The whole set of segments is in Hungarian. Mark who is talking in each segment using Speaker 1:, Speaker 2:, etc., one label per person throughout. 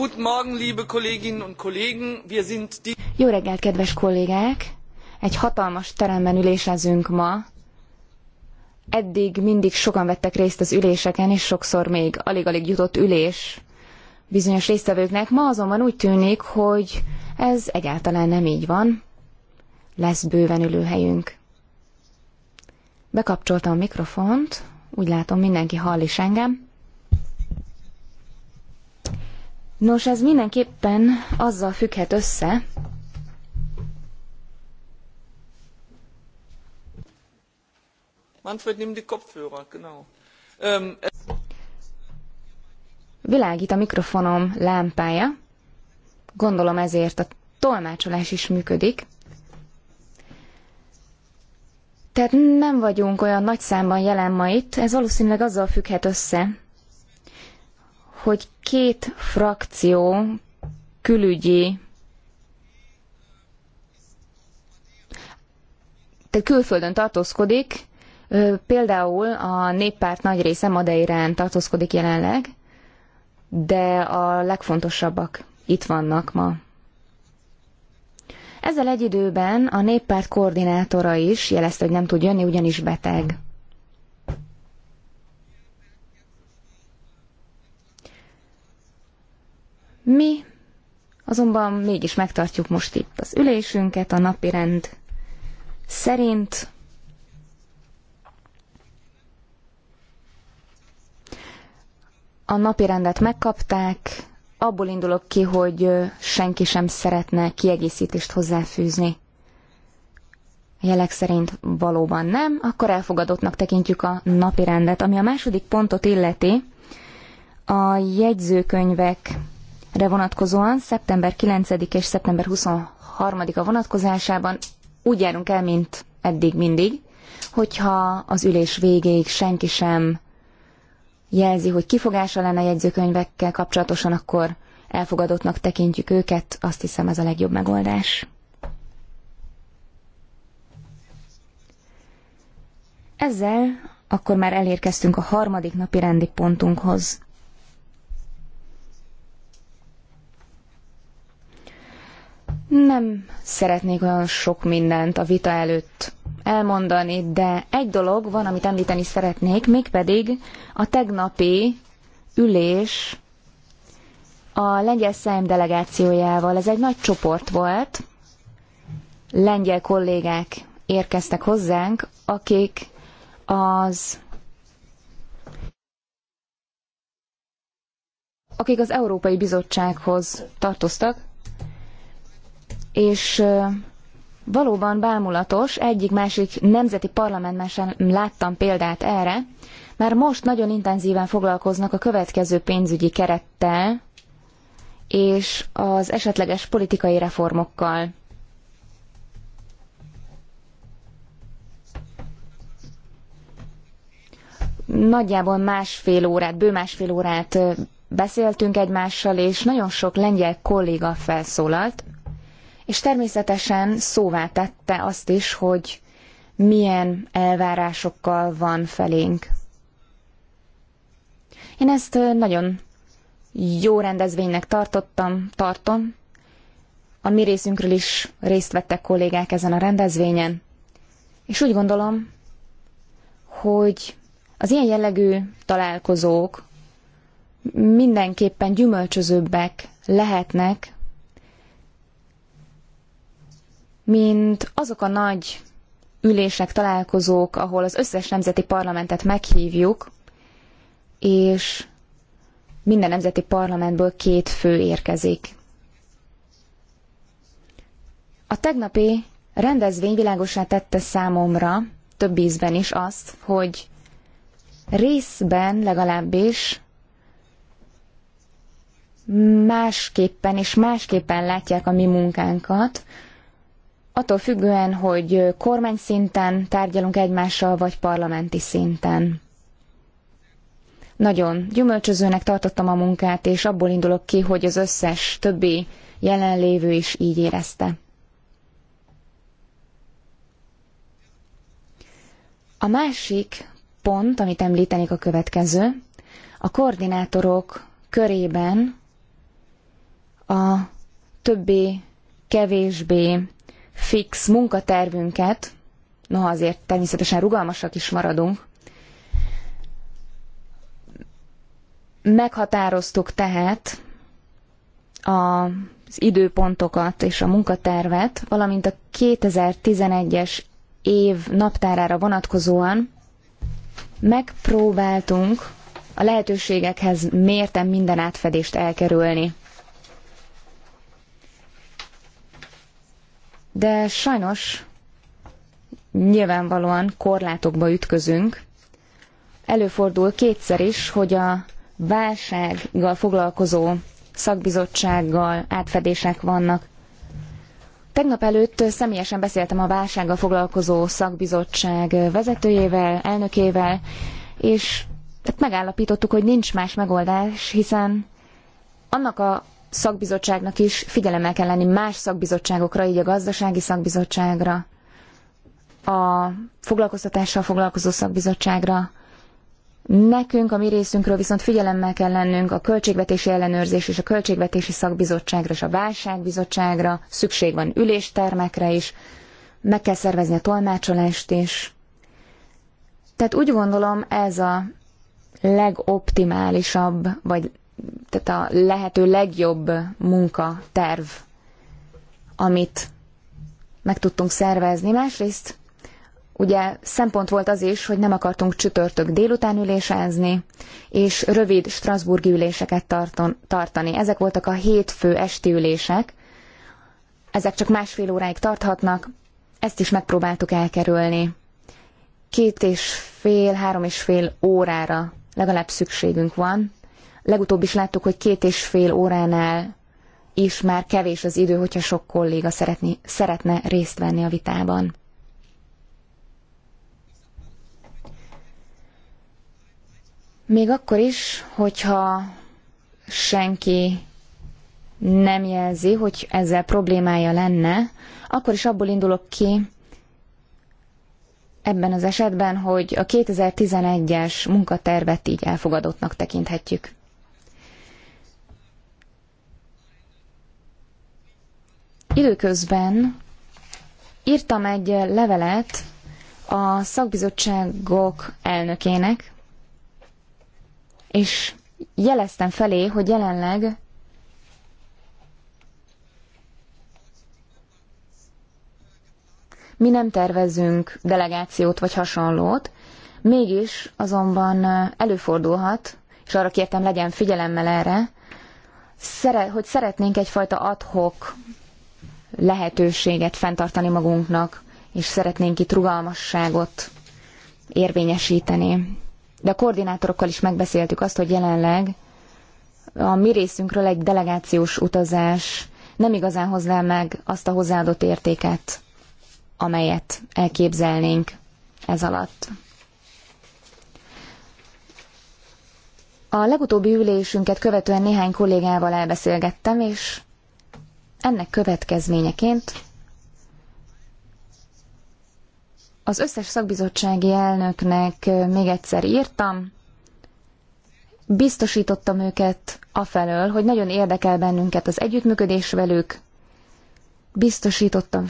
Speaker 1: Guten Morgen, liebe Kolleginnen und Kollegen. Wir sind die...
Speaker 2: Jó reggelt, kedves kollégák! Egy hatalmas teremben ülésezünk ma. Eddig mindig sokan vettek részt az üléseken, és sokszor még alig-alig jutott ülés bizonyos résztvevőknek. Ma azonban úgy tűnik, hogy ez egyáltalán nem így van. Lesz bőven ülőhelyünk. Bekapcsoltam a mikrofont, úgy látom mindenki hall is engem. Nos, ez mindenképpen azzal függhet össze,
Speaker 1: Manfred, nimm die Kopfhörer, genau. Ähm, es
Speaker 2: Világít a mikrofonom lámpája, gondolom ezért a tolmácsolás is működik. Tehát nem vagyunk olyan nagy számban jelen ma itt, ez valószínűleg azzal függhet össze, hogy két frakció külügyi tehát külföldön tartózkodik, például a néppárt nagy része Madeirán tartózkodik jelenleg, de a legfontosabbak itt vannak ma. Ezzel egy időben a néppárt koordinátora is jelezte, hogy nem tud jönni, ugyanis beteg. Mi azonban mégis megtartjuk most itt az ülésünket, a napi rend szerint. A napi rendet megkapták, abból indulok ki, hogy senki sem szeretne kiegészítést hozzáfűzni. Jelek szerint valóban nem, akkor elfogadottnak tekintjük a napi rendet. Ami a második pontot illeti, a jegyzőkönyvek re vonatkozóan szeptember 9 és szeptember 23-a vonatkozásában úgy járunk el, mint eddig mindig, hogyha az ülés végéig senki sem jelzi, hogy kifogása lenne a jegyzőkönyvekkel kapcsolatosan, akkor elfogadottnak tekintjük őket, azt hiszem ez a legjobb megoldás. Ezzel akkor már elérkeztünk a harmadik napi rendi pontunkhoz. Nem szeretnék olyan sok mindent a vita előtt elmondani, de egy dolog van, amit említeni szeretnék, mégpedig a tegnapi ülés a lengyel szem delegációjával. Ez egy nagy csoport volt, lengyel kollégák érkeztek hozzánk, akik az akik az Európai Bizottsághoz tartoztak, és valóban bámulatos, egyik-másik nemzeti parlamentben sem láttam példát erre, már most nagyon intenzíven foglalkoznak a következő pénzügyi kerettel és az esetleges politikai reformokkal. Nagyjából másfél órát, bő másfél órát beszéltünk egymással, és nagyon sok lengyel kolléga felszólalt, és természetesen szóvá tette azt is, hogy milyen elvárásokkal van felénk. Én ezt nagyon jó rendezvénynek tartottam, tartom. A mi részünkről is részt vettek kollégák ezen a rendezvényen, és úgy gondolom, hogy az ilyen jellegű találkozók mindenképpen gyümölcsözőbbek lehetnek, mint azok a nagy ülések, találkozók, ahol az összes nemzeti parlamentet meghívjuk, és minden nemzeti parlamentből két fő érkezik. A tegnapi rendezvény világosá tette számomra, több ízben is azt, hogy részben legalábbis másképpen és másképpen látják a mi munkánkat, attól függően, hogy kormány szinten tárgyalunk egymással, vagy parlamenti szinten. Nagyon gyümölcsözőnek tartottam a munkát, és abból indulok ki, hogy az összes többi jelenlévő is így érezte. A másik pont, amit említenék a következő, a koordinátorok körében a többi kevésbé fix munkatervünket, noha azért természetesen rugalmasak is maradunk, meghatároztuk tehát az időpontokat és a munkatervet, valamint a 2011-es év naptárára vonatkozóan megpróbáltunk a lehetőségekhez mérten minden átfedést elkerülni. de sajnos nyilvánvalóan korlátokba ütközünk. Előfordul kétszer is, hogy a válsággal foglalkozó szakbizottsággal átfedések vannak. Tegnap előtt személyesen beszéltem a válsággal foglalkozó szakbizottság vezetőjével, elnökével, és megállapítottuk, hogy nincs más megoldás, hiszen annak a szakbizottságnak is figyelemmel kell lenni más szakbizottságokra, így a gazdasági szakbizottságra, a foglalkoztatással foglalkozó szakbizottságra. Nekünk, a mi részünkről viszont figyelemmel kell lennünk a költségvetési ellenőrzés és a költségvetési szakbizottságra és a válságbizottságra, szükség van üléstermekre is, meg kell szervezni a tolmácsolást is. Tehát úgy gondolom ez a legoptimálisabb, vagy tehát a lehető legjobb munkaterv, amit meg tudtunk szervezni. Másrészt ugye szempont volt az is, hogy nem akartunk csütörtök délután ülésezni, és rövid strasburgi üléseket tarton, tartani. Ezek voltak a hétfő esti ülések, ezek csak másfél óráig tarthatnak, ezt is megpróbáltuk elkerülni. Két és fél, három és fél órára legalább szükségünk van, Legutóbb is láttuk, hogy két és fél óránál is már kevés az idő, hogyha sok kolléga szeretni, szeretne részt venni a vitában. Még akkor is, hogyha senki nem jelzi, hogy ezzel problémája lenne, akkor is abból indulok ki ebben az esetben, hogy a 2011-es munkatervet így elfogadottnak tekinthetjük. Időközben írtam egy levelet a szakbizottságok elnökének, és jeleztem felé, hogy jelenleg mi nem tervezünk delegációt vagy hasonlót, mégis azonban előfordulhat, és arra kértem legyen figyelemmel erre, hogy szeretnénk egyfajta adhok lehetőséget fenntartani magunknak, és szeretnénk itt rugalmasságot érvényesíteni. De a koordinátorokkal is megbeszéltük azt, hogy jelenleg a mi részünkről egy delegációs utazás nem igazán hozná meg azt a hozzáadott értéket, amelyet elképzelnénk ez alatt. A legutóbbi ülésünket követően néhány kollégával elbeszélgettem, és ennek következményeként az összes szakbizottsági elnöknek még egyszer írtam, biztosítottam őket afelől, hogy nagyon érdekel bennünket az együttműködés velük, biztosítottam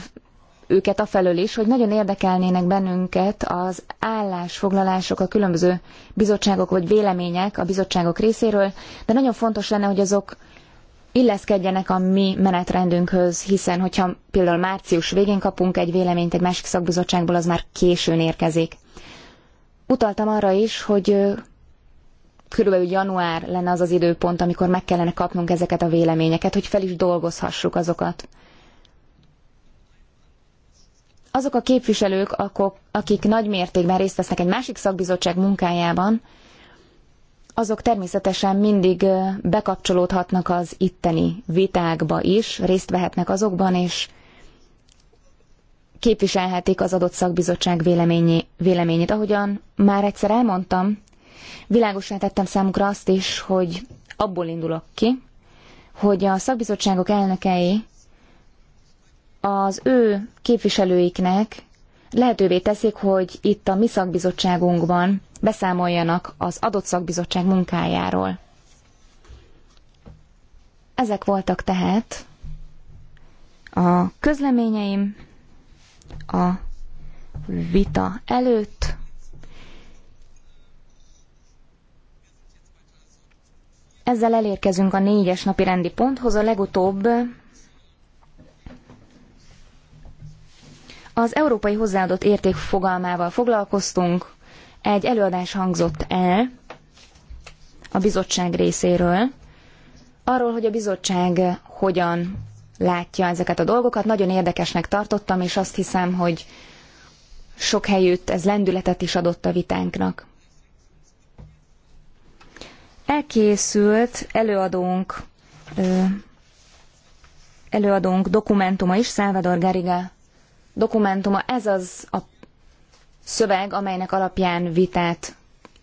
Speaker 2: őket afelől is, hogy nagyon érdekelnének bennünket az állásfoglalások, a különböző bizottságok vagy vélemények a bizottságok részéről, de nagyon fontos lenne, hogy azok illeszkedjenek a mi menetrendünkhöz, hiszen hogyha például március végén kapunk egy véleményt egy másik szakbizottságból, az már későn érkezik. Utaltam arra is, hogy körülbelül január lenne az az időpont, amikor meg kellene kapnunk ezeket a véleményeket, hogy fel is dolgozhassuk azokat. Azok a képviselők, akik nagy mértékben részt vesznek egy másik szakbizottság munkájában, azok természetesen mindig bekapcsolódhatnak az itteni vitákba is, részt vehetnek azokban, és képviselhetik az adott szakbizottság véleményi, véleményét. Ahogyan már egyszer elmondtam, Világosan tettem számukra azt is, hogy abból indulok ki, hogy a szakbizottságok elnökei az ő képviselőiknek lehetővé teszik, hogy itt a mi szakbizottságunkban beszámoljanak az adott szakbizottság munkájáról. Ezek voltak tehát a közleményeim a vita előtt. Ezzel elérkezünk a négyes napi rendi ponthoz. A legutóbb Az európai hozzáadott érték fogalmával foglalkoztunk, egy előadás hangzott el a bizottság részéről, arról, hogy a bizottság hogyan látja ezeket a dolgokat. Nagyon érdekesnek tartottam, és azt hiszem, hogy sok helyütt ez lendületet is adott a vitánknak. Elkészült előadónk, előadónk dokumentuma is, Salvador Garriga dokumentuma, ez az a szöveg, amelynek alapján vitát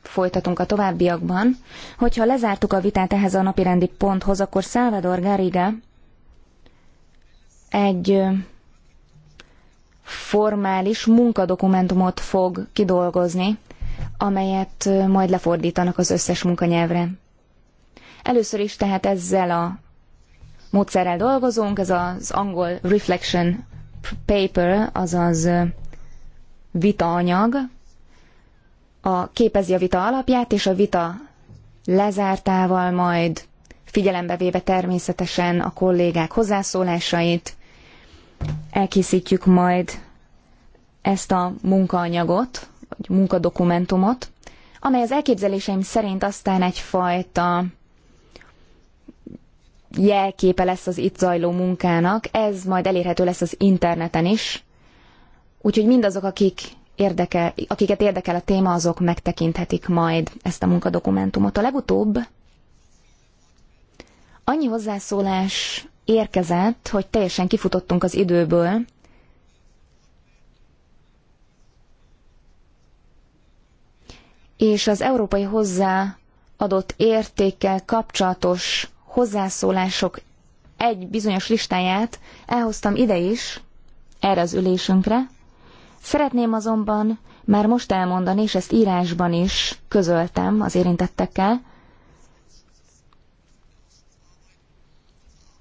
Speaker 2: folytatunk a továbbiakban. Hogyha lezártuk a vitát ehhez a napirendi ponthoz, akkor Salvador Garriga egy formális munkadokumentumot fog kidolgozni, amelyet majd lefordítanak az összes munkanyelvre. Először is tehát ezzel a módszerrel dolgozunk, ez az angol reflection paper, azaz vitaanyag, a képezi a vita alapját, és a vita lezártával majd figyelembe véve természetesen a kollégák hozzászólásait, elkészítjük majd ezt a munkaanyagot, vagy munkadokumentumot, amely az elképzeléseim szerint aztán egyfajta jelképe lesz az itt zajló munkának, ez majd elérhető lesz az interneten is, úgyhogy mindazok, akik érdekel, akiket érdekel a téma, azok megtekinthetik majd ezt a munkadokumentumot. A legutóbb annyi hozzászólás érkezett, hogy teljesen kifutottunk az időből, és az európai hozzáadott értékkel kapcsolatos hozzászólások egy bizonyos listáját elhoztam ide is, erre az ülésünkre. Szeretném azonban már most elmondani, és ezt írásban is közöltem az érintettekkel,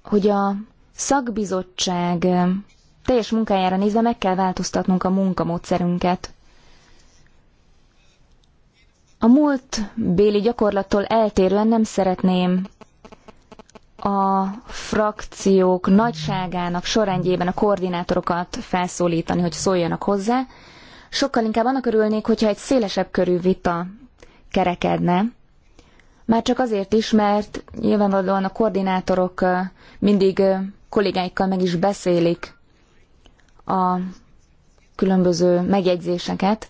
Speaker 2: hogy a szakbizottság teljes munkájára nézve meg kell változtatnunk a munkamódszerünket. A múlt béli gyakorlattól eltérően nem szeretném a frakciók nagyságának sorrendjében a koordinátorokat felszólítani, hogy szóljanak hozzá. Sokkal inkább annak örülnék, hogyha egy szélesebb körű vita kerekedne, már csak azért is, mert nyilvánvalóan a koordinátorok mindig kollégáikkal meg is beszélik a különböző megjegyzéseket,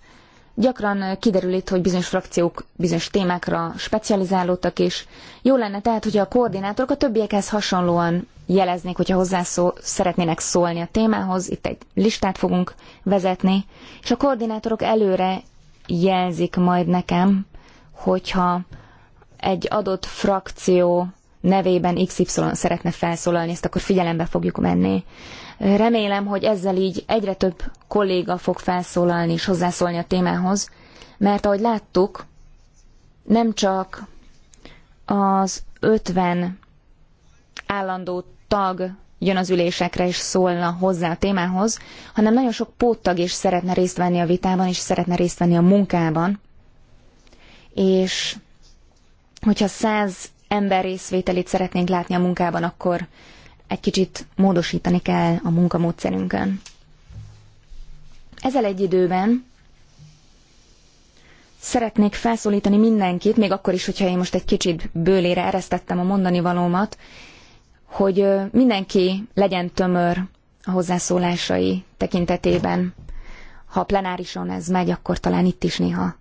Speaker 2: Gyakran eh, kiderül itt, hogy bizonyos frakciók bizonyos témákra specializálódtak, és jó lenne tehát, hogy a koordinátorok a többiekhez hasonlóan jeleznék, hogyha hozzászó szeretnének szólni a témához. Itt egy listát fogunk vezetni, és a koordinátorok előre jelzik majd nekem, hogyha egy adott frakció nevében XY szeretne felszólalni, ezt akkor figyelembe fogjuk menni. Remélem, hogy ezzel így egyre több kolléga fog felszólalni és hozzászólni a témához, mert ahogy láttuk, nem csak az 50 állandó tag jön az ülésekre és szólna hozzá a témához, hanem nagyon sok póttag is szeretne részt venni a vitában, és szeretne részt venni a munkában. És hogyha száz ember részvételét szeretnénk látni a munkában, akkor egy kicsit módosítani kell a munkamódszerünkön. Ezzel egy időben szeretnék felszólítani mindenkit, még akkor is, hogyha én most egy kicsit bőlére eresztettem a mondani valómat, hogy mindenki legyen tömör a hozzászólásai tekintetében. Ha plenárison ez megy, akkor talán itt is néha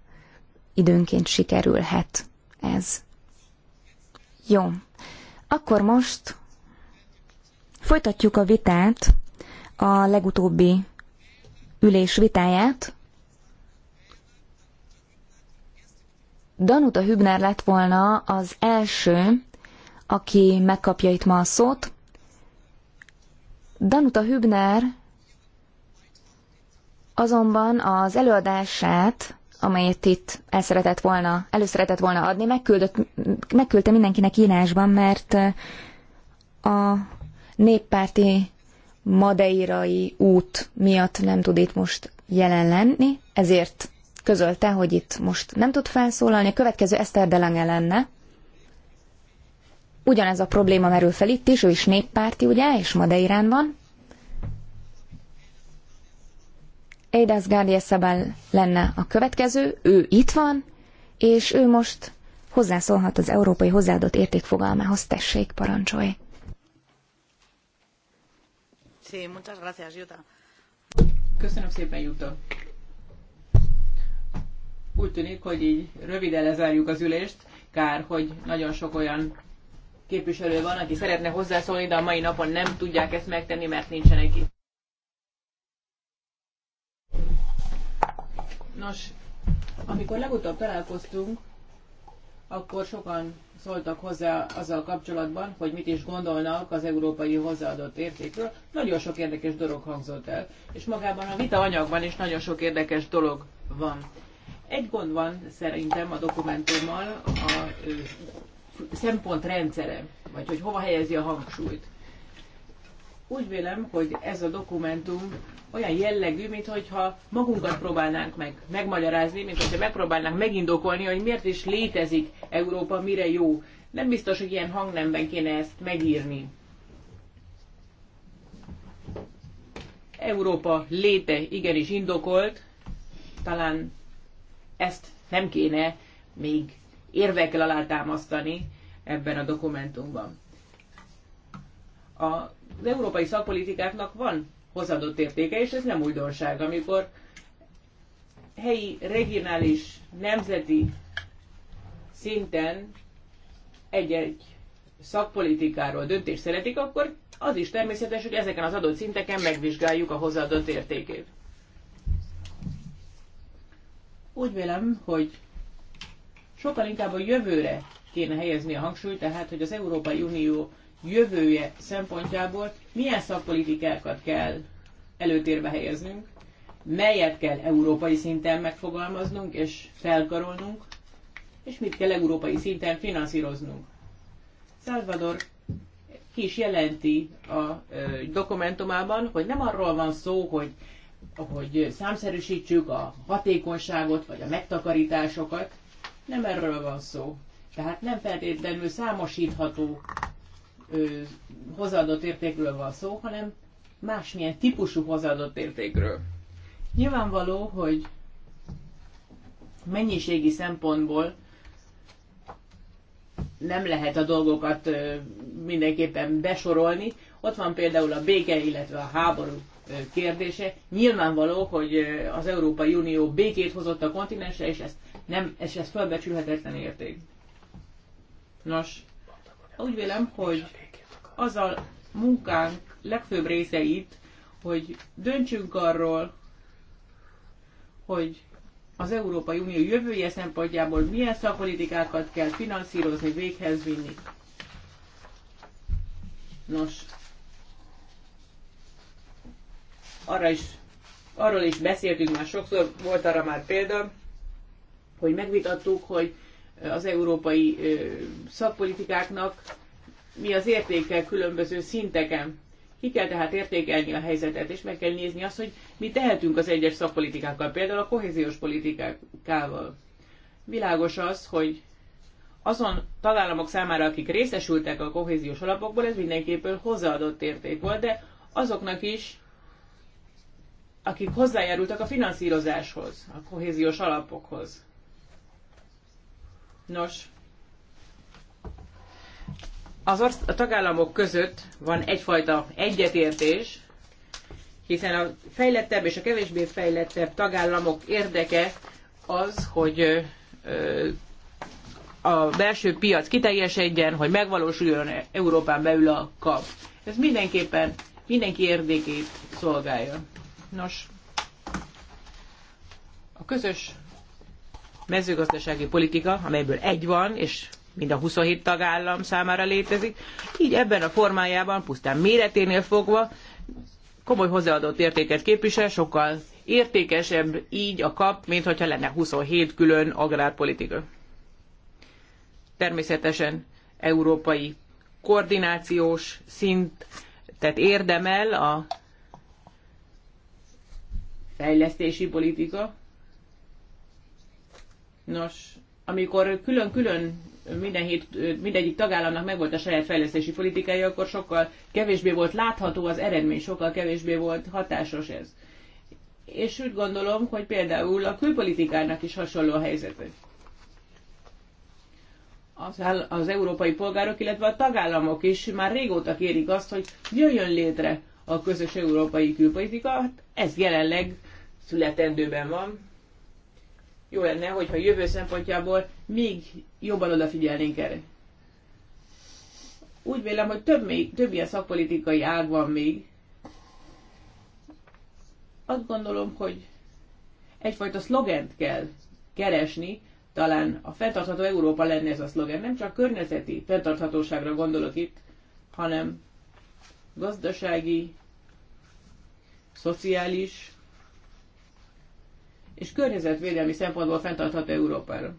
Speaker 2: időnként sikerülhet ez. Jó. Akkor most Folytatjuk a vitát, a legutóbbi ülés vitáját. Danuta Hübner lett volna az első, aki megkapja itt ma a szót. Danuta Hübner azonban az előadását, amelyet itt el szeretett volna, előszeretett volna adni, megküldött, megküldte mindenkinek írásban, mert a néppárti madeirai út miatt nem tud itt most jelen lenni, ezért közölte, hogy itt most nem tud felszólalni. A következő Eszter Delange lenne. Ugyanez a probléma merül fel itt is, ő is néppárti, ugye, és Madeirán van. Eidas Gárdia Szabel lenne a következő, ő itt van, és ő most hozzászólhat az európai hozzáadott értékfogalmához, tessék, parancsolj.
Speaker 3: Sí, muchas gracias, Jutta. Köszönöm szépen, Jutta. Úgy tűnik, hogy így röviden lezárjuk az ülést. Kár, hogy nagyon sok olyan képviselő van, aki szeretne hozzászólni, de a mai napon nem tudják ezt megtenni, mert nincsenek itt. Nos, amikor legutóbb találkoztunk, akkor sokan szóltak hozzá azzal kapcsolatban, hogy mit is gondolnak az európai hozzáadott értékről. Nagyon sok érdekes dolog hangzott el, és magában a vita anyagban is nagyon sok érdekes dolog van. Egy gond van szerintem a dokumentummal a szempontrendszere, vagy hogy hova helyezi a hangsúlyt. Úgy vélem, hogy ez a dokumentum olyan jellegű, mintha magunkat próbálnánk meg megmagyarázni, mint hogyha megpróbálnánk megindokolni, hogy miért is létezik Európa, mire jó. Nem biztos, hogy ilyen hangnemben kéne ezt megírni. Európa léte igenis indokolt, talán ezt nem kéne még érvekkel alátámasztani ebben a dokumentumban. A az európai szakpolitikáknak van hozadott értéke, és ez nem újdonság, amikor helyi, regionális, nemzeti szinten egy-egy szakpolitikáról döntést szeretik, akkor az is természetes, hogy ezeken az adott szinteken megvizsgáljuk a hozadott értékét. Úgy vélem, hogy sokkal inkább a jövőre kéne helyezni a hangsúlyt, tehát hogy az Európai Unió jövője szempontjából milyen szakpolitikákat kell előtérbe helyeznünk, melyet kell európai szinten megfogalmaznunk és felkarolnunk, és mit kell európai szinten finanszíroznunk. Salvador ki is jelenti a dokumentumában, hogy nem arról van szó, hogy, hogy számszerűsítsük a hatékonyságot vagy a megtakarításokat, nem erről van szó. Tehát nem feltétlenül számosítható ö, hozzáadott értékről van szó, hanem másmilyen típusú hozzáadott értékről. Nyilvánvaló, hogy mennyiségi szempontból nem lehet a dolgokat mindenképpen besorolni. Ott van például a béke, illetve a háború kérdése. Nyilvánvaló, hogy az Európai Unió békét hozott a kontinensre, és ez, nem, és ez felbecsülhetetlen érték. Nos, úgy vélem, hogy az a munkánk legfőbb része itt, hogy döntsünk arról, hogy az Európai Unió jövője szempontjából milyen szakpolitikákat kell finanszírozni, véghez vinni. Nos, arra is, arról is beszéltünk már sokszor, volt arra már példa, hogy megvitattuk, hogy az európai szakpolitikáknak, mi az értéke különböző szinteken. Ki kell tehát értékelni a helyzetet, és meg kell nézni azt, hogy mi tehetünk az egyes szakpolitikákkal, például a kohéziós politikával. Világos az, hogy azon tagállamok számára, akik részesültek a kohéziós alapokból, ez mindenképpen hozzáadott érték volt, de azoknak is, akik hozzájárultak a finanszírozáshoz, a kohéziós alapokhoz. Nos, az orsz- a tagállamok között van egyfajta egyetértés, hiszen a fejlettebb és a kevésbé fejlettebb tagállamok érdeke az, hogy a belső piac kiteljesedjen, hogy megvalósuljon Európán belül a kap. Ez mindenképpen mindenki érdekét szolgálja. Nos, a közös mezőgazdasági politika, amelyből egy van, és mind a 27 tagállam számára létezik, így ebben a formájában, pusztán méreténél fogva, komoly hozzáadott értéket képvisel, sokkal értékesebb így a kap, mint hogyha lenne 27 külön agrárpolitika. Természetesen európai koordinációs szint, tehát érdemel a fejlesztési politika, Nos, amikor külön-külön minden hét, mindegyik tagállamnak megvolt a saját fejlesztési politikája, akkor sokkal kevésbé volt látható az eredmény, sokkal kevésbé volt hatásos ez. És úgy gondolom, hogy például a külpolitikának is hasonló a helyzete. Az, az európai polgárok, illetve a tagállamok is már régóta kérik azt, hogy jöjjön létre a közös európai külpolitika, hát ez jelenleg születendőben van, jó lenne, hogyha a jövő szempontjából még jobban odafigyelnénk erre. Úgy vélem, hogy több, még, több ilyen szakpolitikai ág van még. Azt gondolom, hogy egyfajta szlogent kell keresni, talán a fenntartható Európa lenne ez a szlogen. Nem csak környezeti fenntarthatóságra gondolok itt, hanem gazdasági, szociális, és környezetvédelmi szempontból fenntartható Európára.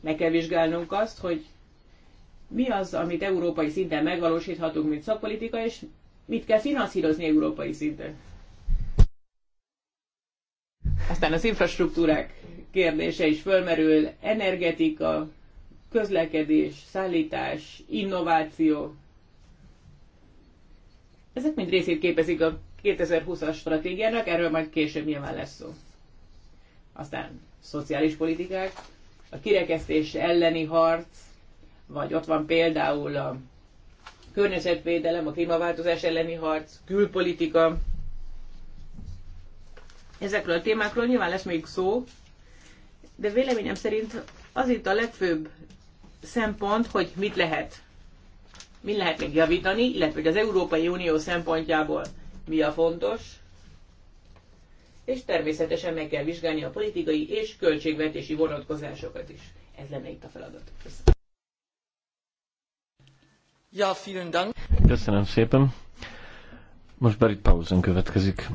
Speaker 3: Meg kell vizsgálnunk azt, hogy mi az, amit európai szinten megvalósíthatunk, mint szakpolitika, és mit kell finanszírozni európai szinten. Aztán az infrastruktúrák kérdése is fölmerül, energetika, közlekedés, szállítás, innováció. Ezek mind részét képezik a 2020-as stratégiának, erről majd később nyilván lesz szó. Aztán szociális politikák, a kirekesztés elleni harc, vagy ott van például a környezetvédelem, a klímaváltozás elleni harc, külpolitika. Ezekről a témákról nyilván lesz még szó, de véleményem szerint az itt a legfőbb szempont, hogy mit lehet, mit lehet még javítani, illetve hogy az Európai Unió szempontjából mi a fontos, és természetesen meg kell vizsgálni a politikai és költségvetési vonatkozásokat is. Ez lenne itt a feladat. Köszönöm. Ja, vielen Dank.
Speaker 4: Köszönöm szépen. Most Berit Pausen következik.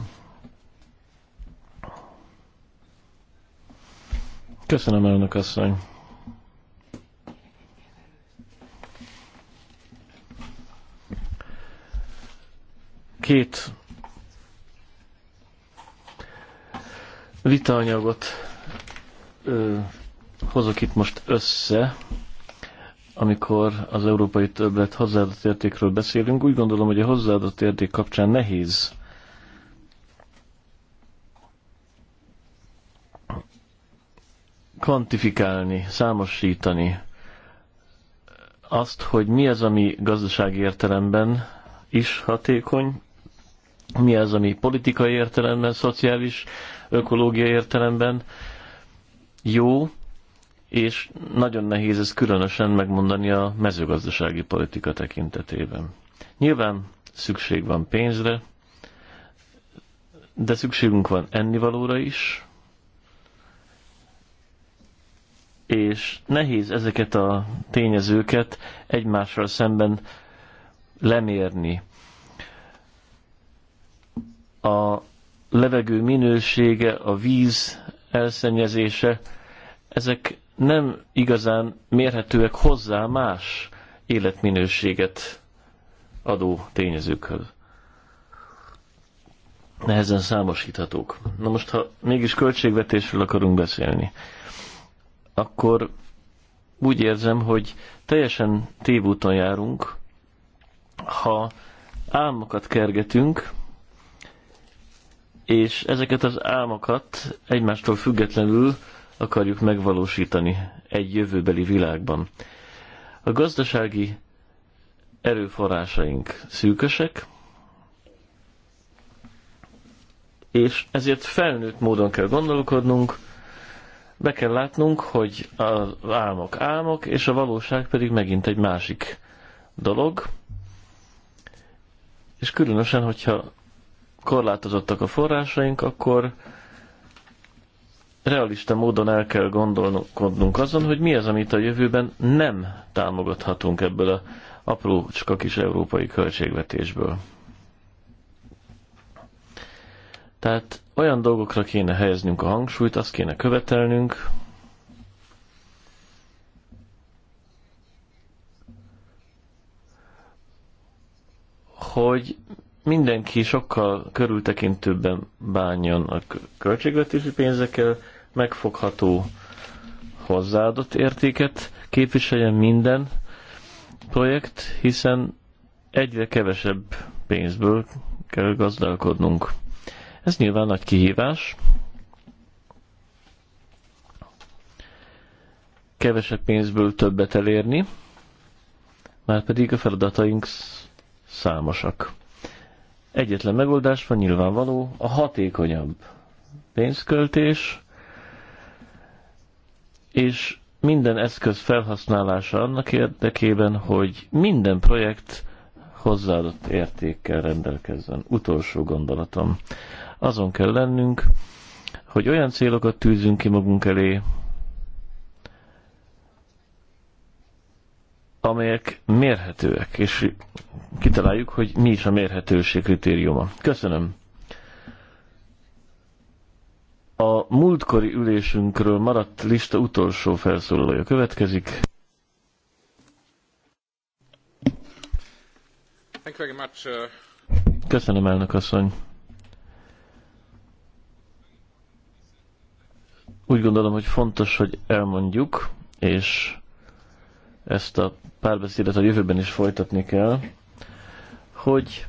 Speaker 4: Köszönöm, elnök asszony. Két vitaanyagot ö, hozok itt most össze, amikor az európai többlet hozzáadott értékről beszélünk. Úgy gondolom, hogy a hozzáadott érték kapcsán nehéz kvantifikálni, számosítani azt, hogy mi az, ami gazdasági értelemben is hatékony, mi az, ami politikai értelemben szociális ökológiai értelemben jó, és nagyon nehéz ez különösen megmondani a mezőgazdasági politika tekintetében. Nyilván szükség van pénzre, de szükségünk van ennivalóra is, és nehéz ezeket a tényezőket egymással szemben lemérni. A levegő minősége, a víz elszennyezése, ezek nem igazán mérhetőek hozzá más életminőséget adó tényezőkhöz. Nehezen számosíthatók. Na most, ha mégis költségvetésről akarunk beszélni, akkor úgy érzem, hogy teljesen tévúton járunk, ha álmokat kergetünk, és ezeket az álmokat egymástól függetlenül akarjuk megvalósítani egy jövőbeli világban. A gazdasági erőforrásaink szűkösek, és ezért felnőtt módon kell gondolkodnunk, be kell látnunk, hogy az álmok álmok, és a valóság pedig megint egy másik dolog, és különösen, hogyha korlátozottak a forrásaink, akkor realista módon el kell gondolkodnunk azon, hogy mi az, amit a jövőben nem támogathatunk ebből a aprócska kis európai költségvetésből. Tehát olyan dolgokra kéne helyeznünk a hangsúlyt, azt kéne követelnünk, hogy mindenki sokkal körültekintőbben bánjon a költségvetési pénzekkel, megfogható hozzáadott értéket képviseljen minden projekt, hiszen egyre kevesebb pénzből kell gazdálkodnunk. Ez nyilván nagy kihívás. Kevesebb pénzből többet elérni, már pedig a feladataink számosak. Egyetlen megoldás van nyilvánvaló, a hatékonyabb pénzköltés, és minden eszköz felhasználása annak érdekében, hogy minden projekt hozzáadott értékkel rendelkezzen. Utolsó gondolatom. Azon kell lennünk, hogy olyan célokat tűzünk ki magunk elé, amelyek mérhetőek, és kitaláljuk, hogy mi is a mérhetőség kritériuma. Köszönöm. A múltkori ülésünkről maradt lista utolsó felszólalója következik.
Speaker 5: Uh,
Speaker 4: Köszönöm, elnök asszony. Úgy gondolom, hogy fontos, hogy elmondjuk, és ezt a párbeszédet a jövőben is folytatni kell, hogy,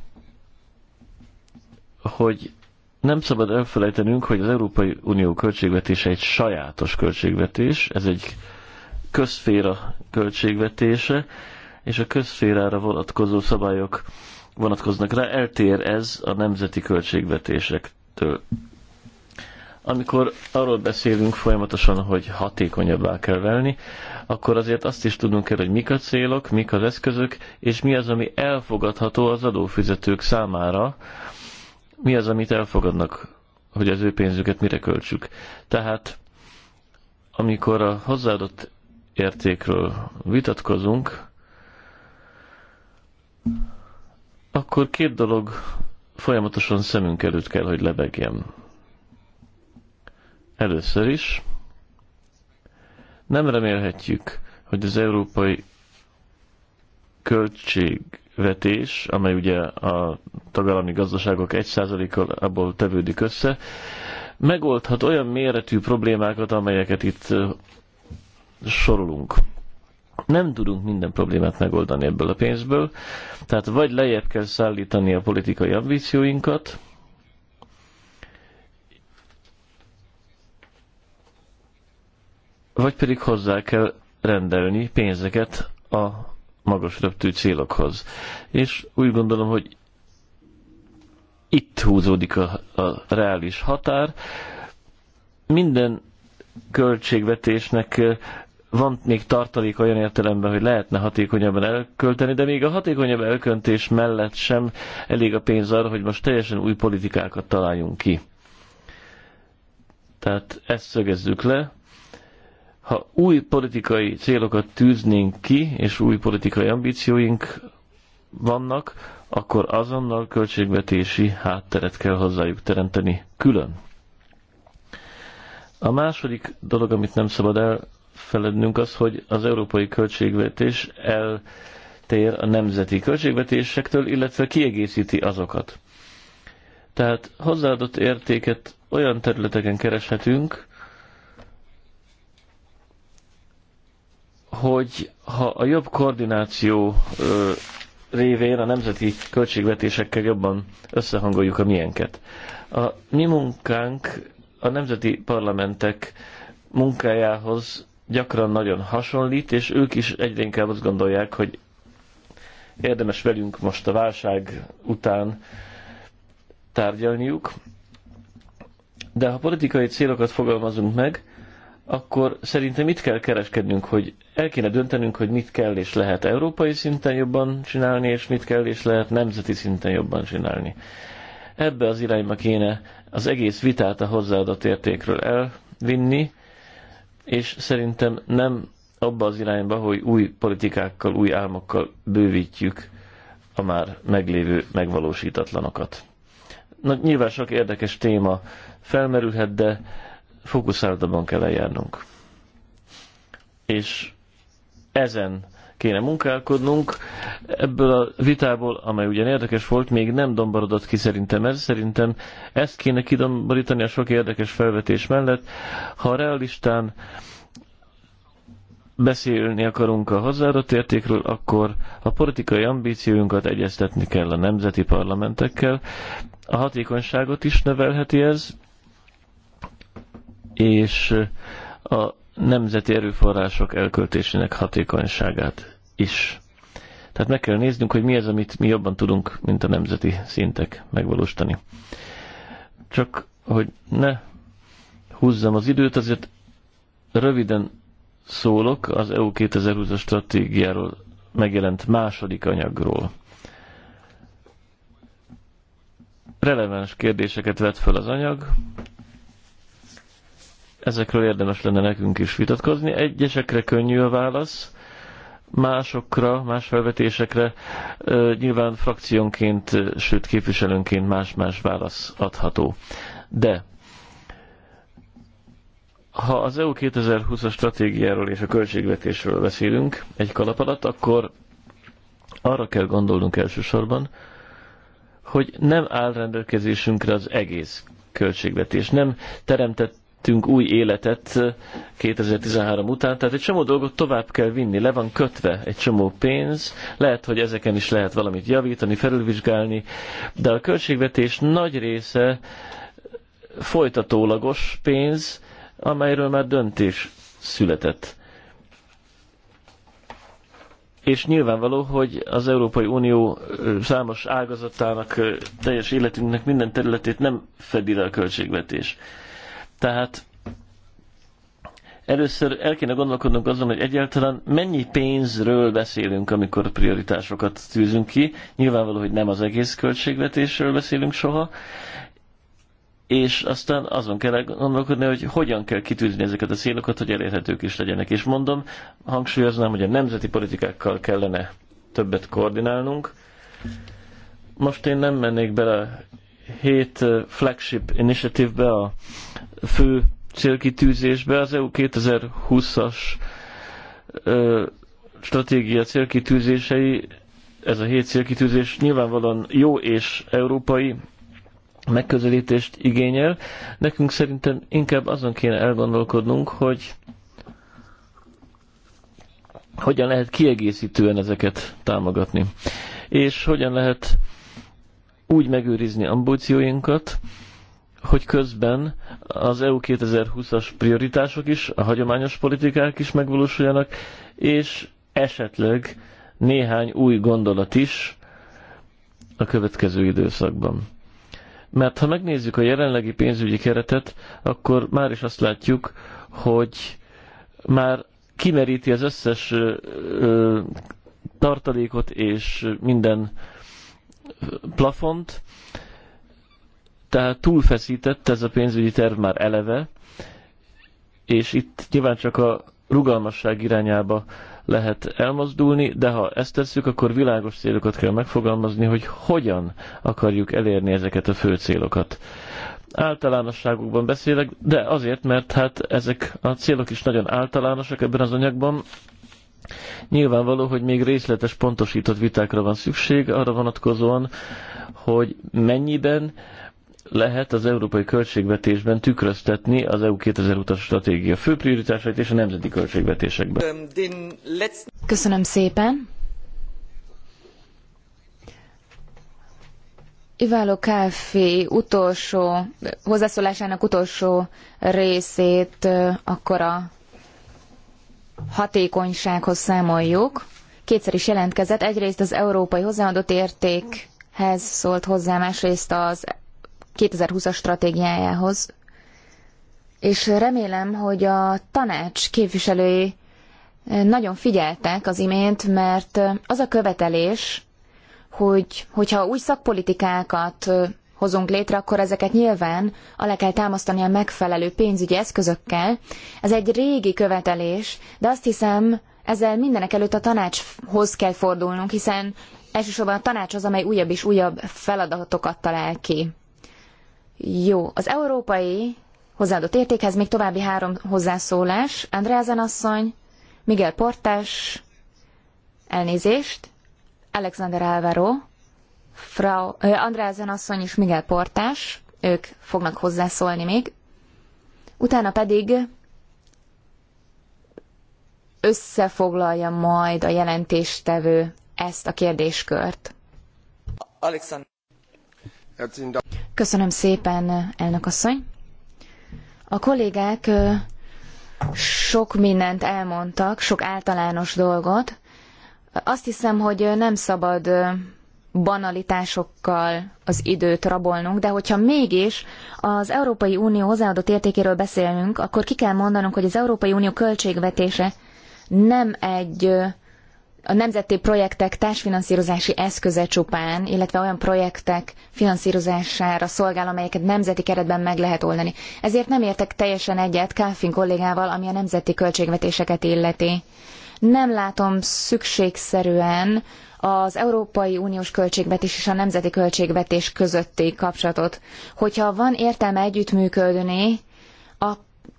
Speaker 4: hogy nem szabad elfelejtenünk, hogy az Európai Unió költségvetése egy sajátos költségvetés, ez egy közféra költségvetése, és a közférára vonatkozó szabályok vonatkoznak rá, eltér ez a nemzeti költségvetésektől amikor arról beszélünk folyamatosan, hogy hatékonyabbá kell válni, akkor azért azt is tudnunk kell, hogy mik a célok, mik az eszközök, és mi az, ami elfogadható az adófizetők számára, mi az, amit elfogadnak, hogy az ő pénzüket mire költsük. Tehát, amikor a hozzáadott értékről vitatkozunk, akkor két dolog folyamatosan szemünk előtt kell, hogy lebegjen Először is nem remélhetjük, hogy az európai költségvetés, amely ugye a tagállami gazdaságok 1 abból tevődik össze, megoldhat olyan méretű problémákat, amelyeket itt sorolunk. Nem tudunk minden problémát megoldani ebből a pénzből, tehát vagy lejjebb kell szállítani a politikai ambícióinkat, vagy pedig hozzá kell rendelni pénzeket a magas röptű célokhoz. És úgy gondolom, hogy itt húzódik a, a reális határ. Minden költségvetésnek eh, van még tartalék olyan értelemben, hogy lehetne hatékonyabban elkölteni, de még a hatékonyabb elköntés mellett sem elég a pénz arra, hogy most teljesen új politikákat találjunk ki. Tehát ezt szögezzük le, ha új politikai célokat tűznénk ki, és új politikai ambícióink vannak, akkor azonnal költségvetési hátteret kell hozzájuk teremteni külön. A második dolog, amit nem szabad elfelednünk, az, hogy az európai költségvetés eltér a nemzeti költségvetésektől, illetve kiegészíti azokat. Tehát hozzáadott értéket olyan területeken kereshetünk, hogy ha a jobb koordináció révén a nemzeti költségvetésekkel jobban összehangoljuk a miénket. A mi munkánk a nemzeti parlamentek munkájához gyakran nagyon hasonlít, és ők is egyre inkább azt gondolják, hogy érdemes velünk most a válság után tárgyalniuk. De ha politikai célokat fogalmazunk meg, akkor szerintem mit kell kereskednünk, hogy el kéne döntenünk, hogy mit kell és lehet európai szinten jobban csinálni, és mit kell és lehet nemzeti szinten jobban csinálni. Ebbe az irányba kéne az egész vitát a hozzáadott értékről elvinni, és szerintem nem abba az irányba, hogy új politikákkal, új álmokkal bővítjük a már meglévő megvalósítatlanokat. Na, nyilván sok érdekes téma felmerülhet, de fókuszálatban kell eljárnunk. És ezen kéne munkálkodnunk. Ebből a vitából, amely ugyan érdekes volt, még nem domborodott ki szerintem ez. Szerintem ezt kéne kidomborítani a sok érdekes felvetés mellett. Ha realistán beszélni akarunk a hozzáadott értékről, akkor a politikai ambícióinkat egyeztetni kell a nemzeti parlamentekkel. A hatékonyságot is növelheti ez, és a nemzeti erőforrások elköltésének hatékonyságát is. Tehát meg kell néznünk, hogy mi az, amit mi jobban tudunk, mint a nemzeti szintek megvalósítani. Csak, hogy ne húzzam az időt, azért röviden szólok az EU 2020-as stratégiáról megjelent második anyagról. Releváns kérdéseket vet fel az anyag, ezekről érdemes lenne nekünk is vitatkozni. Egyesekre könnyű a válasz, másokra, más felvetésekre nyilván frakciónként, sőt képviselőnként más-más válasz adható. De ha az EU 2020-as stratégiáról és a költségvetésről beszélünk egy kalap alatt, akkor arra kell gondolnunk elsősorban, hogy nem áll rendelkezésünkre az egész költségvetés. Nem teremtett tettünk új életet 2013 után, tehát egy csomó dolgot tovább kell vinni, le van kötve egy csomó pénz, lehet, hogy ezeken is lehet valamit javítani, felülvizsgálni, de a költségvetés nagy része folytatólagos pénz, amelyről már döntés született. És nyilvánvaló, hogy az Európai Unió számos ágazatának, teljes életünknek minden területét nem fedi le a költségvetés. Tehát először el kéne gondolkodnunk azon, hogy egyáltalán mennyi pénzről beszélünk, amikor prioritásokat tűzünk ki. Nyilvánvaló, hogy nem az egész költségvetésről beszélünk soha, és aztán azon kell gondolkodni, hogy hogyan kell kitűzni ezeket a célokat, hogy elérhetők is legyenek. És mondom, hangsúlyoznám, hogy a nemzeti politikákkal kellene többet koordinálnunk. Most én nem mennék bele a hét flagship initiative-be, a fő célkitűzésbe, az EU 2020-as stratégia célkitűzései, ez a hét célkitűzés nyilvánvalóan jó és európai megközelítést igényel. Nekünk szerintem inkább azon kéne elgondolkodnunk, hogy hogyan lehet kiegészítően ezeket támogatni, és hogyan lehet úgy megőrizni ambícióinkat, hogy közben az EU 2020-as prioritások is, a hagyományos politikák is megvalósuljanak, és esetleg néhány új gondolat is a következő időszakban. Mert ha megnézzük a jelenlegi pénzügyi keretet, akkor már is azt látjuk, hogy már kimeríti az összes ö, ö, tartalékot és minden plafont, tehát túlfeszített ez a pénzügyi terv már eleve, és itt nyilván csak a rugalmasság irányába lehet elmozdulni, de ha ezt tesszük, akkor világos célokat kell megfogalmazni, hogy hogyan akarjuk elérni ezeket a fő célokat. Általánosságokban beszélek, de azért, mert hát ezek a célok is nagyon általánosak ebben az anyagban. Nyilvánvaló, hogy még részletes, pontosított vitákra van szükség arra vonatkozóan, hogy mennyiben, lehet az európai költségvetésben tükröztetni az EU 2000 utas stratégia fő prioritásait és a nemzeti költségvetésekben.
Speaker 2: Köszönöm szépen! Iváló Káfé utolsó, hozzászólásának utolsó részét akkor a hatékonysághoz számoljuk. Kétszer is jelentkezett, egyrészt az európai hozzáadott értékhez szólt hozzá, másrészt az 2020-as stratégiájához, és remélem, hogy a tanács képviselői eh, nagyon figyeltek az imént, mert eh, az a követelés, hogy hogyha új szakpolitikákat eh, hozunk létre, akkor ezeket nyilván alá kell támasztani a megfelelő pénzügyi eszközökkel. Ez egy régi követelés, de azt hiszem, ezzel mindenekelőtt a tanácshoz kell fordulnunk, hiszen elsősorban a tanács az, amely újabb és újabb feladatokat talál ki. Jó, az európai hozzáadott értékhez még további három hozzászólás. Andreasen asszony, Miguel Portás, elnézést, Alexander Álvaro, Frau, Andreasen asszony és Miguel Portás, ők fognak hozzászólni még. Utána pedig összefoglalja majd a jelentéstevő ezt a kérdéskört. Alexander. Köszönöm szépen, elnök asszony. A kollégák sok mindent elmondtak, sok általános dolgot. Azt hiszem, hogy nem szabad banalitásokkal az időt rabolnunk, de hogyha mégis az Európai Unió hozzáadott értékéről beszélünk, akkor ki kell mondanunk, hogy az Európai Unió költségvetése nem egy a nemzeti projektek társfinanszírozási eszköze csupán, illetve olyan projektek finanszírozására szolgál, amelyeket nemzeti keretben meg lehet oldani. Ezért nem értek teljesen egyet Kálfin kollégával, ami a nemzeti költségvetéseket illeti. Nem látom szükségszerűen az Európai Uniós költségvetés és a nemzeti költségvetés közötti kapcsolatot. Hogyha van értelme együttműködni,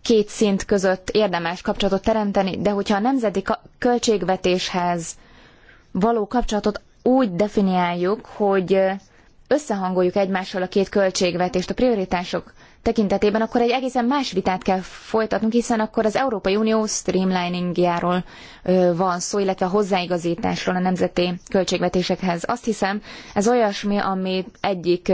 Speaker 2: két szint között érdemes kapcsolatot teremteni, de hogyha a nemzeti költségvetéshez való kapcsolatot úgy definiáljuk, hogy összehangoljuk egymással a két költségvetést a prioritások tekintetében, akkor egy egészen más vitát kell folytatnunk, hiszen akkor az Európai Unió streamliningjáról van szó, illetve a hozzáigazításról a nemzeti költségvetésekhez. Azt hiszem, ez olyasmi, ami egyik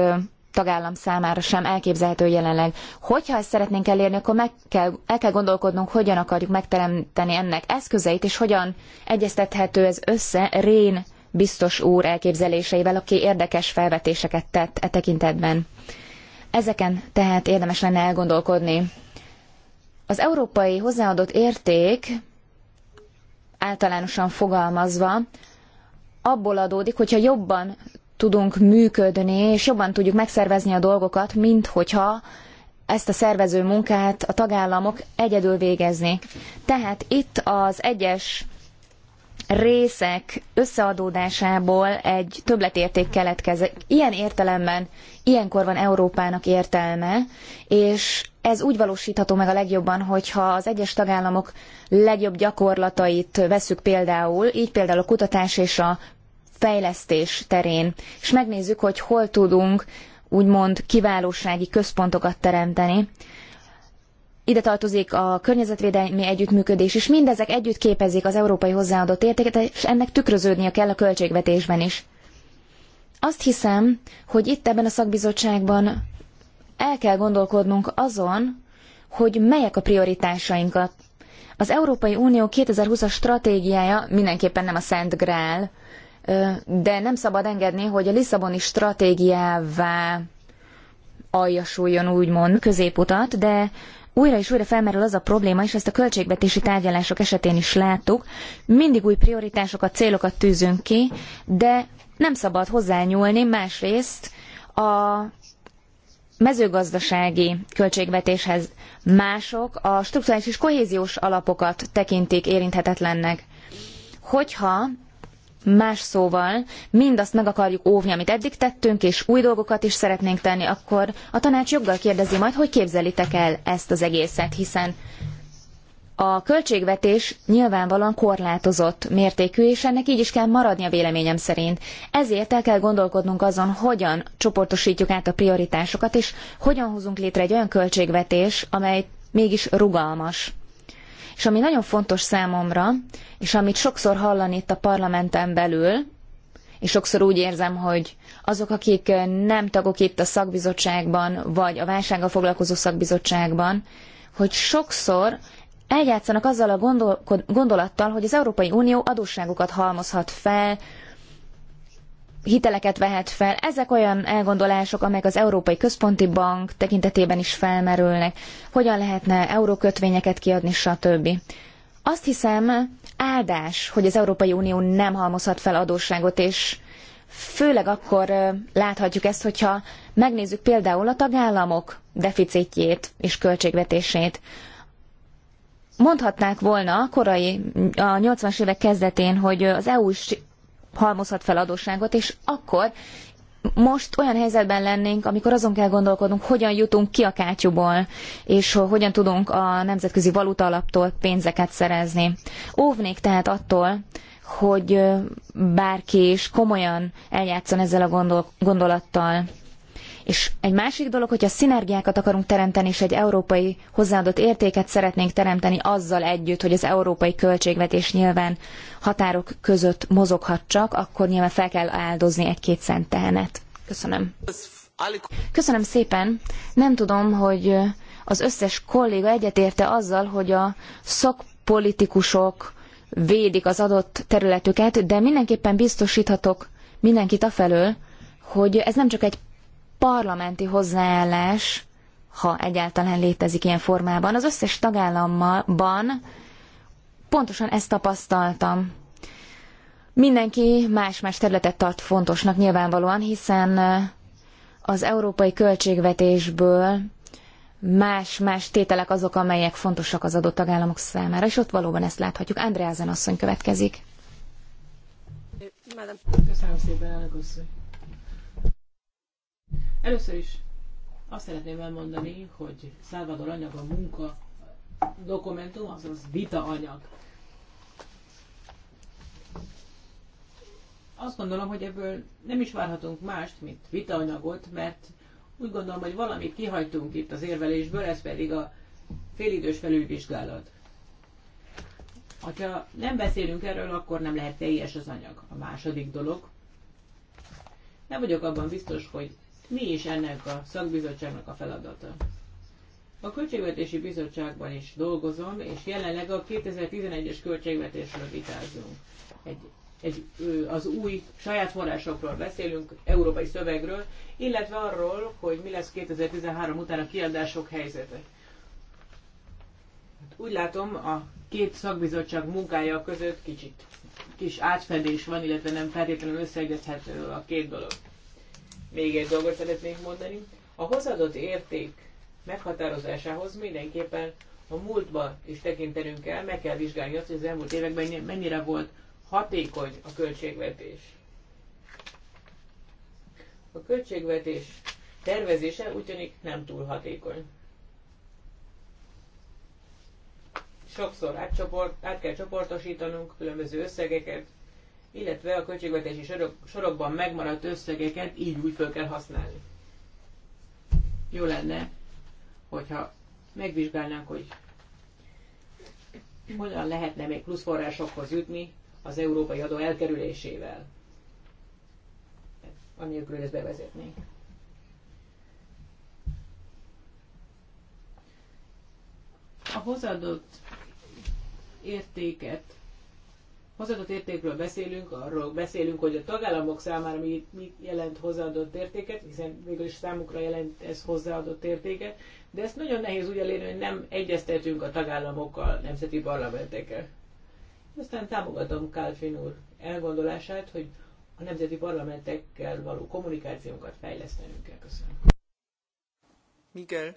Speaker 2: tagállam számára sem elképzelhető jelenleg. Hogyha ezt szeretnénk elérni, akkor meg kell, el kell gondolkodnunk, hogyan akarjuk megteremteni ennek eszközeit, és hogyan egyeztethető ez össze Rén biztos úr elképzeléseivel, aki érdekes felvetéseket tett e tekintetben. Ezeken tehát érdemes lenne elgondolkodni. Az európai hozzáadott érték általánosan fogalmazva abból adódik, hogyha jobban tudunk működni, és jobban tudjuk megszervezni a dolgokat, mint hogyha ezt a szervező munkát a tagállamok egyedül végeznék. Tehát itt az egyes részek összeadódásából egy többletérték keletkezik. Ilyen értelemben ilyenkor van Európának értelme, és ez úgy valósítható meg a legjobban, hogyha az egyes tagállamok legjobb gyakorlatait vesszük például, így például a kutatás és a fejlesztés terén, és megnézzük, hogy hol tudunk úgymond kiválósági központokat teremteni. Ide tartozik a környezetvédelmi együttműködés, és mindezek együtt képezik az európai hozzáadott értéket, és ennek tükröződnie kell a költségvetésben is. Azt hiszem, hogy itt ebben a szakbizottságban el kell gondolkodnunk azon, hogy melyek a prioritásainkat. Az Európai Unió 2020-as stratégiája mindenképpen nem a Szent Grál, de nem szabad engedni, hogy a Lisszaboni stratégiává aljasuljon úgymond középutat, de újra és újra felmerül az a probléma, és ezt a költségvetési tárgyalások esetén is láttuk, mindig új prioritásokat, célokat tűzünk ki, de nem szabad hozzányúlni másrészt a mezőgazdasági költségvetéshez mások a strukturális és kohéziós alapokat tekintik érinthetetlennek. Hogyha Más szóval, mindazt meg akarjuk óvni, amit eddig tettünk, és új dolgokat is szeretnénk tenni, akkor a tanács joggal kérdezi majd, hogy képzelitek el ezt az egészet, hiszen a költségvetés nyilvánvalóan korlátozott mértékű, és ennek így is kell maradnia véleményem szerint. Ezért el kell gondolkodnunk azon, hogyan csoportosítjuk át a prioritásokat, és hogyan hozunk létre egy olyan költségvetés, amely mégis rugalmas. És ami nagyon fontos számomra, és amit sokszor hallani itt a parlamenten belül, és sokszor úgy érzem, hogy azok, akik nem tagok itt a szakbizottságban, vagy a válsággal foglalkozó szakbizottságban, hogy sokszor eljátszanak azzal a gondolattal, hogy az Európai Unió adósságokat halmozhat fel, hiteleket vehet fel. Ezek olyan elgondolások, amelyek az Európai Központi Bank tekintetében is felmerülnek. Hogyan lehetne eurókötvényeket kiadni, stb. Azt hiszem, áldás, hogy az Európai Unió nem halmozhat fel adósságot, és főleg akkor láthatjuk ezt, hogyha megnézzük például a tagállamok deficitjét és költségvetését. Mondhatnák volna korai, a 80-as évek kezdetén, hogy az EU is halmozhat fel adósságot, és akkor most olyan helyzetben lennénk, amikor azon kell gondolkodnunk, hogyan jutunk ki a kátyúból, és hogyan tudunk a nemzetközi valuta alaptól pénzeket szerezni. Óvnék tehát attól, hogy bárki is komolyan eljátszon ezzel a gondol gondolattal. És egy másik dolog, hogyha szinergiákat akarunk teremteni, és egy európai hozzáadott értéket szeretnénk teremteni azzal együtt, hogy az európai költségvetés nyilván határok között mozoghat csak, akkor nyilván fel kell áldozni egy-két cent tehenet. Köszönöm. Köszönöm szépen. Nem tudom, hogy az összes kolléga egyetérte azzal, hogy a szakpolitikusok védik az adott területüket, de mindenképpen biztosíthatok mindenkit afelől, hogy ez nem csak egy parlamenti hozzáállás, ha egyáltalán létezik ilyen formában, az összes tagállamban pontosan ezt tapasztaltam. Mindenki más-más területet tart fontosnak nyilvánvalóan, hiszen eh, az európai költségvetésből más-más tételek azok, amelyek fontosak az adott tagállamok számára, és ott valóban ezt láthatjuk. Andrea, asszony következik.
Speaker 3: Köszönöm szépen, elnök Először is azt szeretném elmondani, hogy Szálvador anyag a munka dokumentum, azaz vita anyag. Azt gondolom, hogy ebből nem is várhatunk mást, mint vitaanyagot, mert úgy gondolom, hogy valamit kihajtunk itt az érvelésből, ez pedig a félidős felülvizsgálat. Ha nem beszélünk erről, akkor nem lehet teljes az anyag. A második dolog. Nem vagyok abban biztos, hogy mi is ennek a szakbizottságnak a feladata? A Költségvetési Bizottságban is dolgozom, és jelenleg a 2011-es költségvetésről vitázunk. Egy, egy, az új saját forrásokról beszélünk, európai szövegről, illetve arról, hogy mi lesz 2013 után a kiadások helyzete. Hát úgy látom, a két szakbizottság munkája között kicsit kis átfedés van, illetve nem feltétlenül összeegyezhető a két dolog. Még egy dolgot szeretnék mondani. A hozadott érték meghatározásához mindenképpen a múltba is tekintenünk kell, meg kell vizsgálni azt, hogy az elmúlt években mennyire volt hatékony a költségvetés. A költségvetés tervezése úgy tűnik nem túl hatékony. Sokszor át kell csoportosítanunk különböző összegeket, illetve a költségvetési sorok, sorokban megmaradt összegeket így úgy fel kell használni. Jó lenne, hogyha megvizsgálnánk, hogy hogyan lehetne még plusz forrásokhoz jutni az európai adó elkerülésével, anélkül, hogy ezt bevezetnénk. A hozadott értéket hozzáadott értékről beszélünk, arról beszélünk, hogy a tagállamok számára mi, mi jelent hozzáadott értéket, hiszen végül is számukra jelent ez hozzáadott értéket, de ezt nagyon nehéz úgy elérni, hogy nem egyeztetünk a tagállamokkal, nemzeti parlamentekkel. Aztán támogatom Kálfin úr elgondolását, hogy a nemzeti parlamentekkel való kommunikációkat fejlesztenünk kell. Köszönöm. Miguel.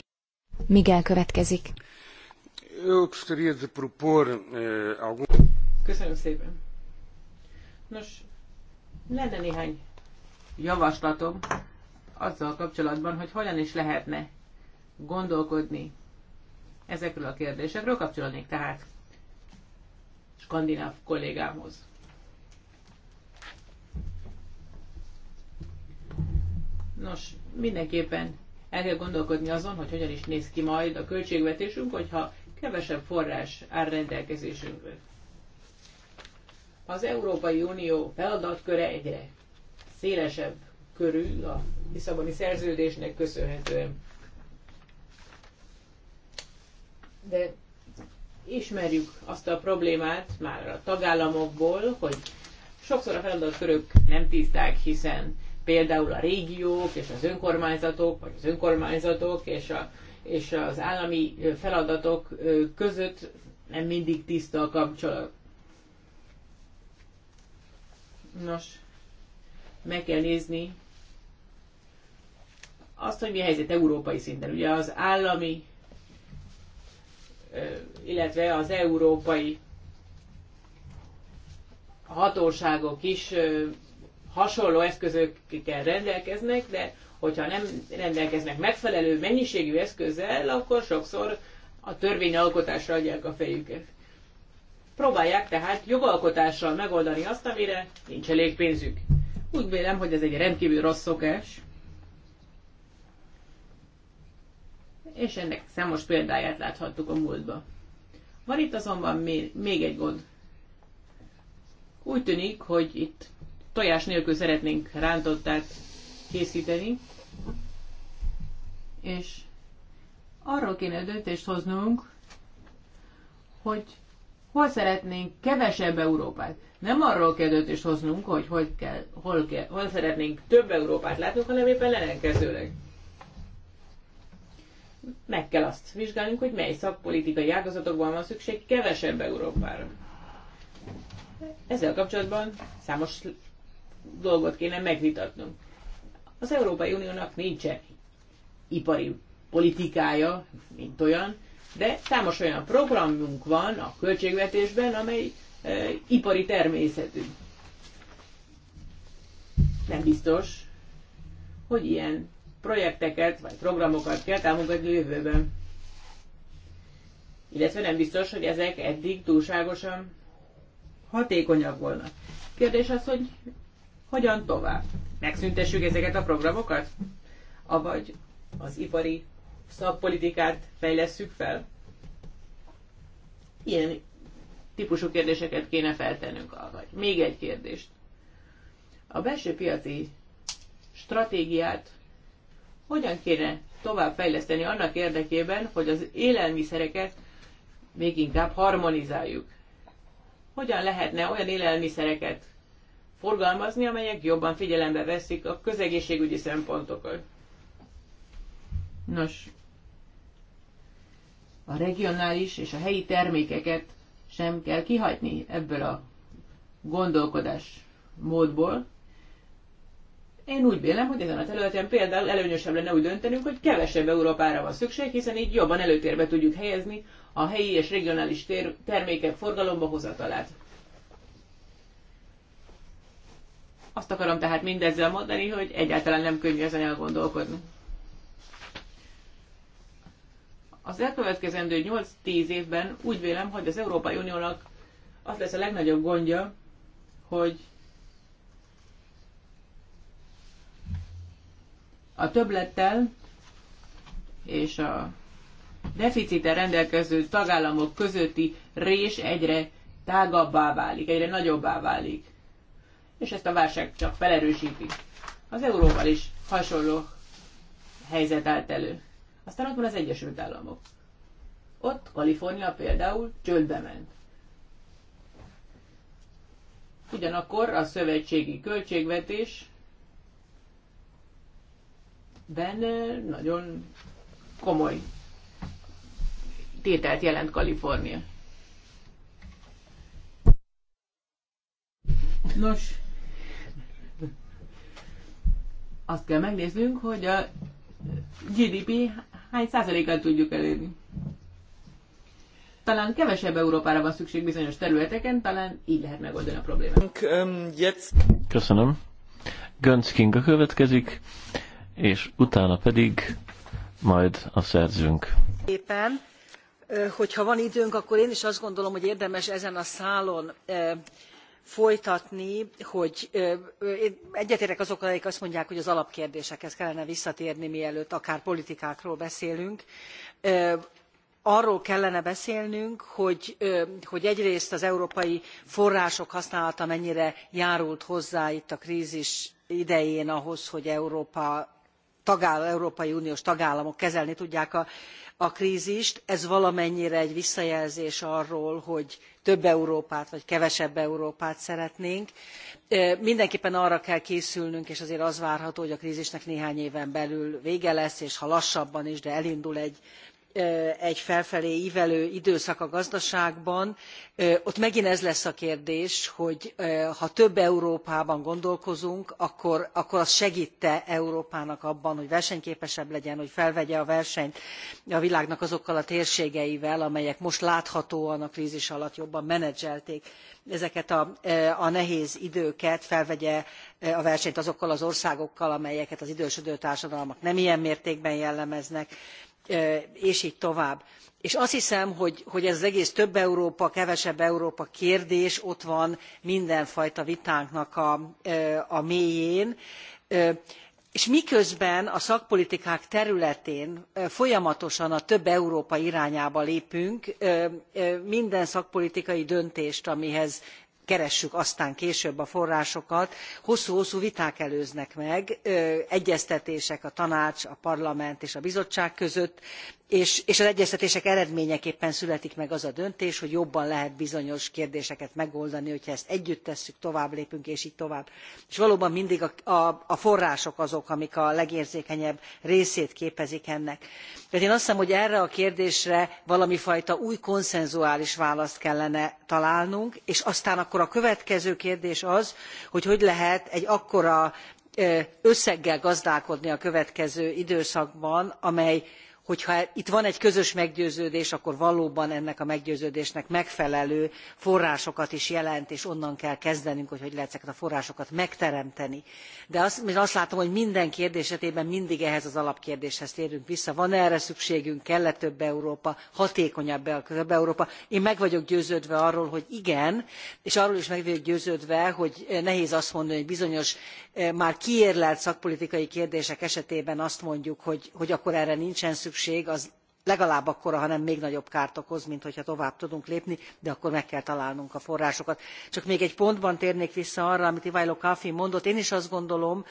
Speaker 2: Miguel következik.
Speaker 3: Eu gostaria
Speaker 5: de propor eh, algum...
Speaker 1: Köszönöm
Speaker 3: szépen. Nos, lenne néhány javaslatom azzal kapcsolatban, hogy hogyan is lehetne gondolkodni ezekről a kérdésekről. Kapcsolódnék tehát skandináv kollégámhoz. Nos, mindenképpen el kell gondolkodni azon, hogy hogyan is néz ki majd a költségvetésünk, hogyha kevesebb forrás áll rendelkezésünkre. Az Európai Unió feladatköre egyre szélesebb körül a Lisszaboni szerződésnek köszönhetően. De ismerjük azt a problémát már a tagállamokból, hogy sokszor a feladatkörök nem tiszták, hiszen például a régiók és az önkormányzatok, vagy az önkormányzatok és, a, és az állami feladatok között nem mindig tiszta a kapcsolat. Nos, meg kell nézni azt, hogy mi a helyzet európai szinten. Ugye az állami, illetve az európai hatóságok is hasonló eszközökkel rendelkeznek, de hogyha nem rendelkeznek megfelelő mennyiségű eszközzel, akkor sokszor a törvényalkotásra adják a fejüket. Próbálják tehát jogalkotással megoldani azt, amire nincs elég pénzük. Úgy vélem, hogy ez egy rendkívül rossz szokás, és ennek számos példáját láthattuk a múltban. Van itt azonban még egy gond. Úgy tűnik, hogy itt tojás nélkül szeretnénk rántottát készíteni, és arról kéne döntést hoznunk, hogy hol szeretnénk kevesebb Európát. Nem arról kell döntést hoznunk, hogy hogy kell, hol, kell, hol szeretnénk több Európát látnunk, hanem éppen ellenkezőleg. Meg kell azt vizsgálnunk, hogy mely szakpolitikai ágazatokban van szükség kevesebb Európára. Ezzel kapcsolatban számos dolgot kéne megvitatnunk. Az Európai Uniónak nincsen ipari politikája, mint olyan, de számos olyan programunk van a költségvetésben, amely e, ipari természetű. Nem biztos, hogy ilyen projekteket vagy programokat kell támogatni jövőben. Illetve nem biztos, hogy ezek eddig túlságosan hatékonyak volna. Kérdés az, hogy hogyan tovább? Megszüntessük ezeket a programokat? Avagy az ipari szakpolitikát fejlesszük fel? Ilyen típusú kérdéseket kéne feltennünk. Vagy még egy kérdést. A belső piaci stratégiát hogyan kéne továbbfejleszteni annak érdekében, hogy az élelmiszereket még inkább harmonizáljuk? Hogyan lehetne olyan élelmiszereket forgalmazni, amelyek jobban figyelembe veszik a közegészségügyi szempontokat? Nos, a regionális és a helyi termékeket sem kell kihagyni ebből a gondolkodás módból. Én úgy vélem, hogy ezen a területen például előnyösebb lenne úgy döntenünk, hogy kevesebb Európára van szükség, hiszen így jobban előtérbe tudjuk helyezni a helyi és regionális termékek forgalomba hozatalát. Azt akarom tehát mindezzel mondani, hogy egyáltalán nem könnyű ezen elgondolkodni. Az elkövetkezendő 8-10 évben úgy vélem, hogy az Európai Uniónak az lesz a legnagyobb gondja, hogy a többlettel és a deficite rendelkező tagállamok közötti rés egyre tágabbá válik, egyre nagyobbá válik. És ezt a válság csak felerősíti. Az euróval is hasonló helyzet állt elő. Aztán ott van az Egyesült Államok. Ott Kalifornia például csődbe ment. Ugyanakkor a szövetségi költségvetés benne nagyon komoly tételt jelent Kalifornia. Nos, azt kell megnéznünk, hogy a GDP hány százalékkal tudjuk elérni. Talán kevesebb Európára van szükség bizonyos területeken, talán így lehet megoldani a problémát. Um,
Speaker 4: Köszönöm. Gönc Kinga következik, és utána pedig majd a szerzünk.
Speaker 6: Éppen, hogyha van időnk, akkor én is azt gondolom, hogy érdemes ezen a szálon folytatni hogy én egyetértek azokkal akik azt mondják hogy az alapkérdésekhez kellene visszatérni mielőtt akár politikákról beszélünk arról kellene beszélnünk hogy, hogy egyrészt az európai források használata mennyire járult hozzá itt a krzis idején ahhoz hogy európa Tagáll, európai uniós tagállamok kezelni tudják a a krzist ez valamennyire egy visszajelzés arról hogy több európát vagy kevesebb európát szeretnénk. mindenképpen arra kell készülnünk és azért az várható hogy a krzisnek néhány éven belül vége lesz és ha lassabban is de elindul egy egy felfelé ívelő időszak a gazdaságban ott megint ez lesz a kérdés hogy ha több európában gondolkozunk akkor, akkor az segt e európának abban hogy versenyképesebb legyen hogy felvegye a versenyt a világnak azokkal a térségeivel amelyek most láthatóan a krzis alatt jobban menedzselték ezeket a, a nehéz időket felvegye a versenyt azokkal az országokkal amelyeket az idősödő társadalmak nem ilyen mértékben jellemeznek és így tovább. És azt hiszem, hogy, hogy ez az egész több Európa, kevesebb Európa kérdés ott van mindenfajta vitánknak a mélyén és miközben a szakpolitikák területén folyamatosan a több európa irányába lépünk minden szakpolitikai döntést amihez keressük aztán később a forrásokat hosszú hosszú viták előznek meg egyeztetések a tanács a parlament és a bizottság között és, és az egyeztetések eredményeképpen születik meg az a döntés, hogy jobban lehet bizonyos kérdéseket megoldani, hogyha ezt együtt tesszük, tovább lépünk, és így tovább. És valóban mindig a, a források azok, amik a legérzékenyebb részét képezik ennek. Tehát én azt hiszem, hogy erre a kérdésre valami fajta új konszenzuális választ kellene találnunk, és aztán akkor a következő kérdés az, hogy hogy lehet egy akkora összeggel gazdálkodni a következő időszakban, amely hogyha itt van egy közös meggyőződés akkor valóban ennek a meggyőződésnek megfelelő forrásokat is jelent és onnan kell kezdenünk hogy hogy lehet ezeket a forrásokat megteremteni. de azt, én azt látom hogy minden kérdés esetében mindig ehhez az alapkérdéshez térünk vissza van e erre szükségünk kell e több európa hatékonyabb -e több európa? én meg vagyok győződve arról hogy igen és arról is meg vagyok győződve hogy nehéz azt mondani hogy bizonyos eh, már kiérlelt szakpolitikai kérdések esetében azt mondjuk hogy, hogy akkor erre nincsen szükség szükség az legalább akkora ha nem még nagyobb kárt okoz mint hogyha tovább tudunk lépni de akkor meg kell találnunk a forrásokat. csak még egy pontban térnék vissza arra amit ivailo kalfin mondott én is azt gondolom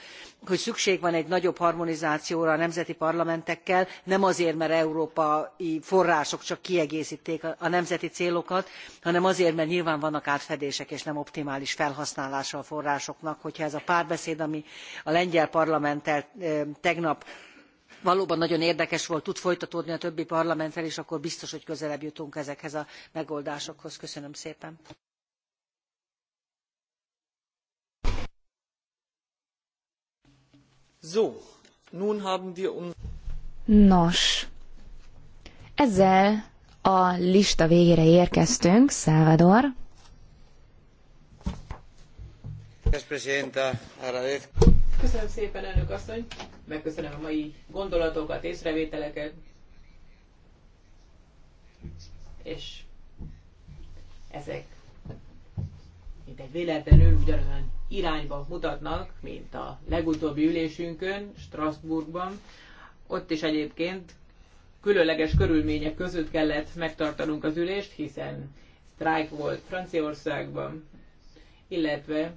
Speaker 6: hogy szükség van egy nagyobb harmonizációra a nemzeti parlamentekkel nem azért mert európai források csak kiegésztik a nemzeti célokat hanem azért mert nyilván vannak átfedések és nem optimális felhasználása a forrásoknak hogyha ez a párbeszéd ami a lengyel parlamenttel eh, tegnap valóban nagyon érdekes volt tud folytatódni a többi parlamenttel és akkor biztos hogy közelebb jutunk ezekhez a megoldásokhoz. köszönöm szépen. Um-
Speaker 2: Nos, ezzel a lista végére érkeztünk, Salvador.
Speaker 3: Köszönöm szépen, elnök asszony. Megköszönöm a mai gondolatokat, észrevételeket. És ezek mint egy véletlenül ugyanolyan irányba mutatnak, mint a legutóbbi ülésünkön, Strasbourgban. Ott is egyébként különleges körülmények között kellett megtartanunk az ülést, hiszen sztrájk volt Franciaországban, illetve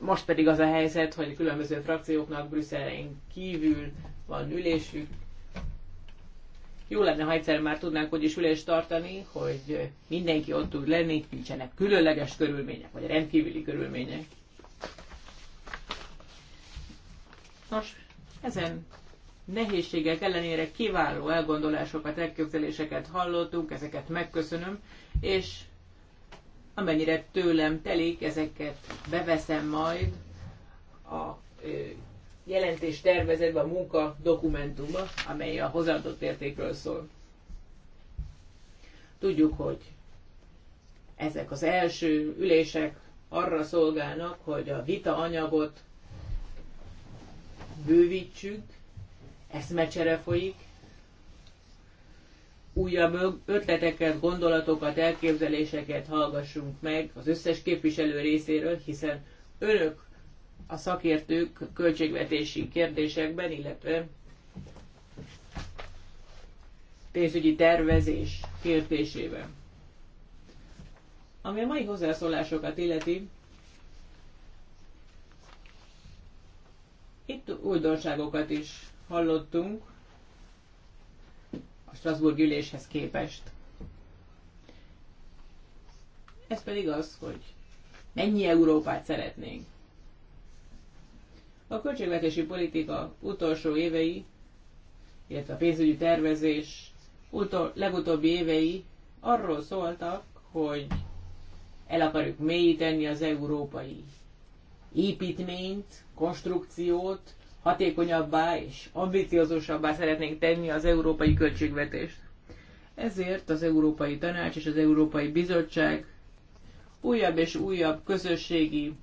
Speaker 3: most pedig az a helyzet, hogy a különböző frakcióknak Brüsszelén kívül van ülésük. Jó lenne, ha egyszer már tudnánk is ülést tartani, hogy mindenki ott tud lenni, nincsenek különleges körülmények, vagy rendkívüli körülmények. Nos, ezen nehézségek ellenére kiváló elgondolásokat, elképzeléseket hallottunk, ezeket megköszönöm, és amennyire tőlem telik, ezeket beveszem majd a jelentés tervezetbe, a munka dokumentumba, amely a hozzáadott értékről szól. Tudjuk, hogy ezek az első ülések arra szolgálnak, hogy a vita anyagot bővítsük, eszmecsere folyik, újabb ötleteket, gondolatokat, elképzeléseket hallgassunk meg az összes képviselő részéről, hiszen önök a szakértők költségvetési kérdésekben, illetve pénzügyi tervezés kérdésében. Ami a mai hozzászólásokat illeti, itt újdonságokat is hallottunk, a Strasbourg üléshez képest. Ez pedig az, hogy mennyi Európát szeretnénk. A költségvetési politika utolsó évei, illetve a pénzügyi tervezés utol, legutóbbi évei arról szóltak, hogy el akarjuk mélyíteni az európai építményt, konstrukciót, hatékonyabbá és ambiciózusabbá szeretnénk tenni az európai költségvetést. Ezért az Európai Tanács és az Európai Bizottság újabb és újabb közösségi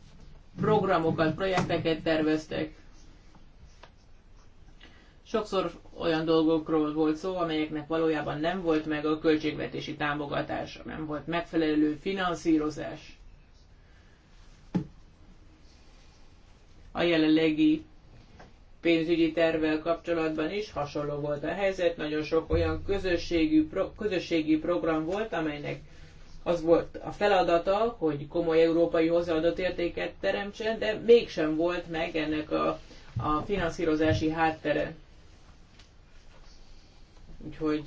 Speaker 3: programokat, projekteket terveztek. Sokszor olyan dolgokról volt szó, amelyeknek valójában nem volt meg a költségvetési támogatása, nem volt megfelelő finanszírozás. A jelenlegi pénzügyi tervvel kapcsolatban is hasonló volt a helyzet. Nagyon sok olyan közösségű, pro, közösségi program volt, amelynek az volt a feladata, hogy komoly európai hozzáadott értéket teremtsen, de mégsem volt meg ennek a, a finanszírozási háttere. Úgyhogy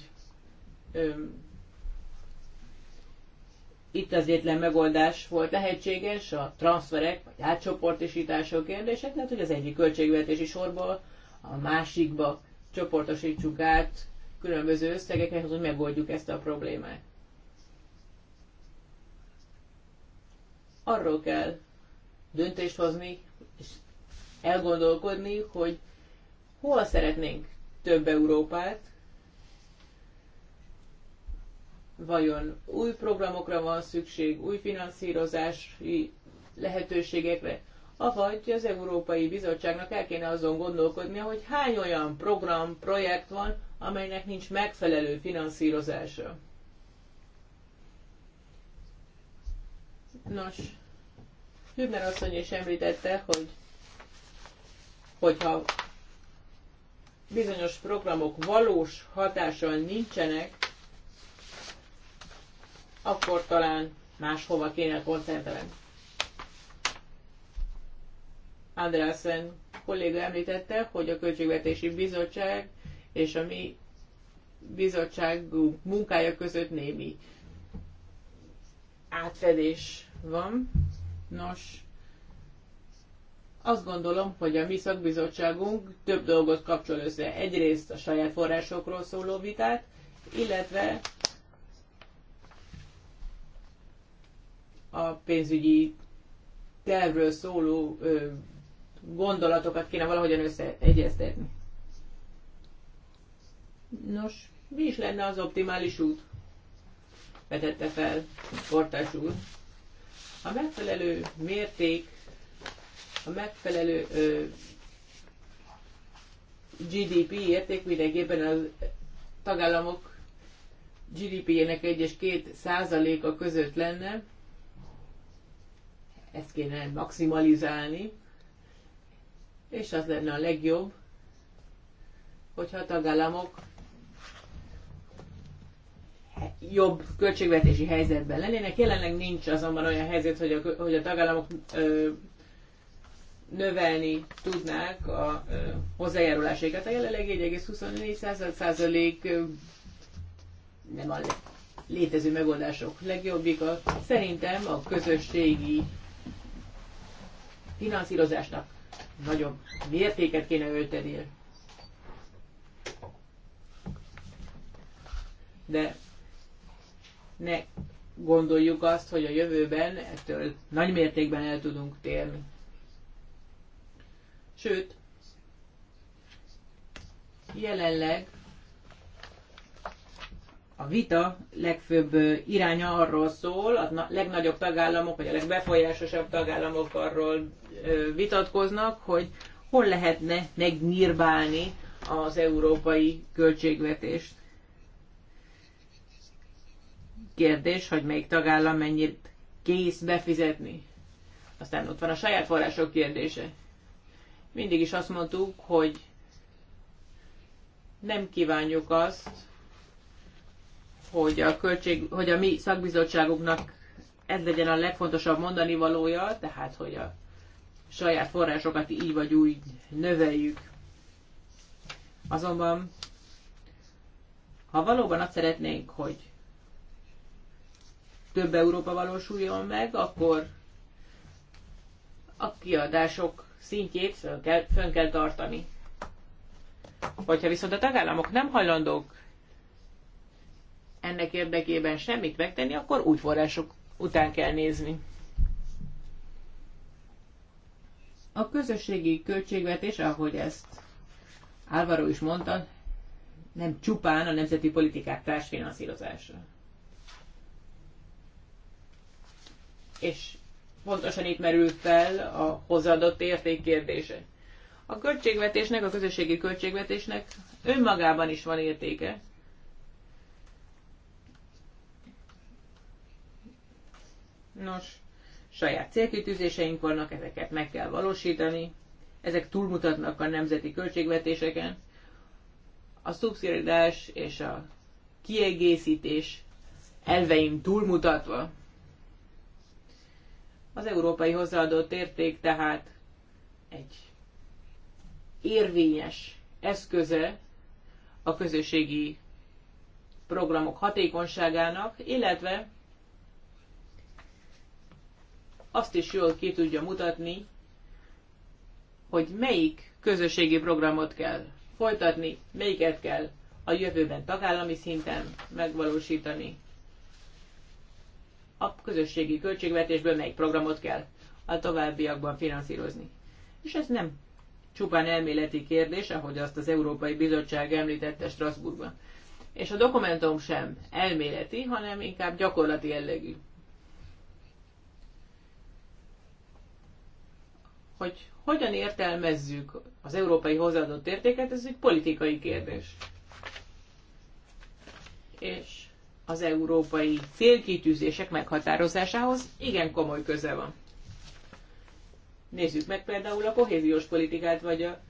Speaker 3: itt az egyetlen megoldás volt lehetséges, a transferek vagy átcsoportosítások kérdése, tehát hogy az egyik költségvetési sorból a másikba csoportosítsuk át különböző összegeket, hogy megoldjuk ezt a problémát. Arról kell döntést hozni, és elgondolkodni, hogy hol szeretnénk több Európát, vajon új programokra van szükség, új finanszírozási lehetőségekre, avagy az Európai Bizottságnak el kéne azon gondolkodnia, hogy hány olyan program, projekt van, amelynek nincs megfelelő finanszírozása. Nos, Hübner asszony is említette, hogy hogyha bizonyos programok valós hatással nincsenek, akkor talán máshova kéne koncentrálni. Andrásen kolléga említette, hogy a Költségvetési Bizottság és a mi bizottságunk munkája között némi átfedés van. Nos, azt gondolom, hogy a mi szakbizottságunk több dolgot kapcsol össze. Egyrészt a saját forrásokról szóló vitát, illetve a pénzügyi tervről szóló ö, gondolatokat kéne valahogyan összeegyeztetni. Nos, mi is lenne az optimális út? Vetette fel Portás úr. A megfelelő mérték, a megfelelő ö, GDP érték mindenképpen az tagállamok GDP-jének 1 és 2 százaléka között lenne, ezt kéne maximalizálni, és az lenne a legjobb, hogyha a tagállamok jobb költségvetési helyzetben lennének. Jelenleg nincs azonban olyan helyzet, hogy a, hogy a tagállamok ö, növelni tudnák a ö, hozzájárulásaikat. A jelenleg 1,24% nem a létező megoldások legjobbik. A, szerintem a közösségi finanszírozásnak nagyobb mértéket kéne öltenie. De ne gondoljuk azt, hogy a jövőben ettől nagy mértékben el tudunk térni. Sőt, jelenleg a vita legfőbb iránya arról szól, a legnagyobb tagállamok, vagy a legbefolyásosabb tagállamok arról vitatkoznak, hogy hol lehetne megnyírbálni az európai költségvetést. Kérdés, hogy melyik tagállam mennyit kész befizetni. Aztán ott van a saját források kérdése. Mindig is azt mondtuk, hogy nem kívánjuk azt, hogy a, költség, hogy a mi szakbizottságunknak ez legyen a legfontosabb mondani valója, tehát hogy a saját forrásokat így vagy úgy növeljük. Azonban, ha valóban azt szeretnénk, hogy több Európa valósuljon meg, akkor a kiadások szintjét fönn kell, fön kell tartani. Hogyha viszont a tagállamok nem hajlandók ennek érdekében semmit megtenni, akkor új források után kell nézni. A közösségi költségvetés, ahogy ezt Álvaro is mondta, nem csupán a nemzeti politikák társfinanszírozása. És pontosan itt merül fel a hozzáadott érték kérdése. A költségvetésnek, a közösségi költségvetésnek önmagában is van értéke. Nos, saját célkitűzéseink vannak, ezeket meg kell valósítani, ezek túlmutatnak a nemzeti költségvetéseken. A szubszidás és a kiegészítés elveim túlmutatva. Az európai hozzáadott érték tehát egy érvényes eszköze a közösségi programok hatékonyságának, illetve azt is jól ki tudja mutatni, hogy melyik közösségi programot kell folytatni, melyiket kell a jövőben tagállami szinten megvalósítani. A közösségi költségvetésből melyik programot kell a továbbiakban finanszírozni. És ez nem csupán elméleti kérdés, ahogy azt az Európai Bizottság említette Strasbourgban. És a dokumentum sem elméleti, hanem inkább gyakorlati jellegű. hogy hogyan értelmezzük az európai hozzáadott értéket, ez egy politikai kérdés. És az európai célkitűzések meghatározásához igen komoly köze van. Nézzük meg például a kohéziós politikát, vagy a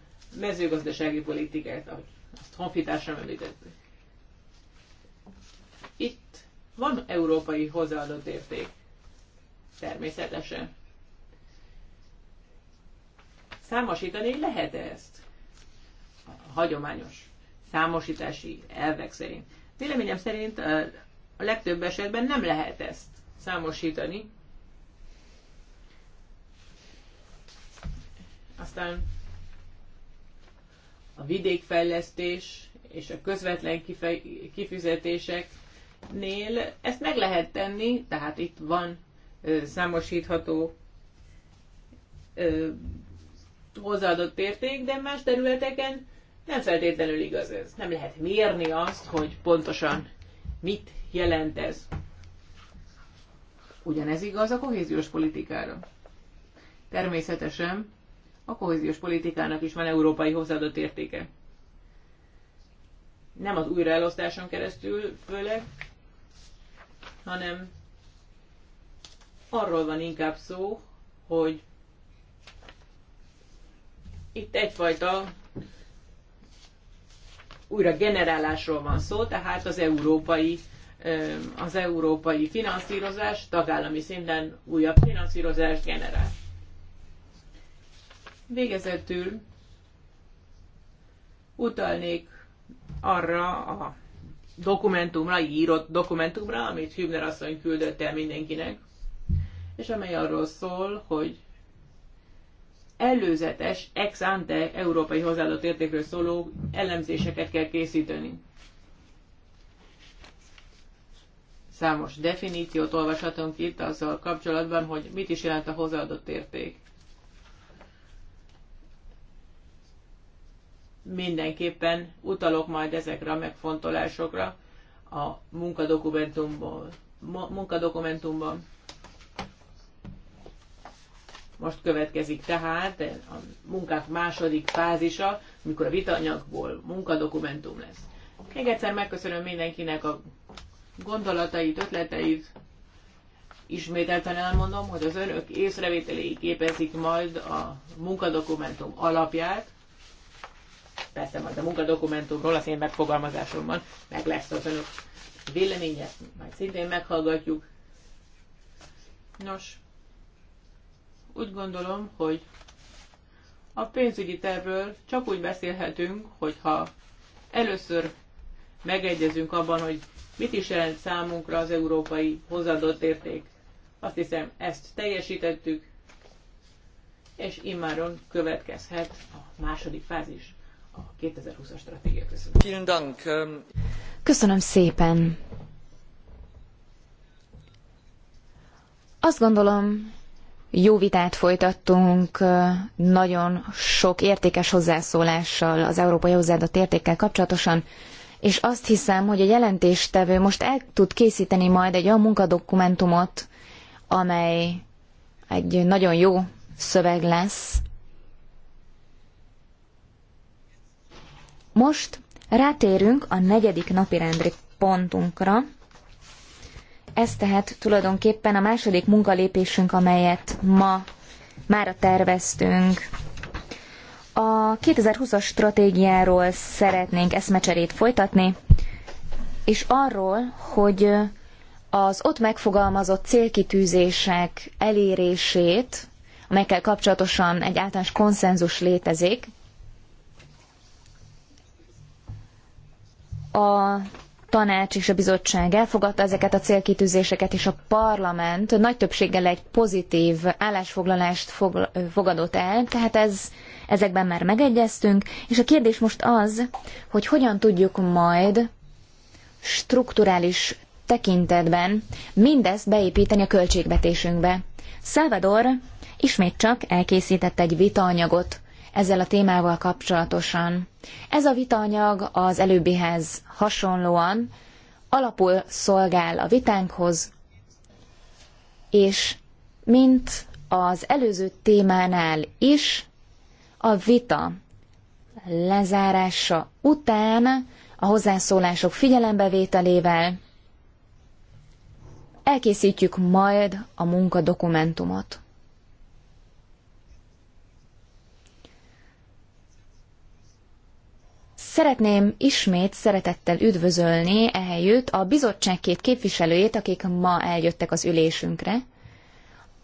Speaker 3: mezőgazdasági politikát, ahogy azt honfitársam említette. Itt van európai hozzáadott érték. Természetesen számosítani lehet -e ezt? A hagyományos számosítási elvek szerint. Véleményem szerint a legtöbb esetben nem lehet ezt számosítani. Aztán a vidékfejlesztés és a közvetlen kifizetéseknél ezt meg lehet tenni, tehát itt van számosítható hozzáadott érték, de más területeken nem feltétlenül igaz ez. Nem lehet mérni azt, hogy pontosan mit jelent ez. Ugyanez igaz a kohéziós politikára. Természetesen a kohéziós politikának is van európai hozzáadott értéke. Nem az újraelosztáson keresztül főleg, hanem arról van inkább szó, hogy itt egyfajta újra generálásról van szó, tehát az európai az európai finanszírozás tagállami szinten újabb finanszírozást generál. Végezetül utalnék arra a dokumentumra, írott dokumentumra, amit Hübner asszony küldött el mindenkinek, és amely arról szól, hogy előzetes ex ante európai hozzáadott értékről szóló elemzéseket kell készíteni. Számos definíciót olvashatunk itt azzal kapcsolatban, hogy mit is jelent a hozzáadott érték. Mindenképpen utalok majd ezekre a megfontolásokra a munkadokumentumból, munkadokumentumban. Most következik tehát a munkák második fázisa, amikor a vitanyagból munkadokumentum lesz. Még egyszer megköszönöm mindenkinek a gondolatait, ötleteit. Ismételten elmondom, hogy az önök észrevételéig képezik majd a munkadokumentum alapját. Persze majd a munkadokumentumról, az én megfogalmazásomban meg lesz az önök véleménye, majd szintén meghallgatjuk. Nos, úgy gondolom, hogy a pénzügyi tervről csak úgy beszélhetünk, hogyha először megegyezünk abban, hogy mit is jelent számunkra az európai hozadott érték. Azt hiszem, ezt teljesítettük, és immáron következhet a második fázis, a 2020-as stratégia. Köszönöm.
Speaker 2: Köszönöm szépen. Azt gondolom, jó vitát folytattunk nagyon sok értékes hozzászólással az európai hozzáadott értékkel kapcsolatosan, és azt hiszem, hogy a jelentéstevő most el tud készíteni majd egy olyan munkadokumentumot, amely egy nagyon jó szöveg lesz. Most rátérünk a negyedik napirendi pontunkra, ez tehát tulajdonképpen a második munkalépésünk, amelyet ma mára terveztünk. A 2020-as stratégiáról szeretnénk eszmecserét folytatni, és arról, hogy az ott megfogalmazott célkitűzések elérését, amelyekkel kapcsolatosan egy általános konszenzus létezik, a tanács és a bizottság elfogadta ezeket a célkitűzéseket, és a parlament nagy többséggel egy pozitív állásfoglalást fogadott el, tehát ez, ezekben már megegyeztünk, és a kérdés most az, hogy hogyan tudjuk majd strukturális tekintetben mindezt beépíteni a költségvetésünkbe. Salvador ismét csak elkészített egy vitaanyagot ezzel a témával kapcsolatosan. Ez a vitaanyag az előbbihez hasonlóan alapul szolgál a vitánkhoz, és mint az előző témánál is, a vita lezárása után a hozzászólások figyelembevételével elkészítjük majd a munkadokumentumot. Szeretném ismét szeretettel üdvözölni ehelyütt a bizottság két képviselőjét, akik ma eljöttek az ülésünkre,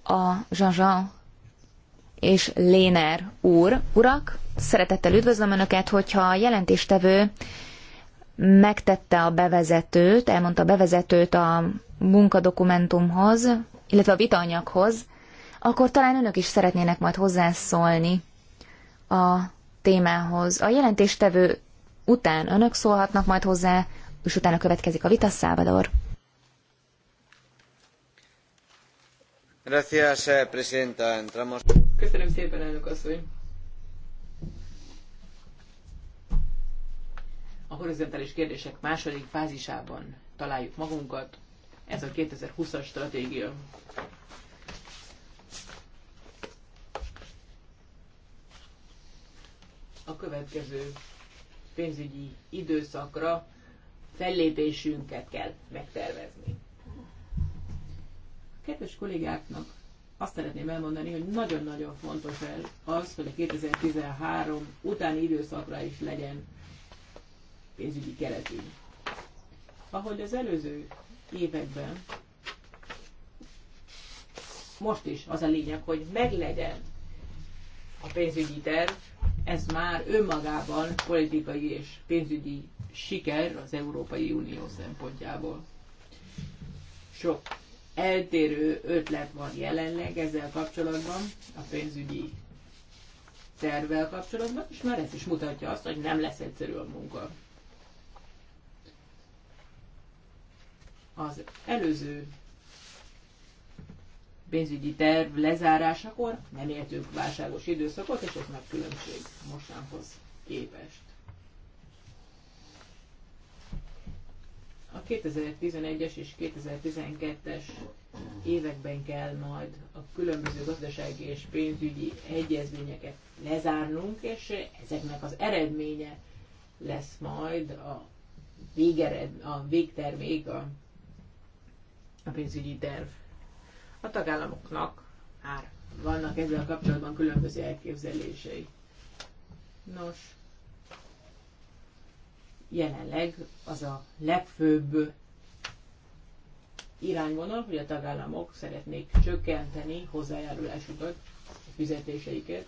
Speaker 2: a Jean-Jean és Léner úr. Urak, szeretettel üdvözlöm Önöket, hogyha a jelentéstevő megtette a bevezetőt, elmondta a bevezetőt a munkadokumentumhoz, illetve a vitanyaghoz, akkor talán önök is szeretnének majd hozzászólni a témához. A jelentéstevő után önök szólhatnak majd hozzá, és utána következik a vita, Salvador.
Speaker 1: Eh,
Speaker 3: Köszönöm szépen, elnök asszony. A horizontális kérdések második fázisában találjuk magunkat. Ez a 2020-as stratégia. A következő pénzügyi időszakra fellépésünket kell megtervezni. Kedves kollégáknak azt szeretném elmondani, hogy nagyon-nagyon fontos az, hogy a 2013 utáni időszakra is legyen pénzügyi keretünk. Ahogy az előző években, most is az a lényeg, hogy meglegyen a pénzügyi terv, ez már önmagában politikai és pénzügyi siker az Európai Unió szempontjából. Sok eltérő ötlet van jelenleg ezzel kapcsolatban, a pénzügyi tervvel kapcsolatban, és már ez is mutatja azt, hogy nem lesz egyszerű a munka. Az előző pénzügyi terv lezárásakor nem éltünk válságos időszakot, és ez nagy különbség mostanhoz képest. A 2011-es és 2012-es években kell majd a különböző gazdasági és pénzügyi egyezményeket lezárnunk, és ezeknek az eredménye lesz majd a, végered, a végtermék, a, a pénzügyi terv. A tagállamoknak már vannak ezzel kapcsolatban különböző elképzelései. Nos, jelenleg az a legfőbb irányvonal, hogy a tagállamok szeretnék csökkenteni hozzájárulásukat, a fizetéseiket.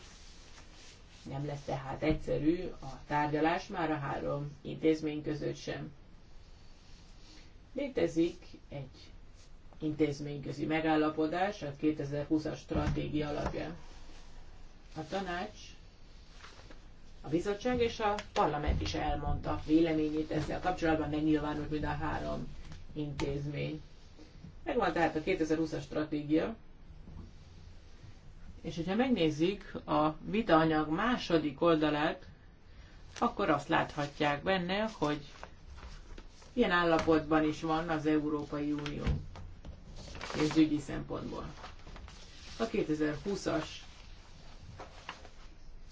Speaker 3: Nem lesz tehát egyszerű a tárgyalás már a három intézmény között sem. Létezik egy intézményközi megállapodás a 2020-as stratégia alapján. A tanács, a bizottság és a parlament is elmondta véleményét ezzel kapcsolatban, nyilvánult mind a három intézmény. Megvan tehát a 2020-as stratégia, és hogyha megnézzük a vitaanyag második oldalát, akkor azt láthatják benne, hogy ilyen állapotban is van az Európai Unió és gyügyi szempontból. A 2020-as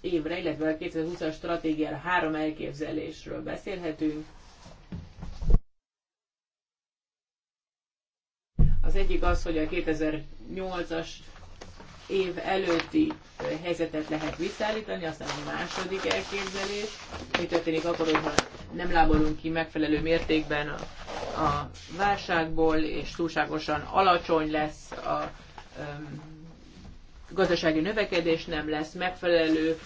Speaker 3: évre, illetve a 2020-as stratégiára három elképzelésről beszélhetünk. Az egyik az, hogy a 2008-as év előtti helyzetet lehet visszaállítani, aztán a második elképzelés, mi történik akkor, hogyha nem lábolunk ki megfelelő mértékben a, a válságból, és túlságosan alacsony lesz a um, gazdasági növekedés, nem lesz megfelelő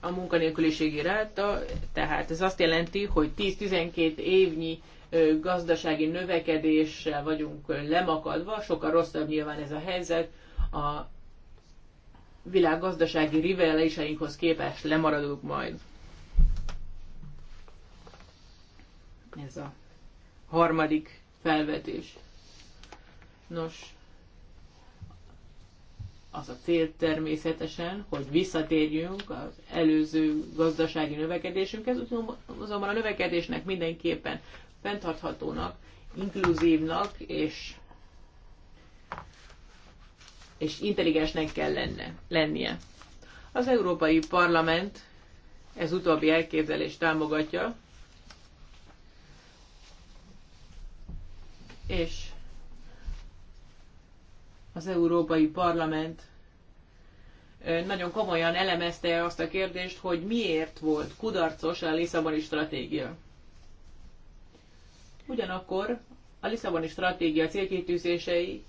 Speaker 3: a munkanélküliségi ráta, tehát ez azt jelenti, hogy 10-12 évnyi gazdasági növekedéssel vagyunk lemakadva, sokkal rosszabb nyilván ez a helyzet, a világ gazdasági riveliseinkhoz képest lemaradunk majd. Ez a harmadik felvetés. Nos, az a cél természetesen, hogy visszatérjünk az előző gazdasági növekedésünkhez, azonban a növekedésnek mindenképpen fenntarthatónak, inkluzívnak és, és intelligensnek kell lenne, lennie. Az Európai Parlament ez utóbbi elképzelést támogatja, és az Európai Parlament nagyon komolyan elemezte azt a kérdést, hogy miért volt kudarcos a Lisszaboni stratégia. Ugyanakkor a Lisszaboni stratégia célkitűzései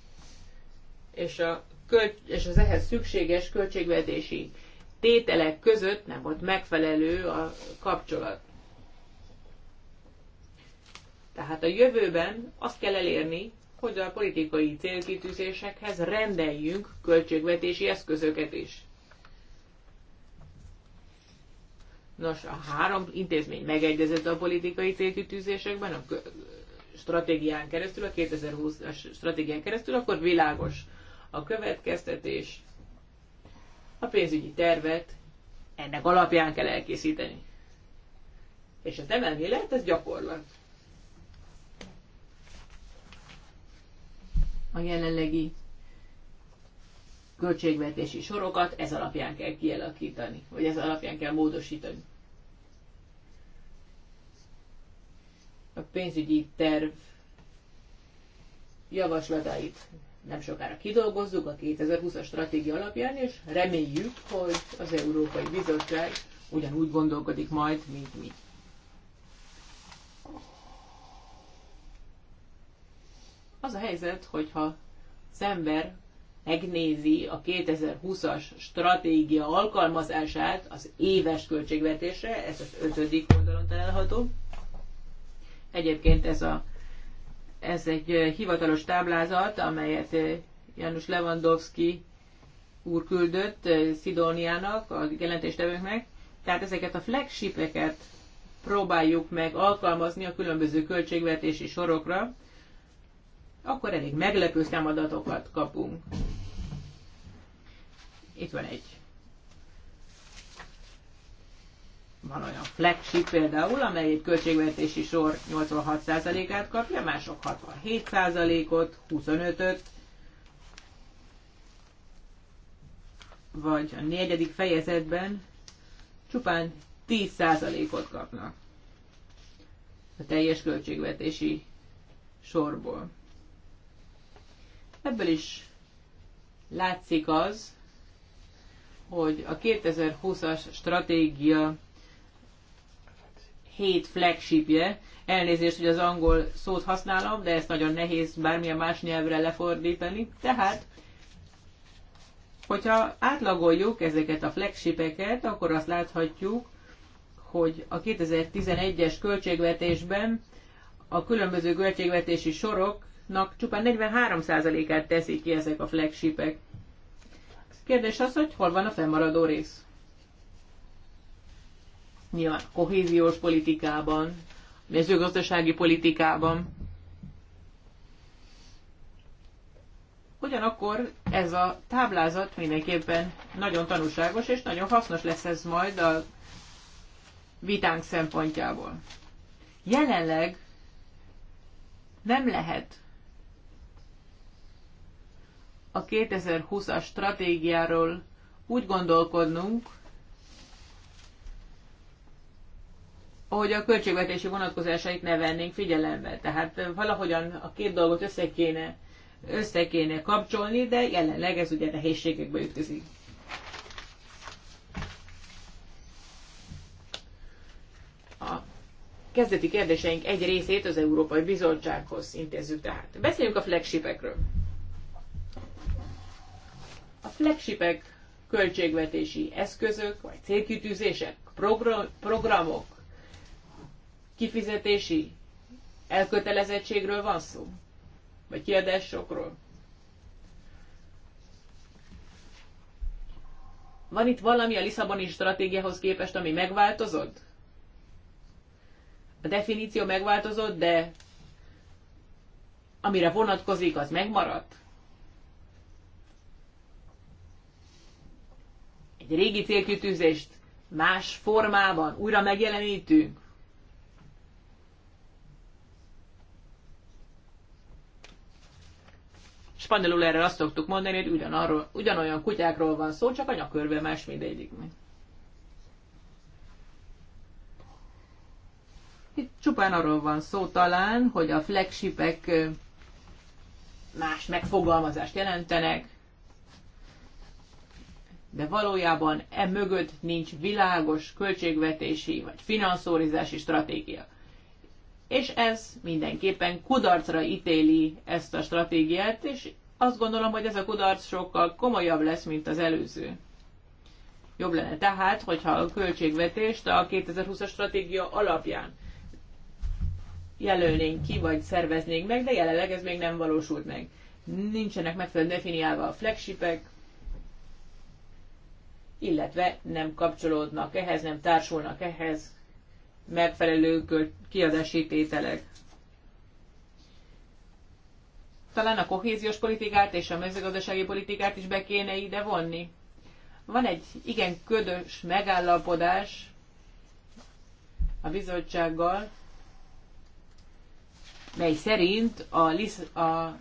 Speaker 3: és, a költ- és az ehhez szükséges költségvetési tételek között nem volt megfelelő a kapcsolat. Tehát a jövőben azt kell elérni, hogy a politikai célkitűzésekhez rendeljünk költségvetési eszközöket is. Nos, a három intézmény megegyezett a politikai célkitűzésekben, a stratégián keresztül, a 2020-as stratégián keresztül, akkor világos a következtetés, a pénzügyi tervet ennek alapján kell elkészíteni. És ez nem elmélet, ez gyakorlat. A jelenlegi költségvetési sorokat ez alapján kell kialakítani, vagy ez alapján kell módosítani. A pénzügyi terv javaslatait nem sokára kidolgozzuk a 2020-as stratégia alapján, és reméljük, hogy az Európai Bizottság ugyanúgy gondolkodik majd, mint mi. Az a helyzet, hogyha az ember megnézi a 2020-as stratégia alkalmazását az éves költségvetésre, ez az ötödik oldalon található. Egyébként ez, a, ez egy hivatalos táblázat, amelyet János Lewandowski úr küldött Szidóniának, a jelentéstevőknek. Tehát ezeket a flagshipeket próbáljuk meg alkalmazni a különböző költségvetési sorokra, akkor elég meglepő számadatokat kapunk. Itt van egy van olyan flagship például, amely egy költségvetési sor 86%-át kapja, mások 67%-ot, 25-öt, vagy a negyedik fejezetben csupán 10%-ot kapnak a teljes költségvetési sorból. Ebből is látszik az, hogy a 2020-as stratégia hét flagshipje, elnézést, hogy az angol szót használom, de ezt nagyon nehéz bármilyen más nyelvre lefordítani, tehát hogyha átlagoljuk ezeket a flagshipeket, akkor azt láthatjuk, hogy a 2011-es költségvetésben a különböző költségvetési soroknak csupán 43%-át teszik ki ezek a flagshipek. Kérdés az, hogy hol van a fennmaradó rész. Nyilván kohéziós politikában, mezőgazdasági politikában. Ugyanakkor ez a táblázat mindenképpen nagyon tanulságos, és nagyon hasznos lesz ez majd a vitánk szempontjából. Jelenleg nem lehet a 2020-as stratégiáról úgy gondolkodnunk, hogy a költségvetési vonatkozásait ne vennénk figyelembe. Tehát valahogyan a két dolgot össze kéne, össze kéne kapcsolni, de jelenleg ez ugye nehézségekbe ütközik. A kezdeti kérdéseink egy részét az Európai Bizottsághoz intézzük tehát. Beszéljünk a flagshipekről. A flagshipek költségvetési eszközök, vagy célkitűzések, programok, kifizetési elkötelezettségről van szó? Vagy kiadásokról? Van itt valami a Lisszaboni stratégiához képest, ami megváltozott? A definíció megváltozott, de amire vonatkozik, az megmaradt? egy régi célkitűzést más formában újra megjelenítünk? Spandelul erre azt szoktuk mondani, hogy ugyanarról, ugyanolyan kutyákról van szó, csak a nyakörve más mindegyik. Itt csupán arról van szó talán, hogy a flagshipek más megfogalmazást jelentenek, de valójában e mögött nincs világos költségvetési vagy finanszórizási stratégia. És ez mindenképpen kudarcra ítéli ezt a stratégiát, és azt gondolom, hogy ez a kudarc sokkal komolyabb lesz, mint az előző. Jobb lenne tehát, hogyha a költségvetést a 2020-as stratégia alapján jelölnénk ki, vagy szerveznénk meg, de jelenleg ez még nem valósult meg. Nincsenek megfelelően definiálva a flagshipek, illetve nem kapcsolódnak ehhez, nem társulnak ehhez megfelelő kiadási tételek. Talán a kohéziós politikát és a mezőgazdasági politikát is be kéne ide vonni. Van egy igen ködös megállapodás a bizottsággal, mely szerint a, Lisz- a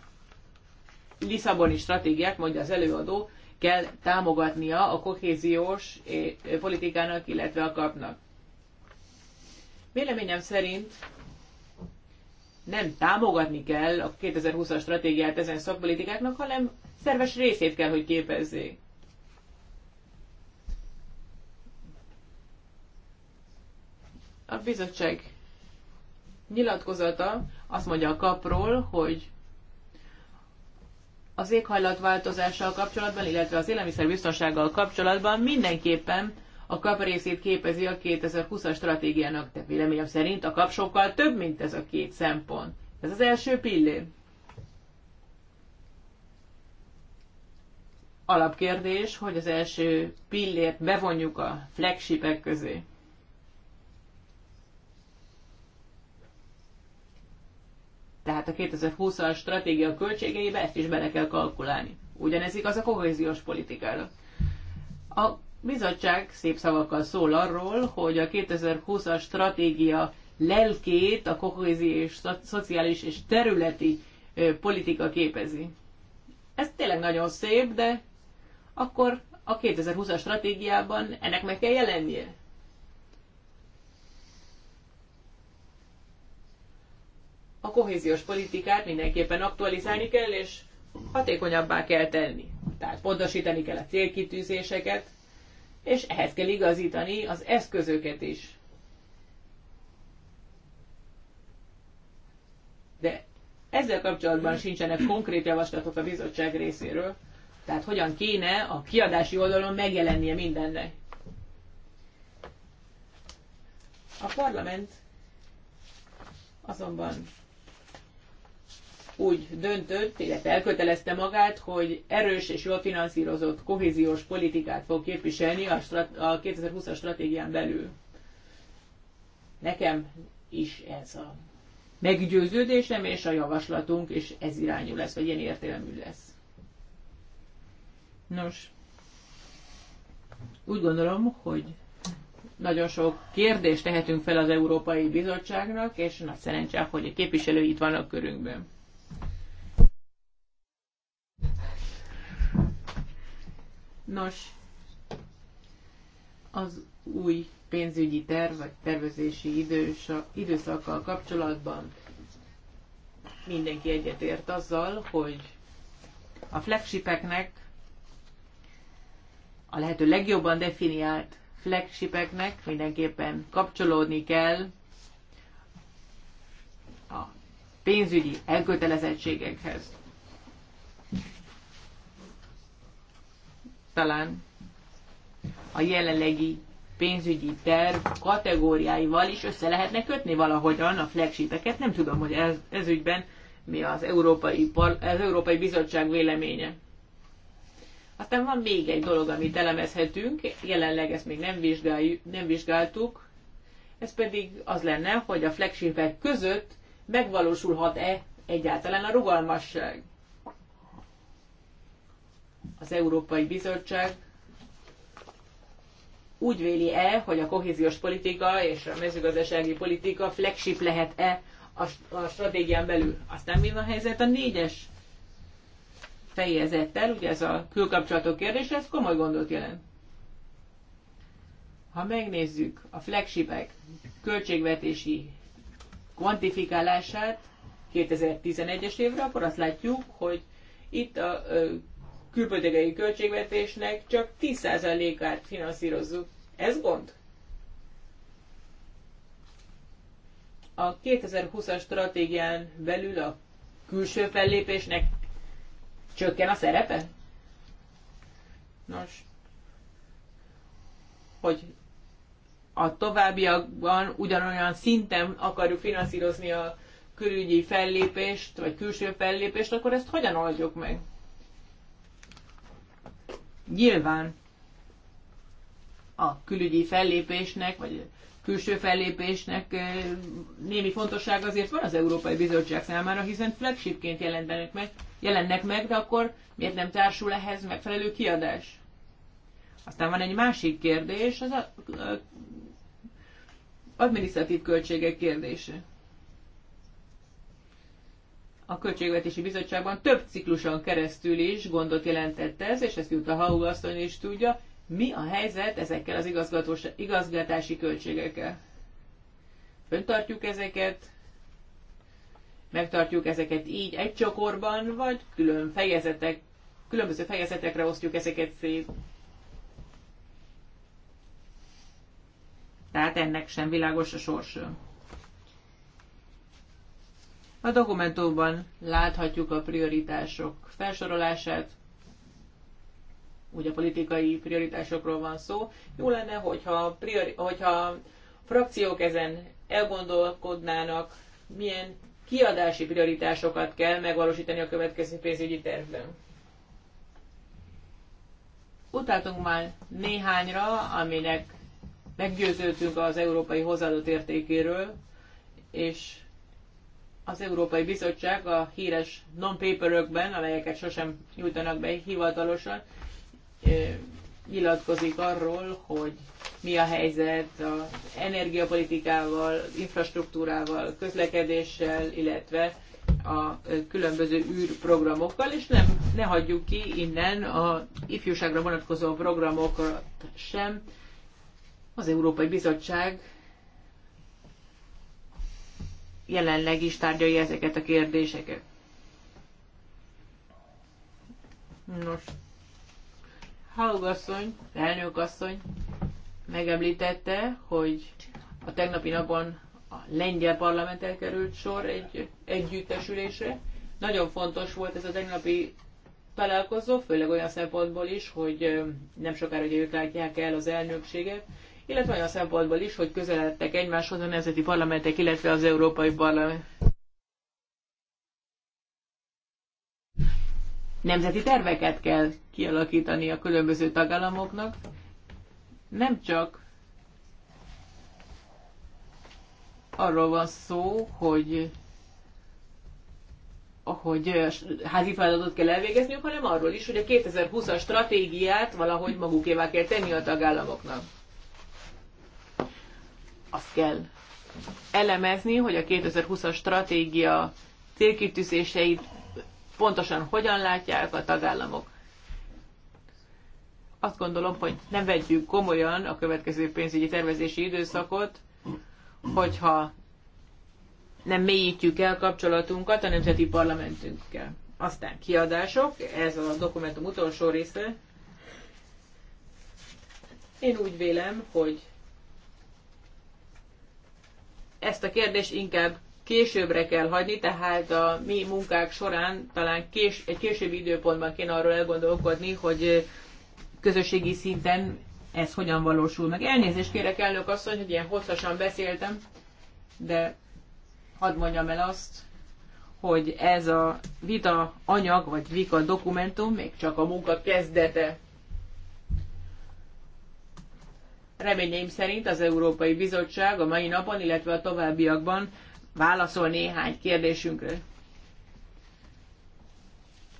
Speaker 3: Lisszaboni stratégiák mondja az előadó, kell támogatnia a kohéziós eh, politikának, illetve a kapnak. Véleményem szerint nem támogatni kell a 2020-as stratégiát ezen szakpolitikáknak, hanem szerves részét kell, hogy képezzék. A bizottság nyilatkozata azt mondja a kapról, hogy az éghajlatváltozással kapcsolatban, illetve az élelmiszerbiztonsággal kapcsolatban mindenképpen a kap részét képezi a 2020-as stratégiának, de véleményem szerint a kap sokkal több, mint ez a két szempont. Ez az első pillér. Alapkérdés, hogy az első pillért bevonjuk a flagshipek közé. tehát a 2020-as stratégia költségeibe ezt is bele kell kalkulálni. Ugyanez igaz a kohéziós politikára. A bizottság szép szavakkal szól arról, hogy a 2020-as stratégia lelkét a kohéziós, szociális és területi politika képezi. Ez tényleg nagyon szép, de akkor a 2020-as stratégiában ennek meg kell jelennie. a kohéziós politikát mindenképpen aktualizálni kell, és hatékonyabbá kell tenni. Tehát pontosítani kell a célkitűzéseket, és ehhez kell igazítani az eszközöket is. De ezzel kapcsolatban sincsenek konkrét javaslatok a bizottság részéről, tehát hogyan kéne a kiadási oldalon megjelennie mindennek. A parlament azonban úgy döntött, illetve elkötelezte magát, hogy erős és jól finanszírozott kohéziós politikát fog képviselni a, a 2020-as stratégián belül. Nekem is ez a meggyőződésem, és a javaslatunk, és ez irányú lesz, vagy ilyen értelmű lesz. Nos, úgy gondolom, hogy nagyon sok kérdést tehetünk fel az Európai Bizottságnak, és nagy szerencse, hogy a képviselői itt vannak körünkben. Nos, az új pénzügyi terv vagy tervezési időszakkal kapcsolatban mindenki egyetért azzal, hogy a flagshipeknek, a lehető legjobban definiált flagshipeknek mindenképpen kapcsolódni kell a pénzügyi elkötelezettségekhez. talán a jelenlegi pénzügyi terv kategóriáival is össze lehetne kötni valahogyan a flagshipeket. Nem tudom, hogy ez, ez ügyben mi az Európai, az Európai Bizottság véleménye. Aztán van még egy dolog, amit elemezhetünk, jelenleg ezt még nem, vizsgáljuk, nem vizsgáltuk, ez pedig az lenne, hogy a flagshipek között megvalósulhat-e egyáltalán a rugalmasság az Európai Bizottság úgy véli-e, hogy a kohéziós politika és a mezőgazdasági politika flagship lehet-e a, a stratégián belül. Aztán mi van a helyzet a négyes fejezettel, ugye ez a külkapcsolatok kérdése, ez komoly gondot jelent. Ha megnézzük a flagshipek költségvetési kvantifikálását 2011-es évre, akkor azt látjuk, hogy itt a külpolitikai költségvetésnek csak 10%-át finanszírozzuk. Ez gond? A 2020-as stratégián belül a külső fellépésnek csökken a szerepe? Nos, hogy a továbbiakban ugyanolyan szinten akarjuk finanszírozni a külügyi fellépést, vagy külső fellépést, akkor ezt hogyan oldjuk meg? Nyilván a külügyi fellépésnek, vagy külső fellépésnek eh, némi fontosság azért van az Európai Bizottság számára, hiszen flagshipként jelennek meg, jelennek meg, de akkor miért nem társul ehhez megfelelő kiadás? Aztán van egy másik kérdés, az a, a, a, a, a administratív költségek kérdése a Költségvetési Bizottságban több cikluson keresztül is gondot jelentett ez, és ezt Jutta Haug asszony is tudja, mi a helyzet ezekkel az igazgatási költségekkel. Föntartjuk ezeket, megtartjuk ezeket így egy csokorban, vagy külön fejezetek, különböző fejezetekre osztjuk ezeket szét. Tehát ennek sem világos a sorsa. A dokumentumban láthatjuk a prioritások felsorolását, ugye politikai prioritásokról van szó. Jó lenne, hogyha, priori, hogyha frakciók ezen elgondolkodnának, milyen kiadási prioritásokat kell megvalósítani a következő pénzügyi tervben. Utáltunk már néhányra, aminek meggyőződtünk az európai hozzáadott értékéről, és az Európai Bizottság a híres non-paperökben, amelyeket sosem nyújtanak be hivatalosan, nyilatkozik arról, hogy
Speaker 4: mi a helyzet
Speaker 3: az energiapolitikával, infrastruktúrával, közlekedéssel, illetve a különböző űrprogramokkal, és nem, ne hagyjuk ki innen a ifjúságra vonatkozó programokat sem. Az Európai Bizottság jelenleg is tárgyalja ezeket a kérdéseket. Nos, Haugasszony, elnökasszony megemlítette, hogy a tegnapi napon a lengyel parlament került sor egy együttesülésre. Nagyon fontos volt ez a tegnapi találkozó, főleg olyan szempontból is, hogy nem sokára ők látják el az elnökséget, illetve olyan szempontból is, hogy közeledtek egymáshoz a nemzeti parlamentek, illetve az Európai Parlament. Nemzeti terveket kell kialakítani a különböző tagállamoknak, nem csak arról van szó, hogy hogy házi feladatot kell elvégezniük, hanem arról is, hogy a 2020-as stratégiát valahogy magukévá kell tenni a tagállamoknak azt kell elemezni, hogy a 2020-as stratégia célkitűzéseit pontosan hogyan látják a tagállamok. Azt gondolom, hogy nem vegyük komolyan a következő pénzügyi tervezési időszakot, hogyha nem mélyítjük el kapcsolatunkat a nemzeti parlamentünkkel. Aztán kiadások, ez a dokumentum utolsó része. Én úgy vélem, hogy ezt a kérdést inkább későbbre kell hagyni, tehát a mi munkák során talán kés, egy későbbi időpontban kéne arról elgondolkodni, hogy közösségi szinten ez hogyan valósul meg. Elnézést kérek elnök asszony, hogy ilyen hosszasan beszéltem, de hadd mondjam el azt, hogy ez a vita anyag, vagy vika dokumentum még csak a munka kezdete. Reményeim szerint az Európai Bizottság a mai napon, illetve a továbbiakban válaszol néhány kérdésünkre.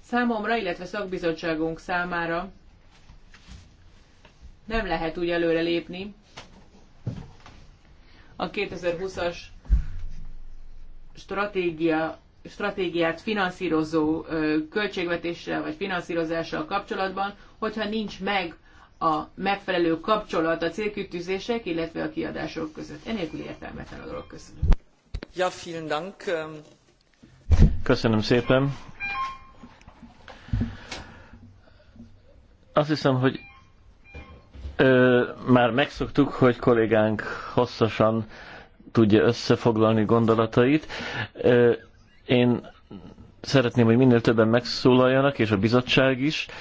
Speaker 3: Számomra, illetve szakbizottságunk számára nem lehet úgy előre lépni a 2020-as stratégia, stratégiát finanszírozó költségvetéssel vagy finanszírozással kapcsolatban, hogyha nincs meg a megfelelő kapcsolat a célkütűzések, illetve a kiadások között. Enélkül értelmetlen a dolog. Köszönöm.
Speaker 1: Ja, vielen Dank. Ähm,
Speaker 4: Köszönöm szépen. Azt hiszem, hogy ö, már megszoktuk, hogy kollégánk hosszasan tudja összefoglalni gondolatait. Ö, én szeretném, hogy minél többen megszólaljanak, és a bizottság is. Ö,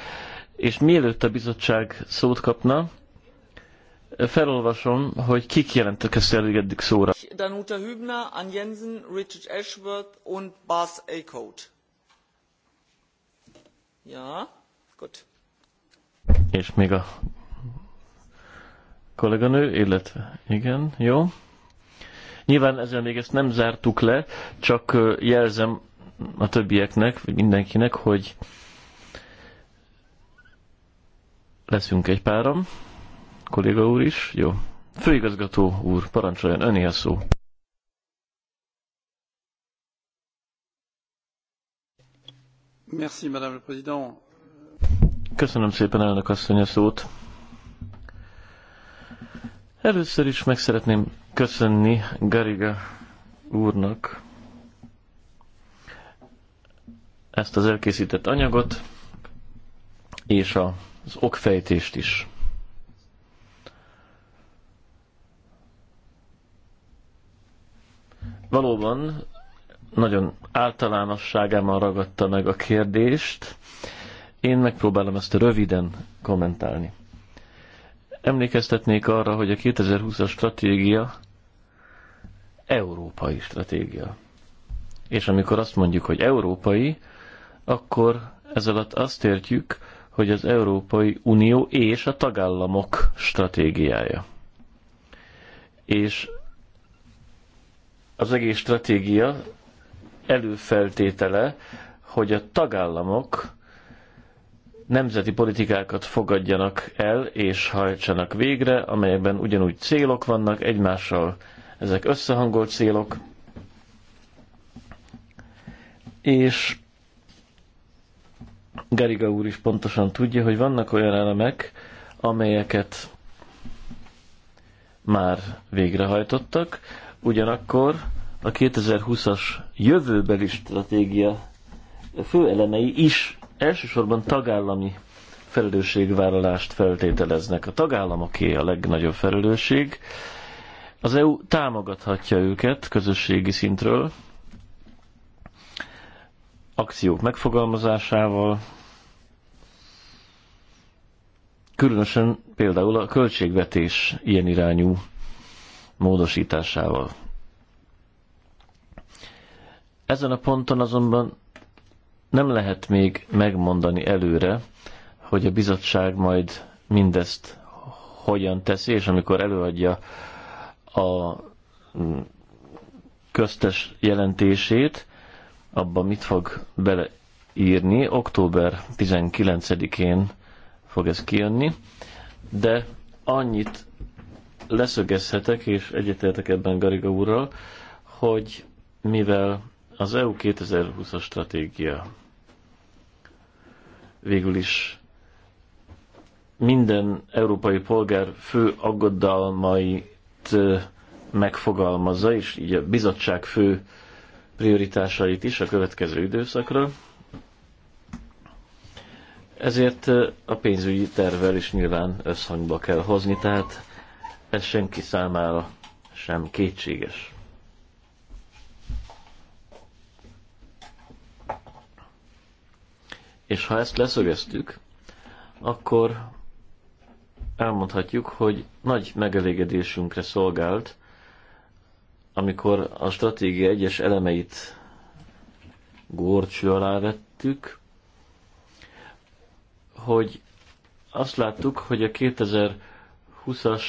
Speaker 4: és mielőtt a bizottság szót kapna, felolvasom, hogy kik jelentkeztek eddig szóra.
Speaker 1: Danuta Hübner, An Jensen, Richard Ashworth und Bas Eichhout. Ja, gut.
Speaker 4: És még a kolléganő, illetve igen, jó. Nyilván ezzel még ezt nem zártuk le, csak jelzem a többieknek, vagy mindenkinek, hogy Leszünk egy páram. Kolléga úr is, jó. Főigazgató úr, parancsoljon, öné a szó.
Speaker 1: Merci, Madame le Président.
Speaker 4: Köszönöm szépen, elnök asszony, a szót. Először is meg szeretném köszönni Gariga úrnak ezt az elkészített anyagot és a az okfejtést is. Valóban nagyon általánosságában ragadta meg a kérdést. Én megpróbálom ezt röviden kommentálni. Emlékeztetnék arra, hogy a 2020-as stratégia európai stratégia. És amikor azt mondjuk, hogy európai, akkor ez alatt azt értjük, hogy az Európai Unió és a tagállamok stratégiája. És az egész stratégia előfeltétele, hogy a tagállamok nemzeti politikákat fogadjanak el és hajtsanak végre, amelyekben ugyanúgy célok vannak egymással, ezek összehangolt célok, és Geriga úr is pontosan tudja, hogy vannak olyan elemek, amelyeket már végrehajtottak, ugyanakkor a 2020-as jövőbeli stratégia fő elemei is elsősorban tagállami felelősségvállalást feltételeznek. A tagállamoké a legnagyobb felelősség. Az EU támogathatja őket közösségi szintről, akciók megfogalmazásával, különösen például a költségvetés ilyen irányú módosításával. Ezen a ponton azonban nem lehet még megmondani előre, hogy a bizottság majd mindezt hogyan teszi, és amikor előadja a mm, köztes jelentését, abban mit fog beleírni. Október 19-én fog ez kijönni, de annyit leszögezhetek, és egyetértek ebben Gariga úrral, hogy mivel az EU 2020-as stratégia végül is minden európai polgár fő aggodalmait megfogalmazza, és így a bizottság fő prioritásait is a következő időszakra, ezért a pénzügyi tervvel is nyilván összhangba kell hozni, tehát ez senki számára sem kétséges. És ha ezt leszögeztük, akkor elmondhatjuk, hogy nagy megelégedésünkre szolgált, amikor a stratégia egyes elemeit górcső alá vettük, hogy azt láttuk, hogy a 2020-as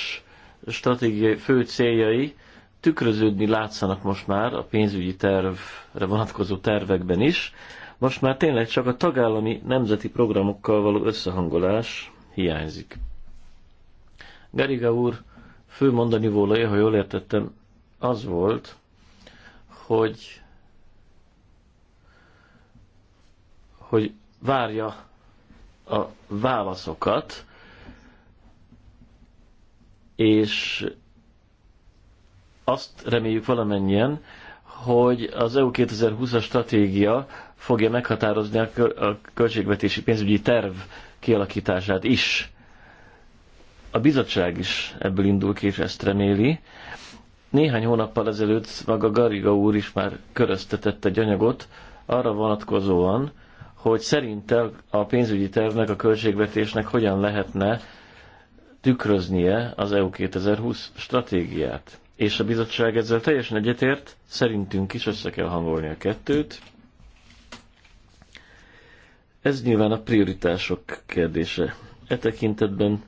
Speaker 4: stratégiai fő céljai tükröződni látszanak most már a pénzügyi tervre vonatkozó tervekben is. Most már tényleg csak a tagállami nemzeti programokkal való összehangolás hiányzik. Gariga úr fő mondani vólai, ha jól értettem, az volt, hogy hogy várja a válaszokat, és azt reméljük valamennyien, hogy az EU 2020-as stratégia fogja meghatározni a, költségvetési pénzügyi terv kialakítását is. A bizottság is ebből indul ki, és ezt reméli. Néhány hónappal ezelőtt maga Gariga úr is már köröztetett egy anyagot arra vonatkozóan, hogy szerinte a pénzügyi tervnek, a költségvetésnek hogyan lehetne tükröznie az EU 2020 stratégiát. És a bizottság ezzel teljesen egyetért, szerintünk is össze kell hangolni a kettőt. Ez nyilván a prioritások kérdése. E tekintetben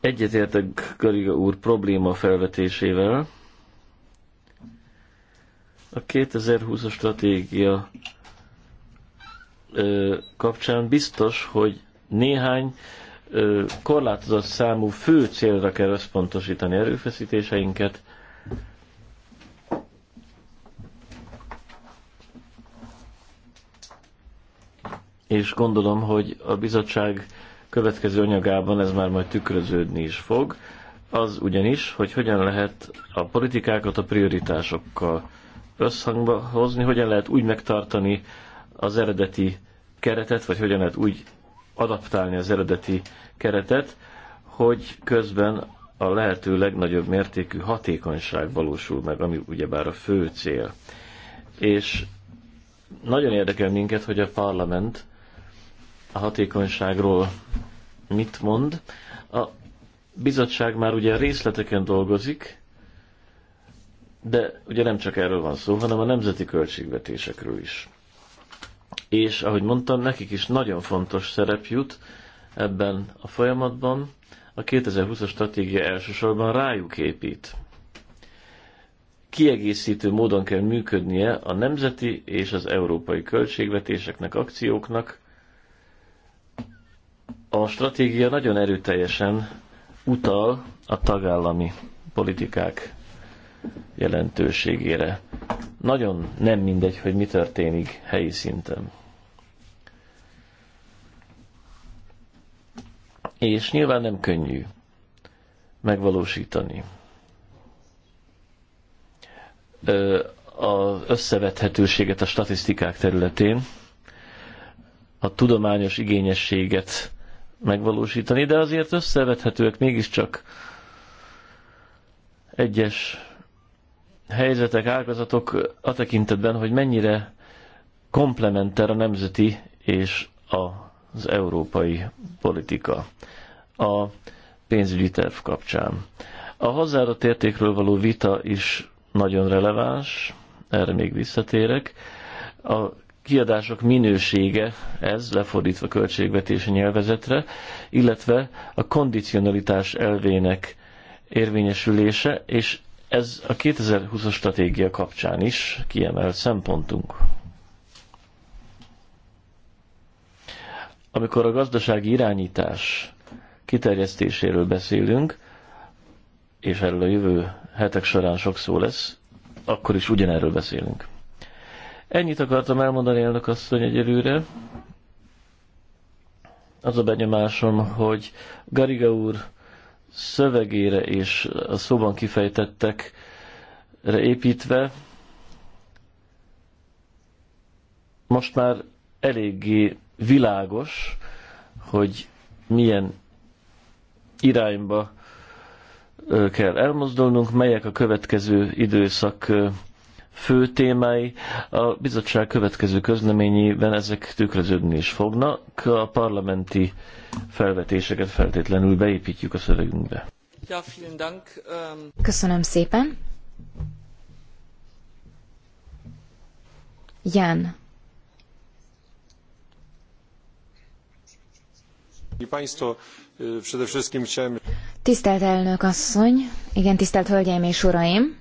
Speaker 4: egyetértek Gariga úr probléma felvetésével, a 2020-as stratégia kapcsán biztos, hogy néhány korlátozott számú fő célra kell összpontosítani erőfeszítéseinket. És gondolom, hogy a bizottság következő anyagában ez már majd tükröződni is fog. Az ugyanis, hogy hogyan lehet a politikákat a prioritásokkal összhangba hozni, hogyan lehet úgy megtartani az eredeti keretet, vagy hogyan lehet úgy adaptálni az eredeti keretet, hogy közben a lehető legnagyobb mértékű hatékonyság valósul meg, ami ugyebár a fő cél. És nagyon érdekel minket, hogy a parlament a hatékonyságról mit mond. A bizottság már ugye részleteken dolgozik, de ugye nem csak erről van szó, hanem a nemzeti költségvetésekről is. És ahogy mondtam, nekik is nagyon fontos szerep jut ebben a folyamatban. A 2020-as stratégia elsősorban rájuk épít. Kiegészítő módon kell működnie a nemzeti és az európai költségvetéseknek, akcióknak. A stratégia nagyon erőteljesen utal a tagállami politikák jelentőségére. Nagyon nem mindegy, hogy mi történik helyi szinten. És nyilván nem könnyű megvalósítani. Az összevethetőséget a statisztikák területén, a tudományos igényességet megvalósítani, de azért összevethetőek mégiscsak egyes helyzetek, ágazatok a tekintetben, hogy mennyire komplementer a nemzeti és az európai politika a pénzügyi terv kapcsán. A hozzáadott értékről való vita is nagyon releváns, erre még visszatérek. A kiadások minősége, ez lefordítva költségvetési nyelvezetre, illetve a kondicionalitás elvének érvényesülése, és ez a 2020-as stratégia kapcsán is kiemelt szempontunk. Amikor a gazdasági irányítás kiterjesztéséről beszélünk, és erről a jövő hetek során sok szó lesz, akkor is ugyanerről beszélünk. Ennyit akartam elmondani elnök asszony egyelőre. Az a benyomásom, hogy Gariga úr szövegére és a szóban kifejtettekre építve most már eléggé világos, hogy milyen irányba kell elmozdulnunk, melyek a következő időszak fő témái. A bizottság következő közleményében ezek tükröződni is fognak. A parlamenti felvetéseket feltétlenül beépítjük a szövegünkbe. Ja, vielen
Speaker 1: Dank. Ähm,
Speaker 2: Köszönöm szépen. Jan. Tisztelt elnök asszony, igen, tisztelt hölgyeim és uraim!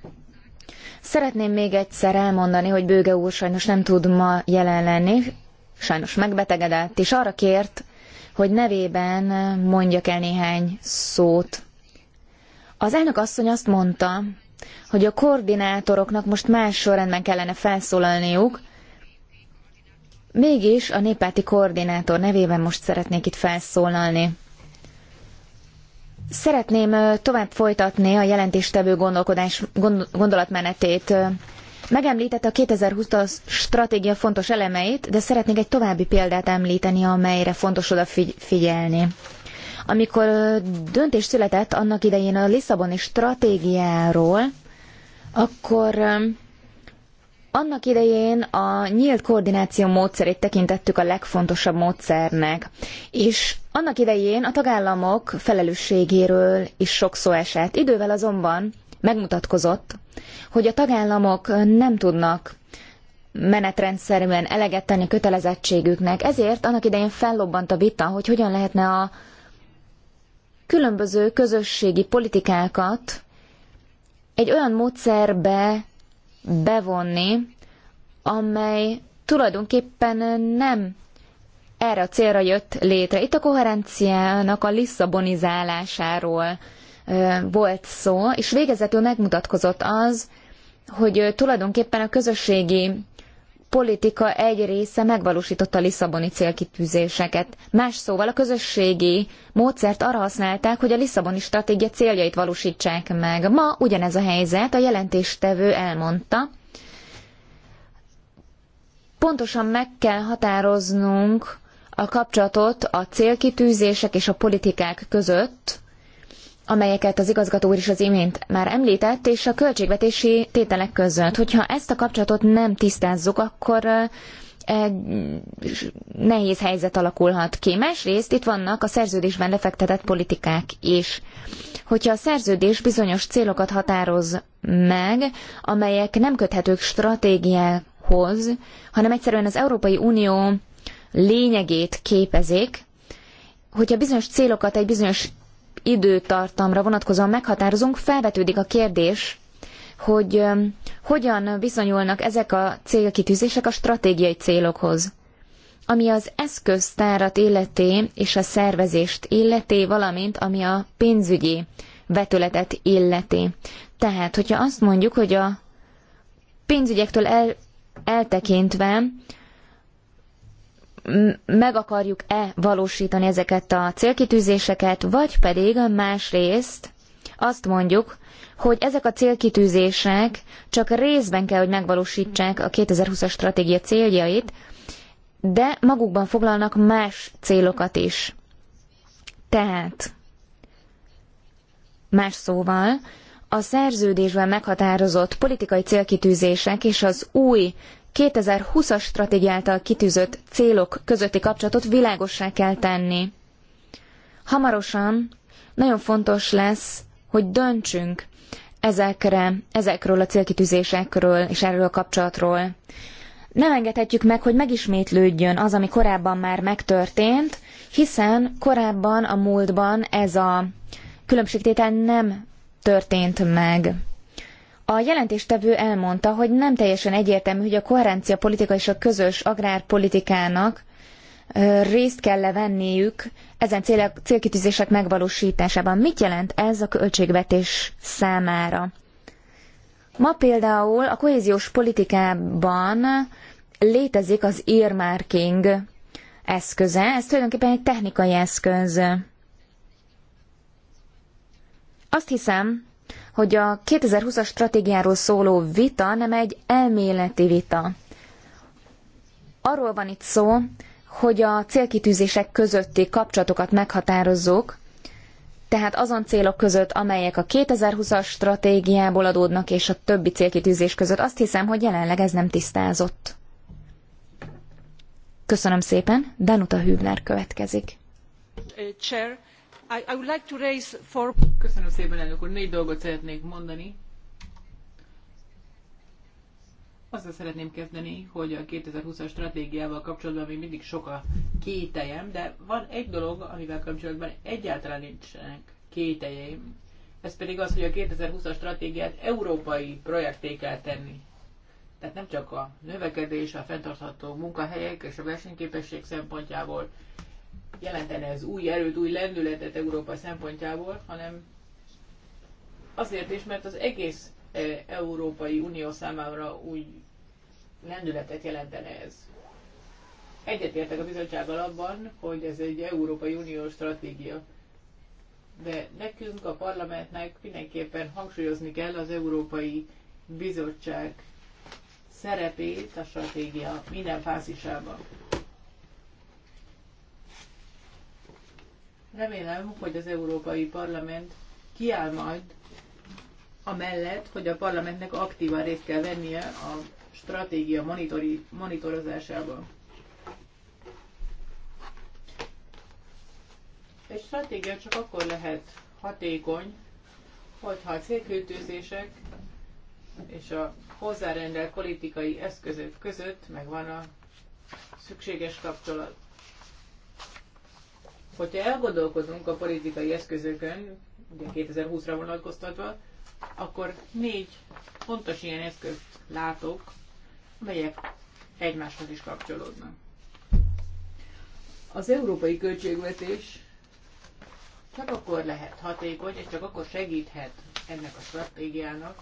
Speaker 2: Szeretném még egyszer elmondani, hogy Bőge úr sajnos nem tud ma jelen lenni, sajnos megbetegedett, és arra kért, hogy nevében mondjak el néhány szót. Az elnök asszony azt mondta, hogy a koordinátoroknak most más sorrendben kellene felszólalniuk, mégis a néppárti koordinátor nevében most szeretnék itt felszólalni. Szeretném tovább folytatni a jelentéstevő gondolkodás gondolatmenetét. Megemlítette a 2020-as stratégia fontos elemeit, de szeretnék egy további példát említeni, amelyre fontos odafigyelni. Amikor döntés született annak idején a Lisszaboni stratégiáról, akkor annak idején a nyílt koordináció módszerét tekintettük a legfontosabb módszernek, és annak idején a tagállamok felelősségéről is sok szó esett. Idővel azonban megmutatkozott, hogy a tagállamok nem tudnak menetrendszerűen eleget tenni kötelezettségüknek, ezért annak idején fellobbant a vita, hogy hogyan lehetne a különböző közösségi politikákat egy olyan módszerbe bevonni, amely tulajdonképpen nem erre a célra jött létre. Itt a koherenciának a lisszabonizálásáról volt szó, és végezetül megmutatkozott az, hogy tulajdonképpen a közösségi politika egy része megvalósította a Lisszaboni célkitűzéseket. Más szóval a közösségi módszert arra használták, hogy a Lisszaboni stratégia céljait valósítsák meg. Ma ugyanez a helyzet, a jelentéstevő elmondta. Pontosan meg kell határoznunk a kapcsolatot a célkitűzések és a politikák között, amelyeket az igazgató úr is az imént már említett, és a költségvetési tételek között. Hogyha ezt a kapcsolatot nem tisztázzuk, akkor e, nehéz helyzet alakulhat ki. Másrészt itt vannak a szerződésben lefektetett politikák is. Hogyha a szerződés bizonyos célokat határoz meg, amelyek nem köthetők stratégiához, hanem egyszerűen az Európai Unió lényegét képezik, hogyha bizonyos célokat egy bizonyos időtartamra vonatkozóan meghatározunk, felvetődik a kérdés, hogy hogyan viszonyulnak ezek a célkitűzések a stratégiai célokhoz. Ami az eszköztárat illeti és a szervezést illeti, valamint ami a pénzügyi vetületet illeti. Tehát, hogyha azt mondjuk, hogy a pénzügyektől el, eltekintve meg akarjuk-e valósítani ezeket a célkitűzéseket, vagy pedig másrészt azt mondjuk, hogy ezek a célkitűzések csak részben kell, hogy megvalósítsák a 2020-as stratégia céljait, de magukban foglalnak más célokat is. Tehát, más szóval, a szerződésben meghatározott politikai célkitűzések és az új 2020-as stratégiáltal kitűzött célok közötti kapcsolatot világossá kell tenni. Hamarosan nagyon fontos lesz, hogy döntsünk ezekre, ezekről a célkitűzésekről és erről a kapcsolatról. Nem engedhetjük meg, hogy megismétlődjön az, ami korábban már megtörtént, hiszen korábban a múltban ez a különbségtétel nem történt meg. A jelentéstevő elmondta, hogy nem teljesen egyértelmű, hogy a koherencia politika és a közös agrárpolitikának részt kell -e venniük ezen cél, célkitűzések megvalósításában. Mit jelent ez a költségvetés számára? Ma például a kohéziós politikában létezik az earmarking eszköze, ez tulajdonképpen egy technikai eszköz. Azt hiszem, hogy a 2020-as stratégiáról szóló vita nem egy elméleti vita. Arról van itt szó, hogy a célkitűzések közötti kapcsolatokat meghatározzuk, tehát azon célok között, amelyek a 2020-as stratégiából adódnak, és a többi célkitűzés között. Azt hiszem, hogy jelenleg ez nem tisztázott. Köszönöm szépen, Danuta Hübner következik.
Speaker 3: Chair. I, would like to raise four... Köszönöm szépen, elnök úr. Négy dolgot szeretnék mondani. Azzal szeretném kezdeni, hogy a 2020-as stratégiával kapcsolatban még mindig sok a kételjem, de van egy dolog, amivel kapcsolatban egyáltalán nincsenek kételjeim. Ez pedig az, hogy a 2020-as stratégiát európai projekté kell tenni. Tehát nem csak a növekedés, a fenntartható munkahelyek és a versenyképesség szempontjából jelentene ez új erőt, új lendületet Európa szempontjából, hanem azért is, mert az egész e, Európai Unió számára új lendületet jelentene ez. Egyetértek a bizottsággal abban, hogy ez egy Európai Unió stratégia. De nekünk, a parlamentnek mindenképpen hangsúlyozni kell az Európai Bizottság szerepét a stratégia minden fázisában. Remélem, hogy az Európai Parlament kiáll majd amellett, hogy a parlamentnek aktívan részt kell vennie a stratégia monitori, monitorozásában. Egy stratégia csak akkor lehet hatékony, hogyha a célkültőzések és a hozzárendelt politikai eszközök között megvan a szükséges kapcsolat. Hogyha elgondolkozunk a politikai eszközökön, ugye 2020-ra vonatkoztatva, akkor négy fontos ilyen eszközt látok, melyek egymáshoz is kapcsolódnak. Az európai költségvetés csak akkor lehet hatékony, és csak akkor segíthet ennek a stratégiának,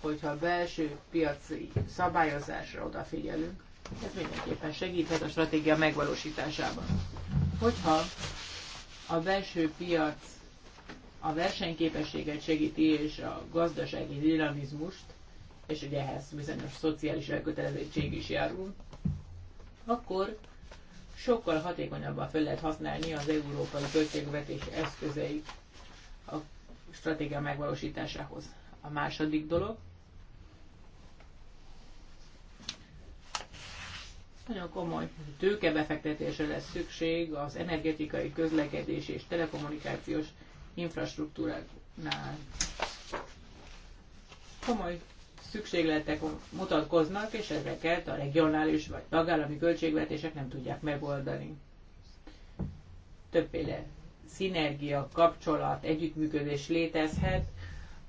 Speaker 3: hogyha a belső piaci szabályozásra odafigyelünk ez mindenképpen segíthet a stratégia megvalósításában. Hogyha a belső piac a versenyképességet segíti és a gazdasági dinamizmust, és ugye ehhez bizonyos szociális elkötelezettség is járul, akkor sokkal hatékonyabban fel lehet használni az európai költségvetés eszközeit a stratégia megvalósításához. A második dolog, nagyon komoly tőkebefektetésre lesz szükség az energetikai közlekedés és telekommunikációs infrastruktúráknál. Komoly szükségletek mutatkoznak, és ezeket a regionális vagy tagállami költségvetések nem tudják megoldani. Többféle szinergia, kapcsolat, együttműködés létezhet,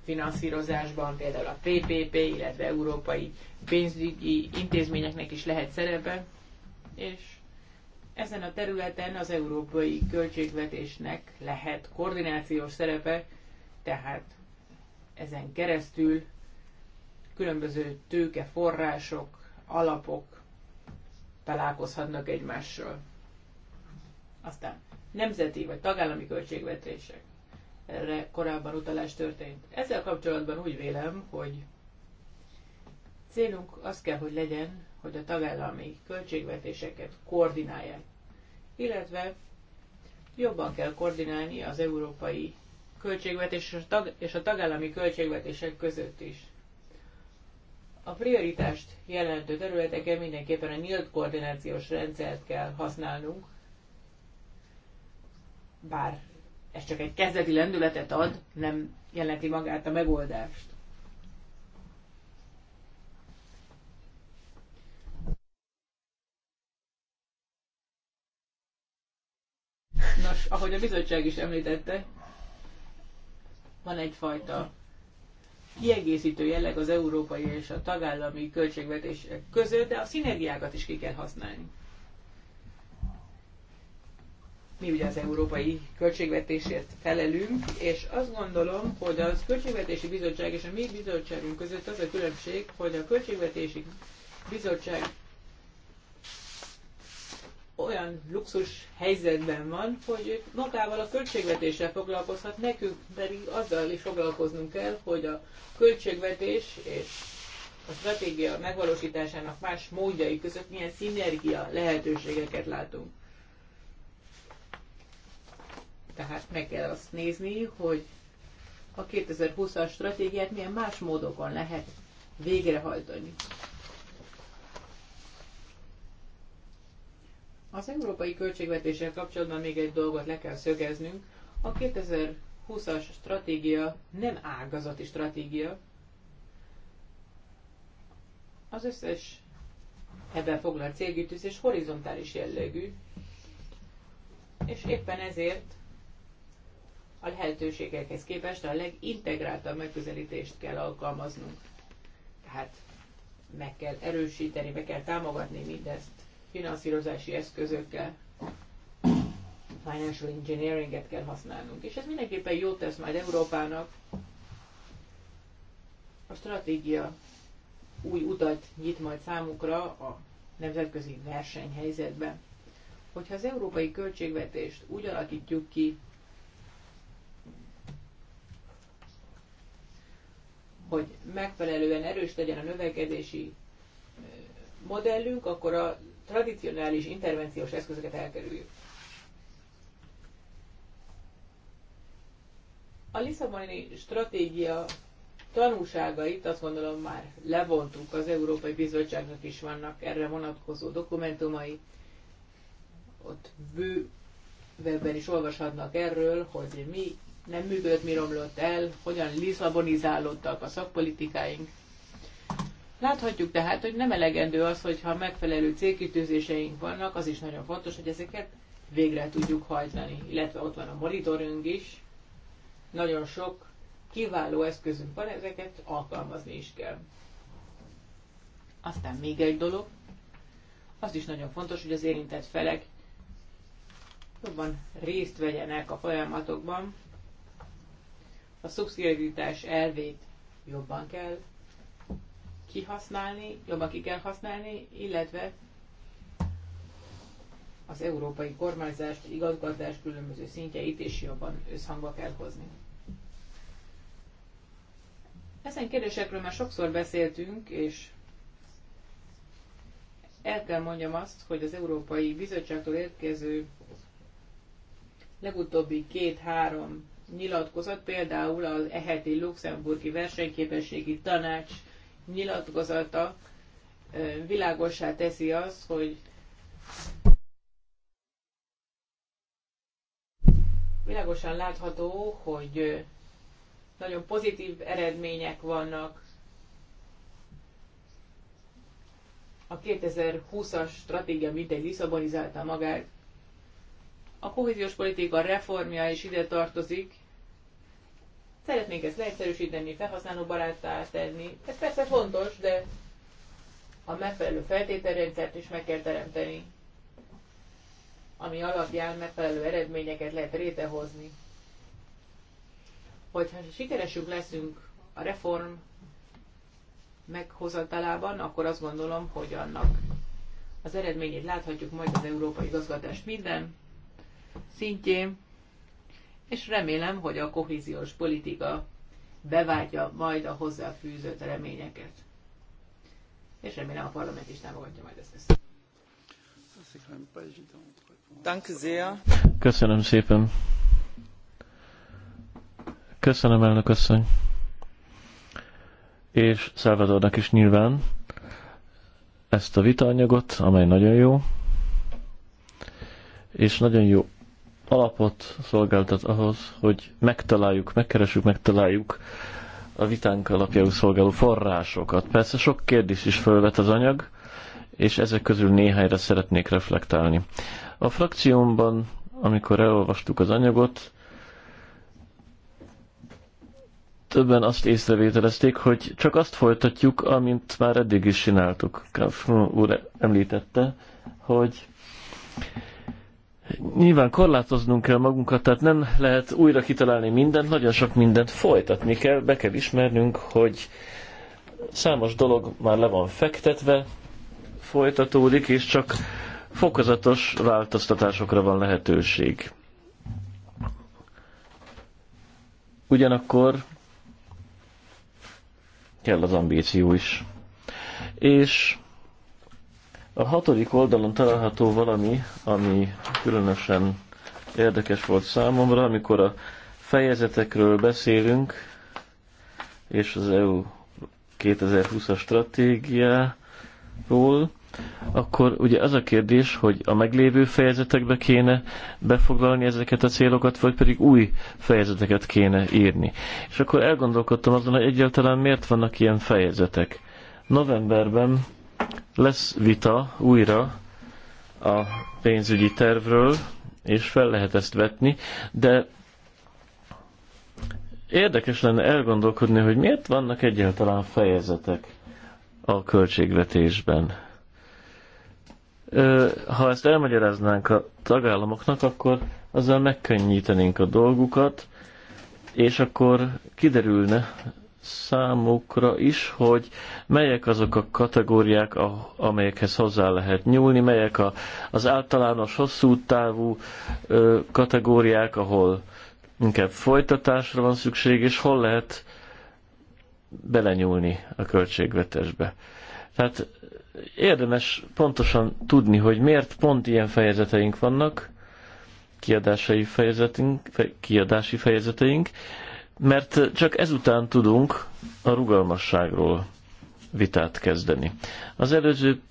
Speaker 3: finanszírozásban, például a PPP, illetve európai pénzügyi intézményeknek is lehet szerepe, és ezen a területen az európai költségvetésnek lehet koordinációs szerepe, tehát ezen keresztül különböző tőkeforrások, alapok találkozhatnak egymással. Aztán nemzeti vagy tagállami költségvetések erre korábban utalás történt. Ezzel kapcsolatban úgy vélem, hogy célunk az kell, hogy legyen, hogy a tagállami költségvetéseket koordinálják, illetve jobban kell koordinálni az európai költségvetés és a, tagállami költségvetések között is. A prioritást jelentő területeken mindenképpen a nyílt koordinációs rendszert kell használnunk, bár ez csak egy kezdeti lendületet ad, nem jelenti magát a megoldást. Nos, ahogy a bizottság is említette, van egyfajta kiegészítő jelleg az európai és a tagállami költségvetések között, de a szinergiákat is ki kell használni mi ugye az európai költségvetésért felelünk, és azt gondolom, hogy az költségvetési bizottság és a mi bizottságunk között az a különbség, hogy a költségvetési bizottság olyan luxus helyzetben van, hogy magával a költségvetéssel foglalkozhat, nekünk pedig azzal is foglalkoznunk kell, hogy a költségvetés és a stratégia megvalósításának más módjai között milyen szinergia lehetőségeket látunk. Tehát meg kell azt nézni, hogy a 2020-as stratégiát milyen más módokon lehet végrehajtani. Az európai költségvetéssel kapcsolatban még egy dolgot le kell szögeznünk. A 2020-as stratégia nem ágazati stratégia. Az összes ebben foglalt és horizontális jellegű, és éppen ezért a lehetőségekhez képest a legintegráltabb megközelítést kell alkalmaznunk. Tehát meg kell erősíteni, meg kell támogatni mindezt finanszírozási eszközökkel. Financial engineeringet kell használnunk, és ez mindenképpen jót tesz majd Európának. A stratégia új utat nyit majd számukra a nemzetközi versenyhelyzetben. Hogyha az európai költségvetést úgy alakítjuk ki, hogy megfelelően erős legyen a növekedési modellünk, akkor a tradicionális intervenciós eszközöket elkerüljük. A Lisszaboni stratégia tanúságait azt gondolom már levontuk, az Európai Bizottságnak is vannak erre vonatkozó dokumentumai. Ott bővebben is olvashatnak erről, hogy mi nem működött, mi romlott el, hogyan liszabonizálódtak a szakpolitikáink. Láthatjuk tehát, hogy nem elegendő az, hogyha megfelelő célkitűzéseink vannak, az is nagyon fontos, hogy ezeket végre tudjuk hajtani. Illetve ott van a monitorünk is, nagyon sok kiváló eszközünk van, ezeket alkalmazni is kell. Aztán még egy dolog, az is nagyon fontos, hogy az érintett felek jobban részt vegyenek a folyamatokban, a szubszidiaritás elvét jobban kell kihasználni, jobban ki kell használni, illetve az európai kormányzást, igazgatás különböző szintjeit is jobban összhangba kell hozni. Ezen kérdésekről már sokszor beszéltünk, és el kell mondjam azt, hogy az Európai Bizottságtól érkező legutóbbi két-három nyilatkozat, például az eheti luxemburgi versenyképességi tanács nyilatkozata világosá teszi az, hogy világosan látható, hogy nagyon pozitív eredmények vannak a 2020-as stratégia mintegy liszabonizálta magát, a kohéziós politika reformja is ide tartozik. Szeretnénk ezt leegyszerűsíteni, felhasználóbaráttá tenni. Ez persze fontos, de a megfelelő feltételrendszert is meg kell teremteni, ami alapján megfelelő eredményeket lehet rétehozni. Hogyha sikeresünk leszünk a reform meghozatalában, akkor azt gondolom, hogy annak az eredményét láthatjuk majd az európai gazdaság minden szintjén, és remélem, hogy a kohéziós politika beváltja majd a hozzáfűzött reményeket. És remélem a parlament is támogatja majd ezt. ezt.
Speaker 4: Köszönöm szépen. Köszönöm, elnök asszony. És Szávadornak is nyilván ezt a vitaanyagot, amely nagyon jó, és nagyon jó alapot szolgáltat ahhoz, hogy megtaláljuk, megkeressük, megtaláljuk a vitánk alapjául szolgáló forrásokat. Persze sok kérdés is felvet az anyag, és ezek közül néhányra szeretnék reflektálni. A frakciómban, amikor elolvastuk az anyagot, többen azt észrevételezték, hogy csak azt folytatjuk, amint már eddig is csináltuk. Kafrun úr említette, hogy nyilván korlátoznunk kell magunkat, tehát nem lehet újra kitalálni mindent, nagyon sok mindent folytatni kell, be kell ismernünk, hogy számos dolog már le van fektetve, folytatódik, és csak fokozatos változtatásokra van lehetőség. Ugyanakkor kell az ambíció is. És a hatodik oldalon található valami, ami különösen érdekes volt számomra, amikor a fejezetekről beszélünk, és az EU 2020-as stratégiáról, akkor ugye az a kérdés, hogy a meglévő fejezetekbe kéne befoglalni ezeket a célokat, vagy pedig új fejezeteket kéne írni. És akkor elgondolkodtam azon, hogy egyáltalán miért vannak ilyen fejezetek. Novemberben lesz vita újra a pénzügyi tervről, és fel lehet ezt vetni, de érdekes lenne elgondolkodni, hogy miért vannak egyáltalán fejezetek a költségvetésben. Ha ezt elmagyaráznánk a tagállamoknak, akkor azzal megkönnyítenénk a dolgukat, és akkor kiderülne számukra is, hogy melyek azok a kategóriák, amelyekhez hozzá lehet nyúlni, melyek a, az általános hosszú távú ö, kategóriák, ahol inkább folytatásra van szükség, és hol lehet belenyúlni a költségvetésbe. Tehát érdemes pontosan tudni, hogy miért pont ilyen fejezeteink vannak, kiadásai fejezetünk, kiadási fejezeteink, mert csak ezután tudunk a rugalmasságról vitát kezdeni. Az előző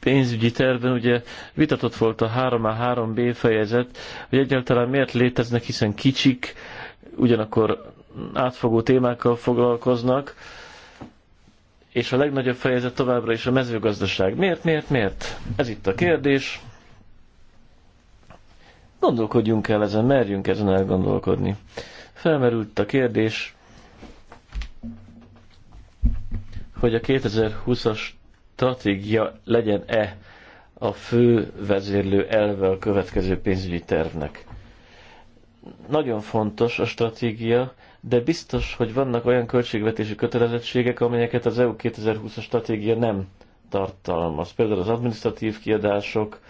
Speaker 4: pénzügyi tervben ugye vitatott volt a 3A3B fejezet, hogy egyáltalán miért léteznek, hiszen kicsik, ugyanakkor átfogó témákkal foglalkoznak, és a legnagyobb fejezet továbbra is a mezőgazdaság. Miért, miért, miért? Ez itt a kérdés. Gondolkodjunk el ezen, merjünk ezen elgondolkodni. Felmerült a kérdés, hogy a 2020-as stratégia legyen-e a fő vezérlő elve a következő pénzügyi tervnek. Nagyon fontos a stratégia, de biztos, hogy vannak olyan költségvetési kötelezettségek, amelyeket az EU 2020-as stratégia nem tartalmaz. Például az administratív kiadások,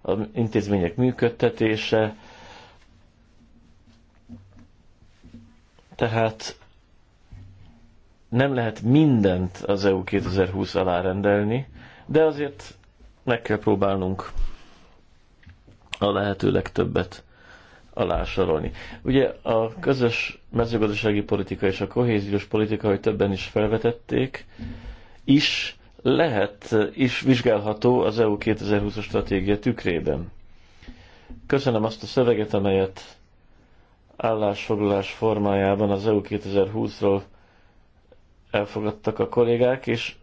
Speaker 4: az intézmények működtetése, Tehát nem lehet mindent az EU 2020 alá rendelni, de azért meg kell próbálnunk a lehető legtöbbet alásorolni. Ugye a közös mezőgazdasági politika és a kohéziós politika, hogy többen is felvetették, is lehet, is vizsgálható az EU 2020-as stratégia tükrében. Köszönöm azt a szöveget, amelyet állásfoglalás formájában az EU 2020-ról elfogadtak a kollégák, és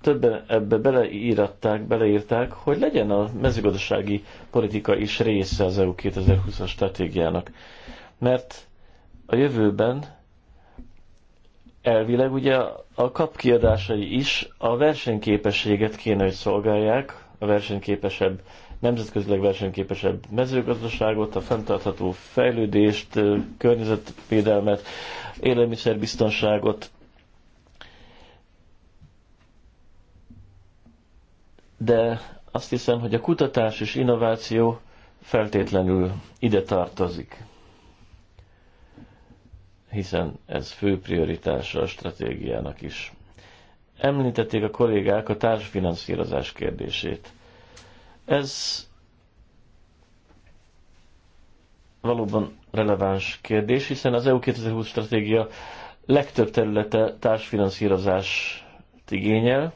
Speaker 4: többen ebbe beleíratták, beleírták, hogy legyen a mezőgazdasági politika is része az EU 2020-as stratégiának. Mert a jövőben elvileg ugye a kap kiadásai is a versenyképességet kéne, hogy szolgálják, a versenyképesebb nemzetközileg versenyképesebb mezőgazdaságot, a fenntartható fejlődést, környezetvédelmet, élelmiszerbiztonságot, de azt hiszem, hogy a kutatás és innováció feltétlenül ide tartozik, hiszen ez fő prioritása a stratégiának is. Említették a kollégák a társfinanszírozás kérdését. Ez valóban releváns kérdés, hiszen az EU 2020 stratégia legtöbb területe társfinanszírozást igényel,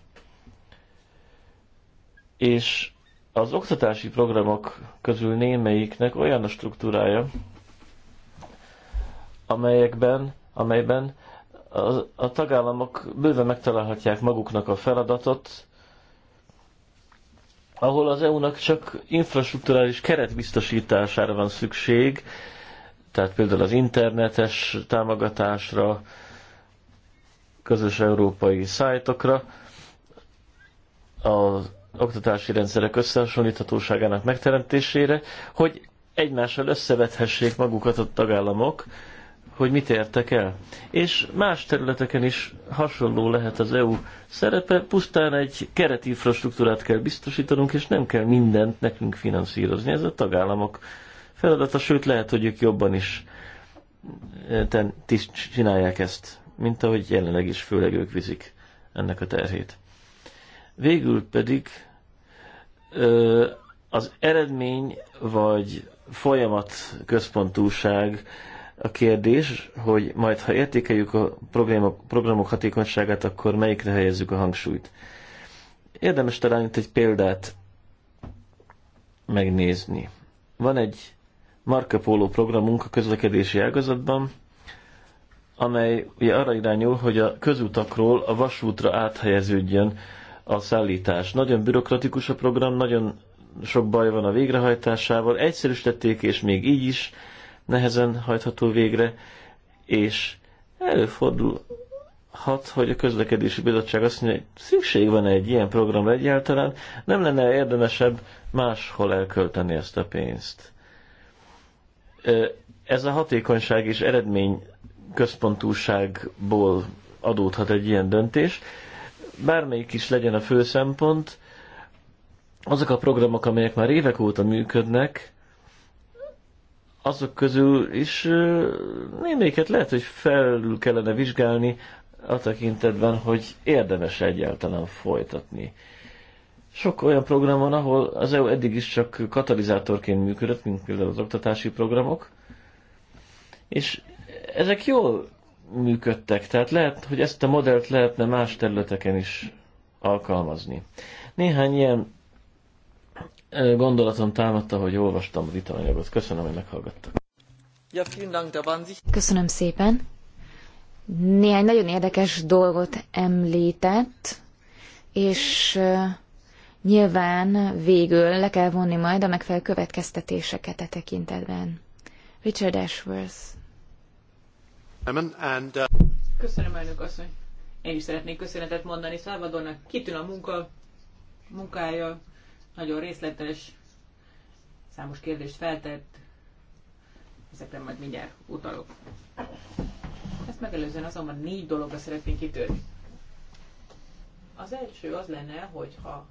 Speaker 4: és az oktatási programok közül némelyiknek olyan a struktúrája, amelyekben, amelyben a, a tagállamok bőven megtalálhatják maguknak a feladatot, ahol az EU-nak csak infrastruktúrális keret van szükség, tehát például az internetes támogatásra, közös európai szájtokra, az oktatási rendszerek összehasonlíthatóságának megteremtésére, hogy egymással összevethessék magukat a tagállamok, hogy mit értek el. És más területeken is hasonló lehet az EU szerepe, pusztán egy keretinfrastruktúrát kell biztosítanunk, és nem kell mindent nekünk finanszírozni. Ez a tagállamok feladata, sőt lehet, hogy ők jobban is e, csinálják ezt, mint ahogy jelenleg is főleg ők viszik ennek a terhét. Végül pedig e, az eredmény vagy folyamat központúság a kérdés, hogy majd ha értékeljük a programok hatékonyságát, akkor melyikre helyezzük a hangsúlyt. Érdemes talán itt egy példát megnézni. Van egy Marco Polo programunk a közlekedési ágazatban, amely ugye arra irányul, hogy a közutakról a vasútra áthelyeződjön a szállítás. Nagyon bürokratikus a program, nagyon sok baj van a végrehajtásával, egyszerűsítették, és még így is nehezen hajtható végre, és előfordulhat, hogy a közlekedési bizottság azt mondja, hogy szükség van -e egy ilyen programra egyáltalán, nem lenne érdemesebb máshol elkölteni ezt a pénzt. Ez a hatékonyság és eredmény központúságból adódhat egy ilyen döntés. Bármelyik is legyen a fő szempont, azok a programok, amelyek már évek óta működnek, azok közül is némelyiket lehet, hogy felül kellene vizsgálni a tekintetben, hogy érdemes egyáltalán folytatni. Sok olyan program van, ahol az EU eddig is csak katalizátorként működött, mint például az oktatási programok, és ezek jól működtek, tehát lehet, hogy ezt a modellt lehetne más területeken is alkalmazni. Néhány ilyen gondolatom támadta, hogy olvastam a vitaanyagot. Köszönöm, hogy meghallgattak.
Speaker 2: Köszönöm szépen. Néhány nagyon érdekes dolgot említett, és nyilván végül le kell vonni majd a megfelelő következtetéseket a e tekintetben. Richard Ashworth.
Speaker 5: Uh,
Speaker 3: Köszönöm, elnök asszony. Én is szeretnék köszönetet mondani Szávadónak. Kitűn a munka, munkája, nagyon részletes, számos kérdést feltett, ezekre majd mindjárt utalok. Ezt megelőzően azonban négy dologra szeretnénk kitörni. Az első az lenne, hogyha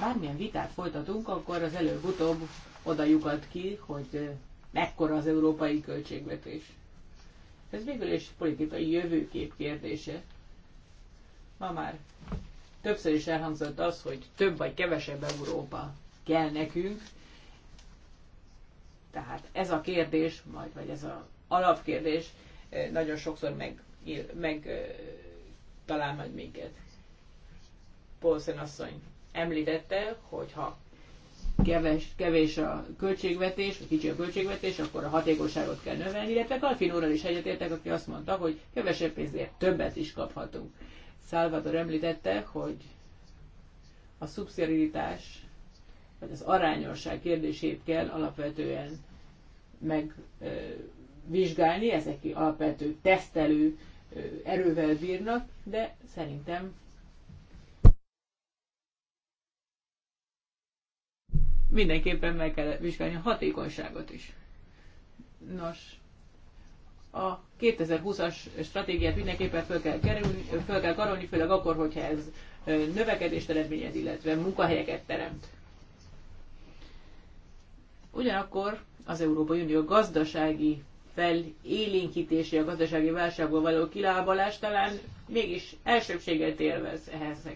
Speaker 3: bármilyen vitát folytatunk, akkor az előbb-utóbb oda lyukad ki, hogy mekkora az európai költségvetés. Ez végül is politikai jövőkép kérdése. Ma már Többször is elhangzott az, hogy több vagy kevesebb Európa kell nekünk. Tehát ez a kérdés, majd, vagy ez az alapkérdés eh, nagyon sokszor meg, meg eh, talál majd minket. Paulsen asszony említette, hogy ha keves, kevés a költségvetés, vagy kicsi a költségvetés, akkor a hatékosságot kell növelni, illetve Kalfin úrral is egyetértek, aki azt mondta, hogy kevesebb pénzért többet is kaphatunk. Salvador említette, hogy a szubszidiaritás, vagy az arányosság kérdését kell alapvetően megvizsgálni, ezek alapvető tesztelő erővel bírnak, de szerintem mindenképpen meg kell vizsgálni a hatékonyságot is. Nos, a 2020-as stratégiát mindenképpen fel kell, kerülni, fel kell karolni, főleg akkor, hogyha ez növekedést eredményez, illetve munkahelyeket teremt. Ugyanakkor az Európai Unió gazdasági felélénkítési, a gazdasági válságból való kilábalás talán mégis elsőbséget élvez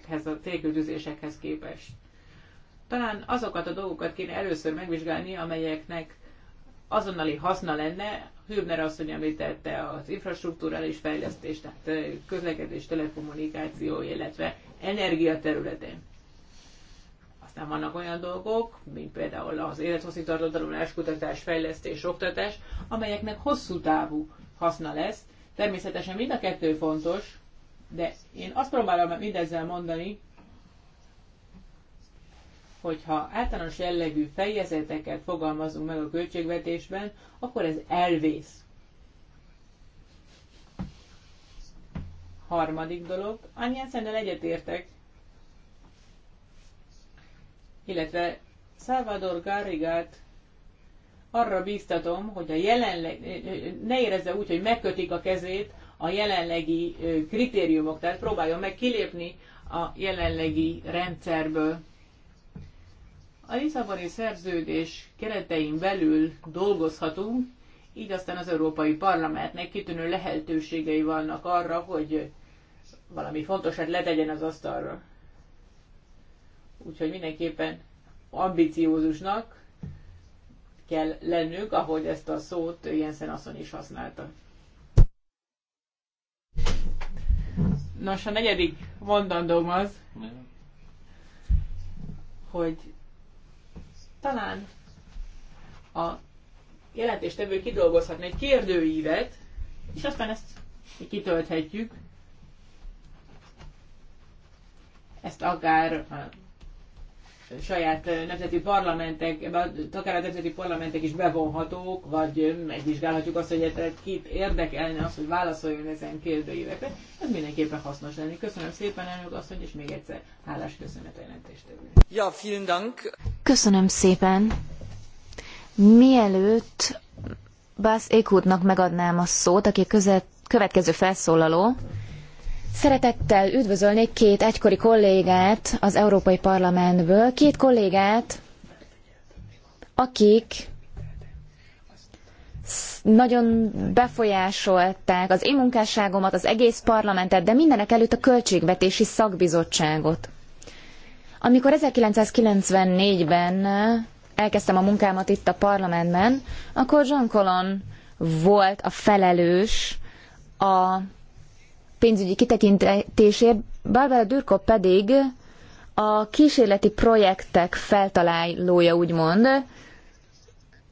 Speaker 3: ehhez, a célküldözésekhez képest. Talán azokat a dolgokat kéne először megvizsgálni, amelyeknek azonnali haszna lenne Hübner hogy említette az infrastruktúrális fejlesztést, tehát közlekedés, telekommunikáció, illetve energia területén. Aztán vannak olyan dolgok, mint például az élethosszígtartó tanulás, kutatás, fejlesztés, oktatás, amelyeknek hosszú távú haszna lesz. Természetesen mind a kettő fontos, de én azt próbálom mindezzel mondani, hogyha általános jellegű fejezeteket fogalmazunk meg a költségvetésben, akkor ez elvész. Harmadik dolog, annyian szennel egyetértek, illetve Salvador Garrigát arra bíztatom, hogy a jelenleg, ne érezze úgy, hogy megkötik a kezét a jelenlegi kritériumok, tehát próbáljon meg kilépni a jelenlegi rendszerből. A Lisszaboni szerződés keretein belül dolgozhatunk, így aztán az Európai Parlamentnek kitűnő lehetőségei vannak arra, hogy valami fontosat letegyen az asztalra. Úgyhogy mindenképpen ambiciózusnak kell lennünk, ahogy ezt a szót Jensen asszony is használta. Nos, a negyedik mondandóm az, hogy talán a jelentéstevő kidolgozhatna egy kérdőívet, és aztán ezt kitölthetjük. Ezt akár saját nemzeti parlamentek, akár a nemzeti parlamentek is bevonhatók, vagy megvizsgálhatjuk azt, hogy kit érdekelne az, hogy válaszoljon ezen kérdőjévekre, Ez mindenképpen hasznos lenni. Köszönöm szépen, elnök asszony, és még egyszer hálás köszönet a jelentéstevőnek. Ja, vielen Dank.
Speaker 2: Köszönöm szépen. Mielőtt Bász Ékútnak megadnám a szót, aki a követ, következő felszólaló, Szeretettel üdvözölnék két egykori kollégát az Európai Parlamentből, két kollégát, akik nagyon befolyásolták az én munkásságomat, az egész parlamentet, de mindenek előtt a költségvetési szakbizottságot. Amikor 1994-ben elkezdtem a munkámat itt a parlamentben, akkor Jean Colon volt a felelős a pénzügyi kitekintésért, Barbara Dürko pedig a kísérleti projektek feltalálója, úgymond,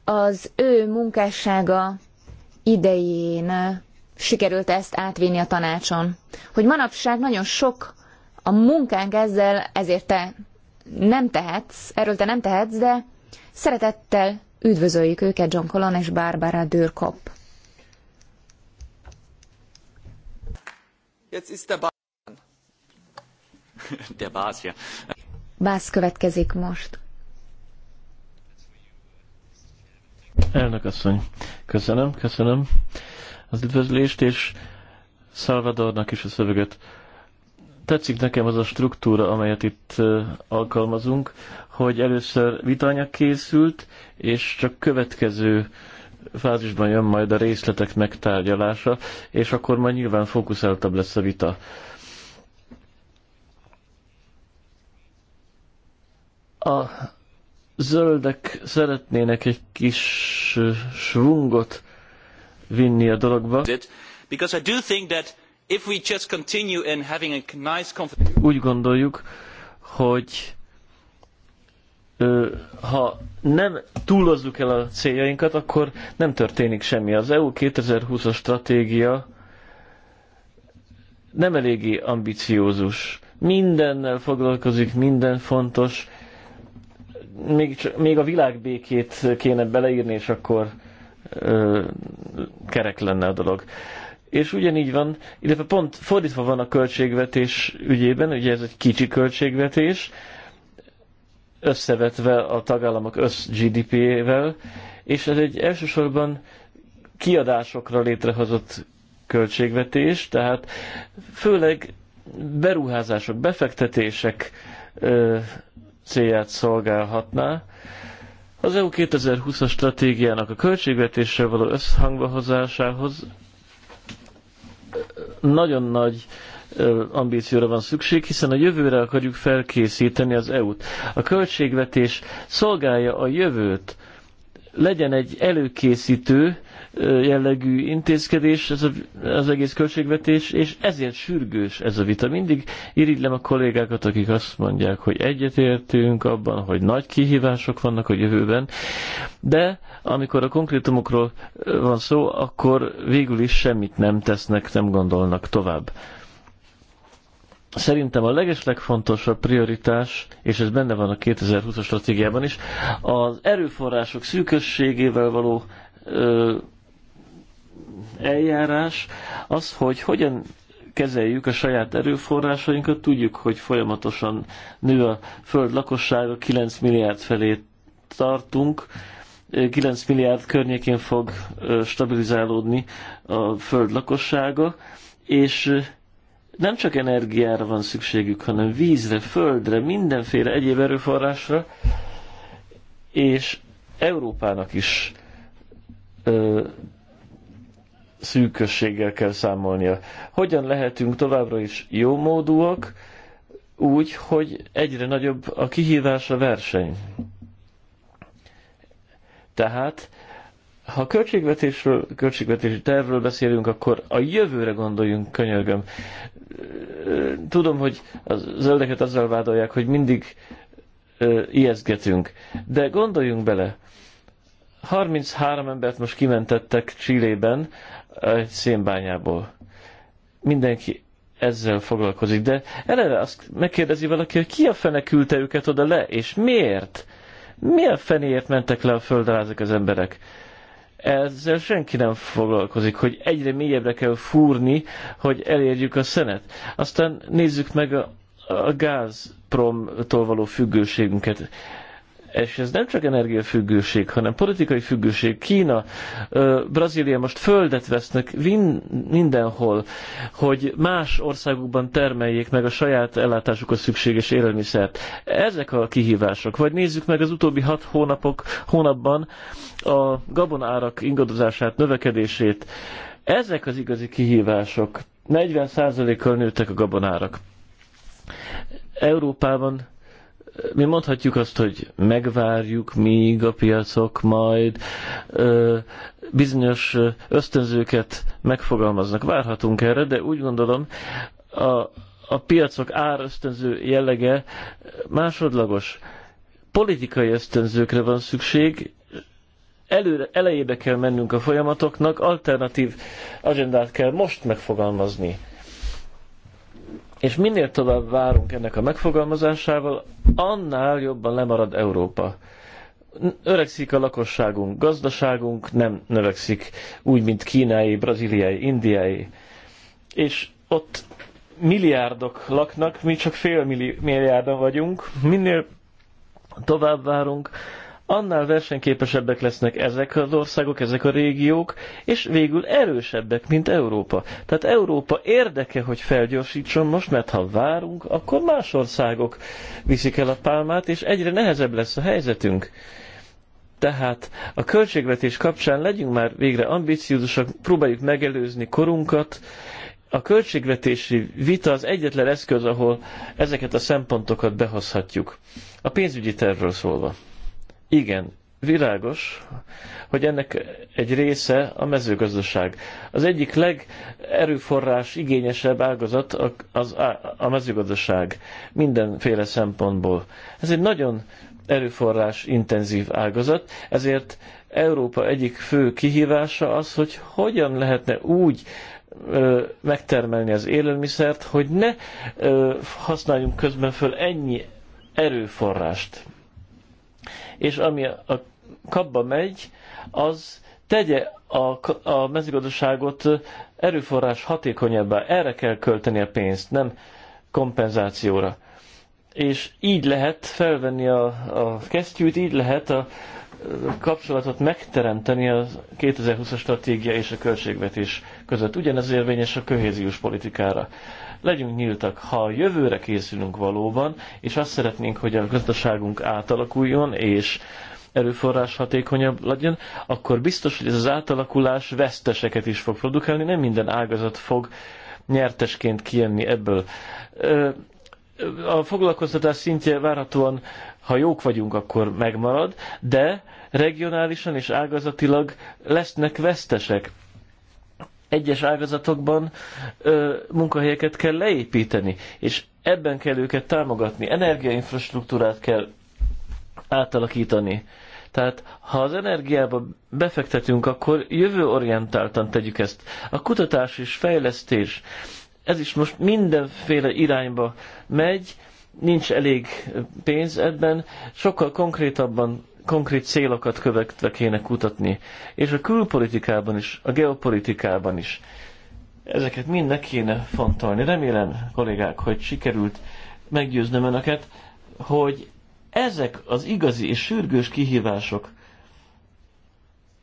Speaker 2: az ő munkássága idején sikerült ezt átvinni a tanácson. Hogy manapság nagyon sok a munkánk ezzel, ezért te nem tehetsz, erről te nem tehetsz, de szeretettel üdvözöljük őket, John Colon és Barbara Dürkop.
Speaker 1: Jetzt ist der Der ja.
Speaker 2: következik most.
Speaker 4: Elnök asszony, köszönöm, köszönöm az üdvözlést, és Salvadornak is a szöveget. Tetszik nekem az a struktúra, amelyet itt alkalmazunk, hogy először vitanyag készült, és csak következő fázisban jön majd a részletek megtárgyalása, és akkor majd nyilván fókuszáltabb lesz a vita. A zöldek szeretnének egy kis svungot vinni a dologba. Because I do think that if we just continue in having a nice Úgy gondoljuk, hogy ha nem túlozzuk el a céljainkat, akkor nem történik semmi. Az EU 2020-as stratégia nem eléggé ambiciózus. Mindennel foglalkozik, minden fontos. Még, csak, még a világbékét kéne beleírni, és akkor ö, kerek lenne a dolog. És ugyanígy van, illetve pont fordítva van a költségvetés ügyében, ugye ez egy kicsi költségvetés, összevetve a tagállamok össz-GDP-vel, és ez egy elsősorban kiadásokra létrehozott költségvetés, tehát főleg beruházások, befektetések ö, célját szolgálhatná. Az EU 2020-as stratégiának a költségvetéssel való összhangba hozásához nagyon nagy ambícióra van szükség, hiszen a jövőre akarjuk felkészíteni az EU-t. A költségvetés szolgálja a jövőt, legyen egy előkészítő jellegű intézkedés ez a, az egész költségvetés, és ezért sürgős ez a vita. Mindig irigylem a kollégákat, akik azt mondják, hogy egyetértünk abban, hogy nagy kihívások vannak a jövőben, de amikor a konkrétumokról van szó, akkor végül is semmit nem tesznek, nem gondolnak tovább. Szerintem a legeslegfontosabb prioritás, és ez benne van a 2020-as stratégiában is, az erőforrások szűkösségével való ö, eljárás az, hogy hogyan kezeljük a saját erőforrásainkat, tudjuk, hogy folyamatosan nő a föld lakossága, 9 milliárd felé tartunk, 9 milliárd környékén fog stabilizálódni a föld lakossága, és nem csak energiára van szükségük, hanem vízre, földre, mindenféle egyéb erőforrásra, és Európának is ö, szűkösséggel kell számolnia. Hogyan lehetünk továbbra is jó módúak, úgy, hogy egyre nagyobb a kihívás a verseny. Tehát, ha költségvetésről, költségvetési tervről beszélünk, akkor a jövőre gondoljunk, könyörgöm tudom, hogy a zöldeket azzal vádolják, hogy mindig ijeszgetünk, de gondoljunk bele, 33 embert most kimentettek Csillében egy szénbányából. Mindenki ezzel foglalkozik, de eleve azt megkérdezi valaki, hogy ki a fene küldte őket oda le, és miért? Milyen fenéért mentek le a földre ezek az emberek? ezzel senki nem foglalkozik, hogy egyre mélyebbre kell fúrni, hogy elérjük a szenet. Aztán nézzük meg a, a gázpromtól való függőségünket és ez nem csak energiafüggőség, hanem politikai függőség. Kína, Brazília most földet vesznek mindenhol, hogy más országokban termeljék meg a saját ellátásukhoz szükséges élelmiszert. Ezek a kihívások. Vagy nézzük meg az utóbbi hat hónapok, hónapban a gabonárak ingadozását, növekedését. Ezek az igazi kihívások. 40%-kal nőttek a gabonárak. Európában mi mondhatjuk azt, hogy megvárjuk, míg a piacok majd ö, bizonyos ösztönzőket megfogalmaznak. Várhatunk erre, de úgy gondolom, a, a piacok árösztönző jellege másodlagos. Politikai ösztönzőkre van szükség, előre, elejébe kell mennünk a folyamatoknak, alternatív agendát kell most megfogalmazni. És minél tovább várunk ennek a megfogalmazásával, annál jobban lemarad Európa. Öregszik a lakosságunk, gazdaságunk nem növekszik úgy, mint kínai, braziliai, indiai. És ott milliárdok laknak, mi csak fél milliárdon vagyunk. Minél tovább várunk, annál versenyképesebbek lesznek ezek az országok, ezek a régiók, és végül erősebbek, mint Európa. Tehát Európa érdeke, hogy felgyorsítson most, mert ha várunk, akkor más országok viszik el a pálmát, és egyre nehezebb lesz a helyzetünk. Tehát a költségvetés kapcsán legyünk már végre ambiciózusak, próbáljuk megelőzni korunkat. A költségvetési vita az egyetlen eszköz, ahol ezeket a szempontokat behozhatjuk. A pénzügyi tervről szólva. Igen, világos, hogy ennek egy része a mezőgazdaság. Az egyik legerőforrás igényesebb ágazat az a mezőgazdaság mindenféle szempontból. Ez egy nagyon erőforrás intenzív ágazat, ezért Európa egyik fő kihívása az, hogy hogyan lehetne úgy ö, megtermelni az élelmiszert, hogy ne ö, használjunk közben föl ennyi erőforrást és ami a kapba megy, az tegye a, a mezőgazdaságot erőforrás hatékonyabbá. Erre kell költeni a pénzt, nem kompenzációra. És így lehet felvenni a, a kesztyűt, így lehet a kapcsolatot megteremteni a 2020-as stratégia és a költségvetés között. Ugyanez érvényes a kohéziós politikára. Legyünk nyíltak, ha a jövőre készülünk valóban, és azt szeretnénk, hogy a gazdaságunk átalakuljon, és erőforrás hatékonyabb legyen, akkor biztos, hogy ez az átalakulás veszteseket is fog produkálni, nem minden ágazat fog nyertesként kijönni ebből. A foglalkoztatás szintje várhatóan ha jók vagyunk, akkor megmarad, de regionálisan és ágazatilag lesznek vesztesek. Egyes ágazatokban ö, munkahelyeket kell leépíteni, és ebben kell őket támogatni, energiainfrastruktúrát kell átalakítani. Tehát ha az energiába befektetünk, akkor jövőorientáltan tegyük ezt. A kutatás és fejlesztés, ez is most mindenféle irányba megy, nincs elég pénz ebben, sokkal konkrétabban konkrét célokat követve kéne kutatni. És a külpolitikában is, a geopolitikában is. Ezeket mind ne kéne fontolni. Remélem, kollégák, hogy sikerült meggyőznöm önöket, hogy ezek az igazi és sürgős kihívások,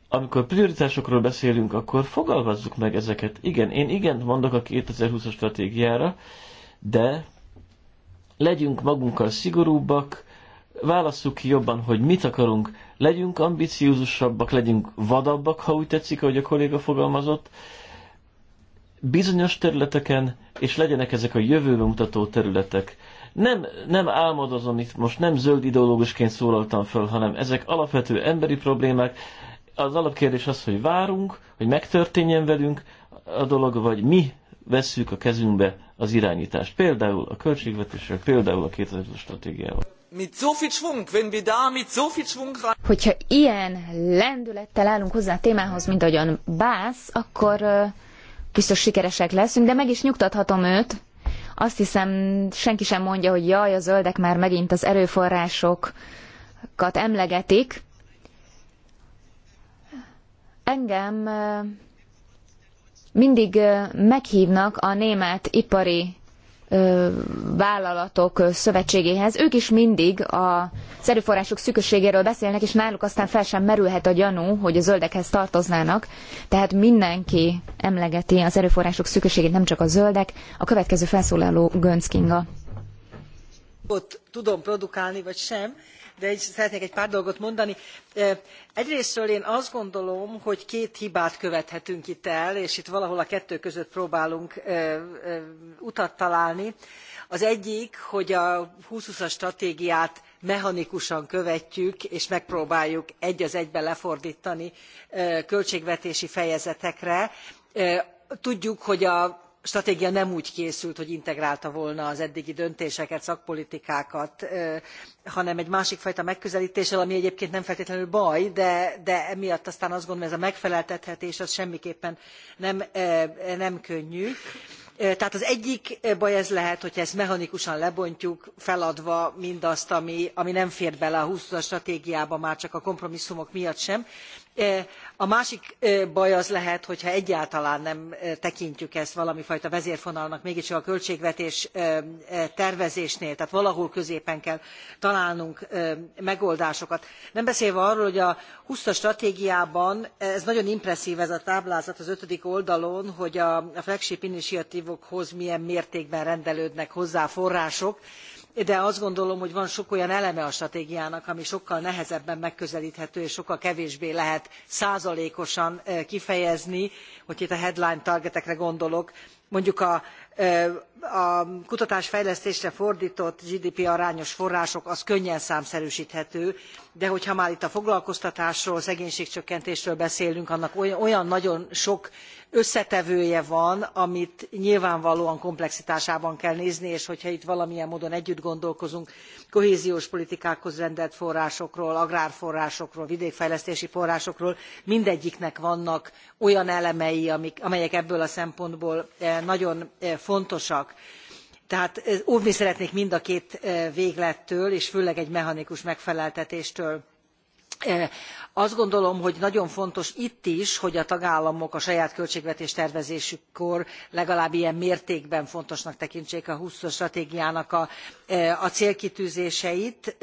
Speaker 4: amikor prioritásokról beszélünk, akkor fogalmazzuk meg ezeket. Igen, én igen mondok a 2020-as stratégiára, de legyünk magunkkal szigorúbbak, válasszuk ki jobban, hogy mit akarunk, legyünk ambiciózusabbak, legyünk vadabbak, ha úgy tetszik, ahogy a kolléga fogalmazott, bizonyos területeken, és legyenek ezek a jövőbe mutató területek. Nem, nem álmodozom itt, most nem zöld ideológusként szólaltam föl, hanem ezek alapvető emberi problémák. Az alapkérdés az, hogy várunk, hogy megtörténjen velünk a dolog, vagy mi vesszük a kezünkbe az irányítást. Például a költségvetésről, például a 2020 stratégiával.
Speaker 2: Hogyha ilyen lendülettel állunk hozzá a témához, mint ahogyan Bász, akkor biztos sikeresek leszünk, de meg is nyugtathatom őt. Azt hiszem, senki sem mondja, hogy jaj, a zöldek már megint az erőforrásokat emlegetik. Engem mindig meghívnak a német ipari vállalatok szövetségéhez. Ők is mindig a erőforrások szükségéről beszélnek, és náluk aztán fel sem merülhet a gyanú, hogy a zöldekhez tartoznának. Tehát mindenki emlegeti az erőforrások szükségét, nem csak a zöldek. A következő felszólaló Gönc Kinga.
Speaker 6: Ott tudom produkálni, vagy sem, de szeretnék egy pár dolgot mondani. egyrészről én azt gondolom hogy két hibát követhetünk itt el és itt valahol a kettő között próbálunk utat találni. az egyik hogy a two thousand and twenty as stratégiát mechanikusan követjük és megpróbáljuk egy az egybe lefordtani költségvetési fejezetekre. tudjuk hogy a stratégia nem úgy készült hogy integrálta volna az eddigi döntéseket szakpolitikákat hanem egy másik fajta megközeltéssel ami egyébként nem feltétlenül baj de, emiatt aztán azt gondolom ez a megfeleltethetés az semmiképpen nem, könnyű tehát az egyik baj ez lehet hogyha ezt mechanikusan lebontjuk feladva mindazt ami, nem fér bele a two thousand as stratégiába már csak a kompromisszumok miatt sem a másik baj az lehet hogyha egyáltalán nem tekintjük ezt valami fajta vezérfonalnak mégiscsak a költségvetés tervezésnél tehát valahol középen kell találnunk megoldásokat. nem beszélve arról hogy a two thousand as stratégiában ez nagyon impresszv ez a táblázat az ötödik oldalon hogy a flagship initiatvokhoz milyen mértékben rendelődnek hozzá források de azt gondolom hogy van sok olyan eleme a stratégiának ami sokkal nehezebben megközelthető és sokkal kevésbé lehet százalékosan eh, kifejezni hogyha itt a headline targetekre gondolok mondjuk a a fejlesztésre fordtott gdp arányos források az könnyen számszerűsthető de hogyha már itt a foglalkoztatásról szegénységcsökkentésről beszélünk annak olyan nagyon sok összetevője van amit nyilvánvalóan komplexitásában kell nézni és hogyha itt valamilyen módon együtt gondolkozunk kohéziós politikákhoz rendelt forrásokról agrárforrásokról vidékfejlesztési forrásokról mindegyiknek vannak olyan elemei amelyek ebből a szempontból eh, nagyon eh, fontosak. tehát óvni szeretnék mind a két véglettől és főleg egy mechanikus megfeleltetéstől azt gondolom hogy nagyon fontos itt is hogy a tagállamok a saját költségvetés tervezésükkor legalább ilyen mértékben fontosnak tekintsék a two thousand as stratégiának a célkitűzéseit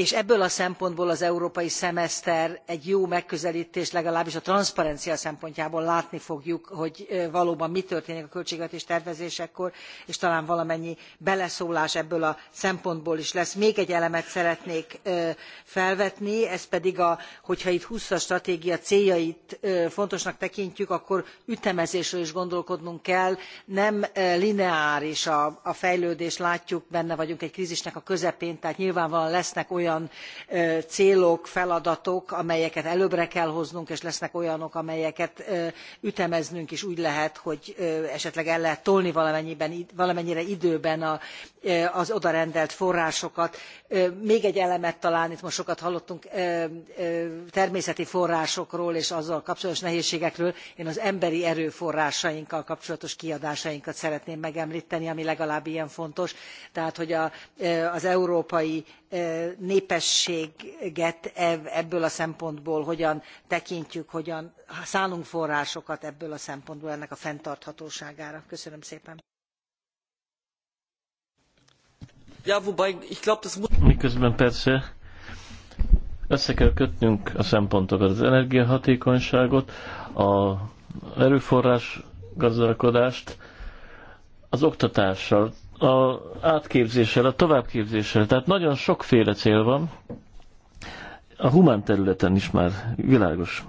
Speaker 6: és ebből a szempontból az európai szemeszter egy jó megközeltés legalábbis a transzparencia szempontjából látni fogjuk hogy valóban mi történik a költségvetés tervezésekor és talán valamennyi beleszólás ebből a szempontból is lesz. még egy elemet szeretnék felvetni ez pedig a hogyha itt twenty as stratégia céljait fontosnak tekintjük akkor ütemezésről is gondolkodnunk kell nem lineáris a fejlődés látjuk benne vagyunk egy krzisnek a közepén tehát nyilvánvalóan lesznek olyan olyan célok feladatok amelyeket előbbre kell hoznunk és lesznek olyanok amelyeket ütemeznünk is úgy lehet hogy esetleg el lehet tolni valamennyire időben az oda rendelt forrásokat. még egy elemet talán itt most sokat hallottunk természeti forrásokról és azzal kapcsolatos nehézségekről én az emberi erőforrásainkkal kapcsolatos kiadásainkat szeretném megemlteni ami legalább ilyen fontos tehát hogy az európai népességet ebből a szempontból hogyan tekintjük, hogyan szánunk forrásokat ebből a szempontból ennek a fenntarthatóságára. Köszönöm szépen.
Speaker 4: Miközben persze össze kell kötnünk a szempontokat, az energiahatékonyságot, a erőforrás gazdálkodást, az oktatással, a átképzéssel, a továbbképzéssel. Tehát nagyon sokféle cél van. A humán területen is már világos.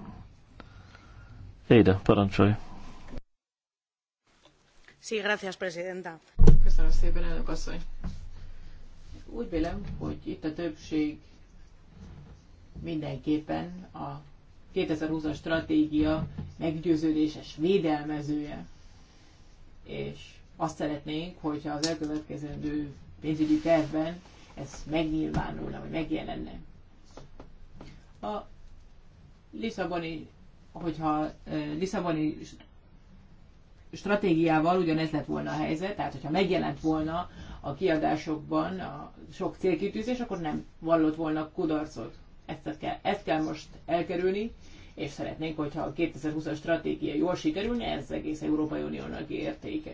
Speaker 4: Éde, parancsolj!
Speaker 3: Sí, gracias, presidenta. Köszönöm szépen, elnök asszony. Úgy vélem, hogy itt a többség mindenképpen a 2020-as stratégia meggyőződéses védelmezője. És azt szeretnénk, hogyha az elkövetkezendő pénzügyi tervben ez megnyilvánulna, vagy megjelenne. A Lisszaboni, hogyha Lisszaboni stratégiával ugyanez lett volna a helyzet, tehát hogyha megjelent volna a kiadásokban a sok célkitűzés, akkor nem vallott volna kudarcot. Ezt kell, ezt kell most elkerülni, és szeretnénk, hogyha a 2020-as stratégia jól sikerülne, ez egész Európai Uniónak értéke.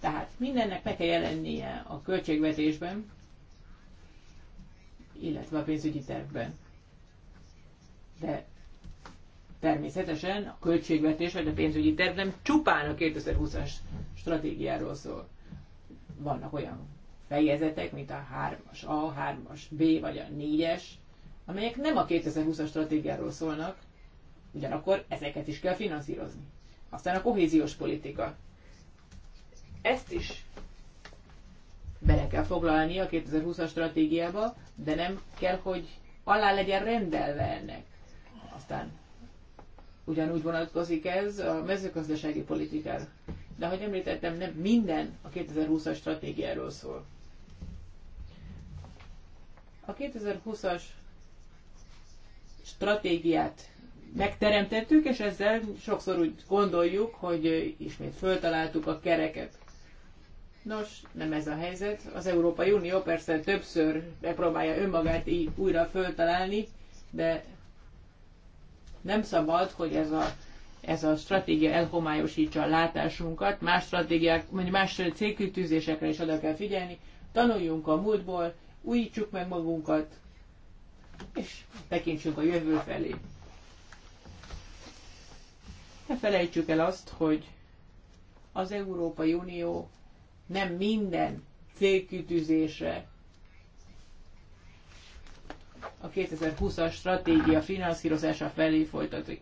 Speaker 3: Tehát mindennek meg kell jelennie a költségvetésben, illetve a pénzügyi tervben. De természetesen a költségvetés vagy a pénzügyi terv nem csupán a 2020-as stratégiáról szól. Vannak olyan fejezetek, mint a 3-as A, 3-as B vagy a 4-es, amelyek nem a 2020-as stratégiáról szólnak, ugyanakkor ezeket is kell finanszírozni. Aztán a kohéziós politika. Ezt is bele kell foglalni a 2020-as stratégiába, de nem kell, hogy alá legyen rendelve ennek. Aztán ugyanúgy vonatkozik ez a mezőgazdasági politikára. De ahogy említettem, nem minden a 2020-as stratégiáról szól. A 2020-as stratégiát megteremtettük, és ezzel sokszor úgy gondoljuk, hogy ismét föltaláltuk a kereket. Nos, nem ez a helyzet. Az Európai Unió persze többször megpróbálja önmagát így újra föltalálni, de nem szabad, hogy ez a, ez a stratégia elhomályosítsa a látásunkat, más stratégiák, mondjuk más célkütűzésekre is oda kell figyelni, tanuljunk a múltból, újítsuk meg magunkat, és tekintsünk a jövő felé. Ne felejtsük el azt, hogy az Európai Unió nem minden célkütűzésre a 2020-as stratégia finanszírozása felé folytatik.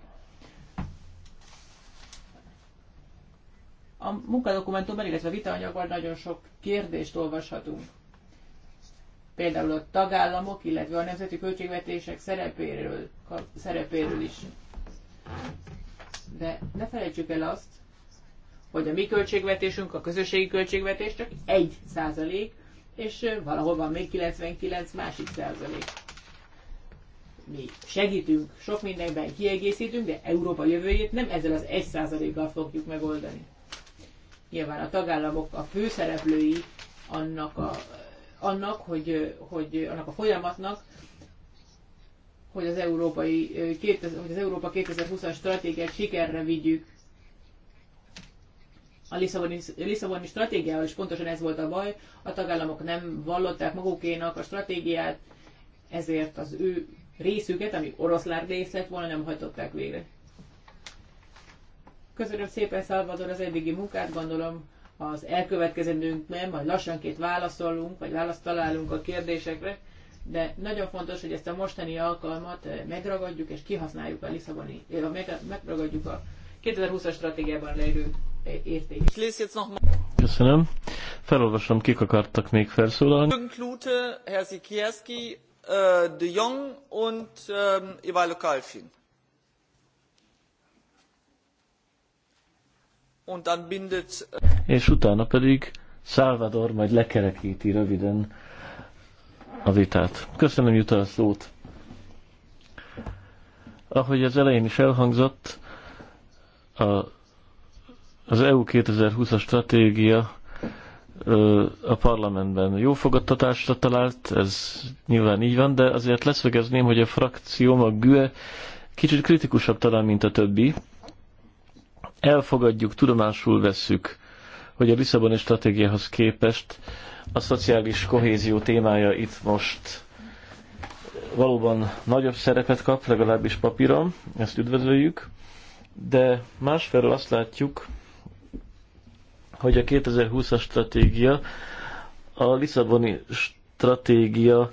Speaker 3: A munkadokumentumban, illetve a vitaanyagban nagyon sok kérdést olvashatunk. Például a tagállamok, illetve a nemzeti költségvetések szerepéről, szerepéről is. De ne felejtsük el azt, hogy a mi költségvetésünk, a közösségi költségvetés csak 1 százalék, és valahol van még 99 másik százalék. Mi segítünk, sok mindenben kiegészítünk, de Európa jövőjét nem ezzel az 1 százalékkal fogjuk megoldani. Nyilván a tagállamok a főszereplői annak, a, annak, hogy, hogy annak a folyamatnak, hogy az, európai, hogy az Európa 2020-as stratégiát sikerre vigyük a Lisszaboni, Lisszaboni stratégiával is pontosan ez volt a baj, a tagállamok nem vallották magukénak a stratégiát, ezért az ő részüket, ami oroszlár rész lett volna, nem hajtották végre. Köszönöm szépen, Salvador, az eddigi munkát, gondolom az elkövetkezendőnkben majd lassanként válaszolunk, vagy választ találunk a kérdésekre, de nagyon fontos, hogy ezt a mostani alkalmat eh, megragadjuk és kihasználjuk a Lisszaboni, eh, megragadjuk a 2020-as stratégiában lejövő érték.
Speaker 4: Köszönöm. Felolvasom, kik akartak még felszólalni.
Speaker 1: Klute, Herr Sikierski, äh, De Jong und ähm, Ivalo Kalfin.
Speaker 4: Und dann bindet... Äh, És utána pedig Salvador majd lekerekíti röviden a vitát. Köszönöm Juta a szót. Ahogy az elején is elhangzott, a az EU 2020-as stratégia a parlamentben jó fogadtatásra talált, ez nyilván így van, de azért leszögezném, hogy a frakcióm, a GÜE kicsit kritikusabb talán, mint a többi. Elfogadjuk, tudomásul vesszük, hogy a Lisszaboni stratégiához képest a szociális kohézió témája itt most valóban nagyobb szerepet kap, legalábbis papíron, ezt üdvözöljük, de másfelől azt látjuk, hogy a 2020-as stratégia a Lisszaboni stratégia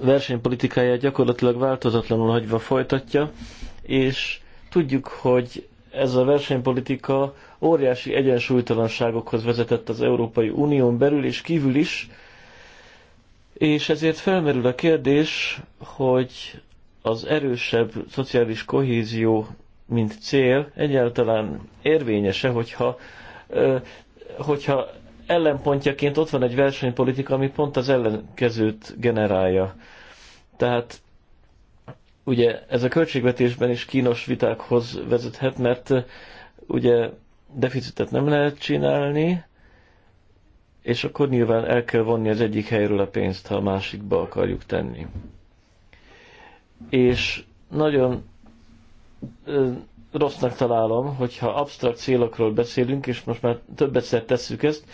Speaker 4: versenypolitikáját gyakorlatilag változatlanul hagyva folytatja, és tudjuk, hogy ez a versenypolitika óriási egyensúlytalanságokhoz vezetett az Európai Unión belül és kívül is, és ezért felmerül a kérdés, hogy az erősebb szociális kohézió, mint cél egyáltalán érvényese, hogyha hogyha ellenpontjaként ott van egy versenypolitika, ami pont az ellenkezőt generálja. Tehát ugye ez a költségvetésben is kínos vitákhoz vezethet, mert ugye deficitet nem lehet csinálni, és akkor nyilván el kell vonni az egyik helyről a pénzt, ha a másikba akarjuk tenni. És nagyon rossznak találom, hogyha absztrakt célokról beszélünk, és most már többet tesszük ezt,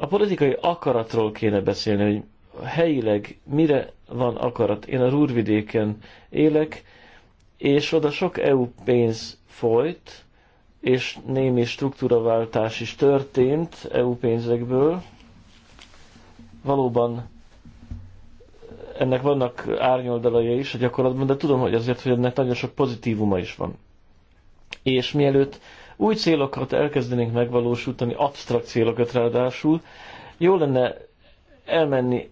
Speaker 4: a politikai akaratról kéne beszélni, hogy helyileg mire van akarat. Én a Rúrvidéken élek, és oda sok EU pénz folyt, és némi struktúraváltás is történt EU pénzekből. Valóban ennek vannak árnyoldalai is a gyakorlatban, de tudom, hogy azért, hogy ennek nagyon sok pozitívuma is van. És mielőtt új célokat elkezdenénk megvalósítani, absztrakt célokat ráadásul, jó lenne elmenni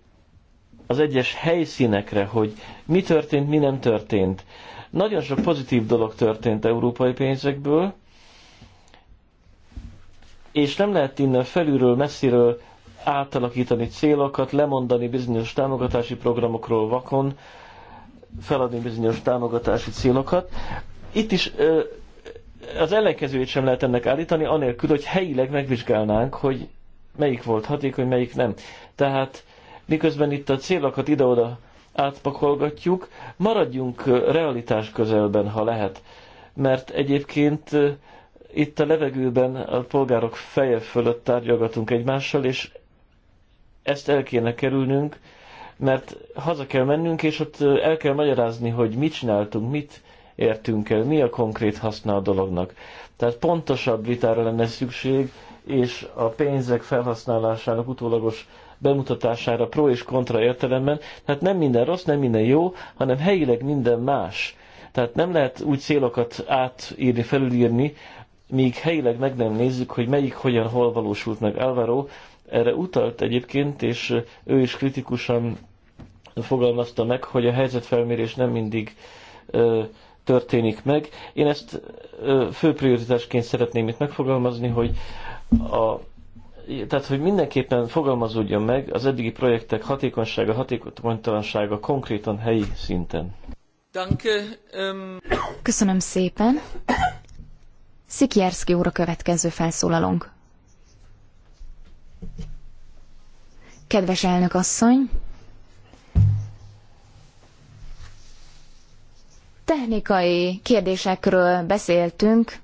Speaker 4: az egyes helyszínekre, hogy mi történt, mi nem történt. Nagyon sok pozitív dolog történt európai pénzekből, és nem lehet innen felülről, messziről átalakítani célokat, lemondani bizonyos támogatási programokról vakon, feladni bizonyos támogatási célokat. Itt is ö, az ellenkezőjét sem lehet ennek állítani, anélkül, hogy helyileg megvizsgálnánk, hogy melyik volt hatékony, melyik nem. Tehát miközben itt a célokat ide-oda átpakolgatjuk, maradjunk realitás közelben, ha lehet. Mert egyébként eh, itt a levegőben a polgárok feje fölött tárgyalgatunk egymással, és ezt el kéne kerülnünk, mert haza kell mennünk, és ott eh, el kell magyarázni, hogy mit csináltunk, mit értünk el, mi a konkrét haszna a dolognak. Tehát pontosabb vitára lenne szükség, és a pénzek felhasználásának utólagos bemutatására pro és kontra értelemben. Tehát nem minden rossz, nem minden jó, hanem helyileg minden más. Tehát nem lehet úgy célokat átírni, felülírni, míg helyileg meg nem nézzük, hogy melyik hogyan, hol valósult meg. Álvaro erre utalt egyébként, és ő is kritikusan fogalmazta meg, hogy a helyzetfelmérés nem mindig ö, történik meg. Én ezt fő prioritásként szeretném itt megfogalmazni, hogy a tehát, hogy mindenképpen fogalmazódjon meg az eddigi projektek hatékonysága, hatékonytalansága konkrétan helyi szinten.
Speaker 1: Ähm.
Speaker 2: Köszönöm szépen. Szikjerszki úr a következő felszólalónk. Kedves elnök asszony, technikai kérdésekről beszéltünk,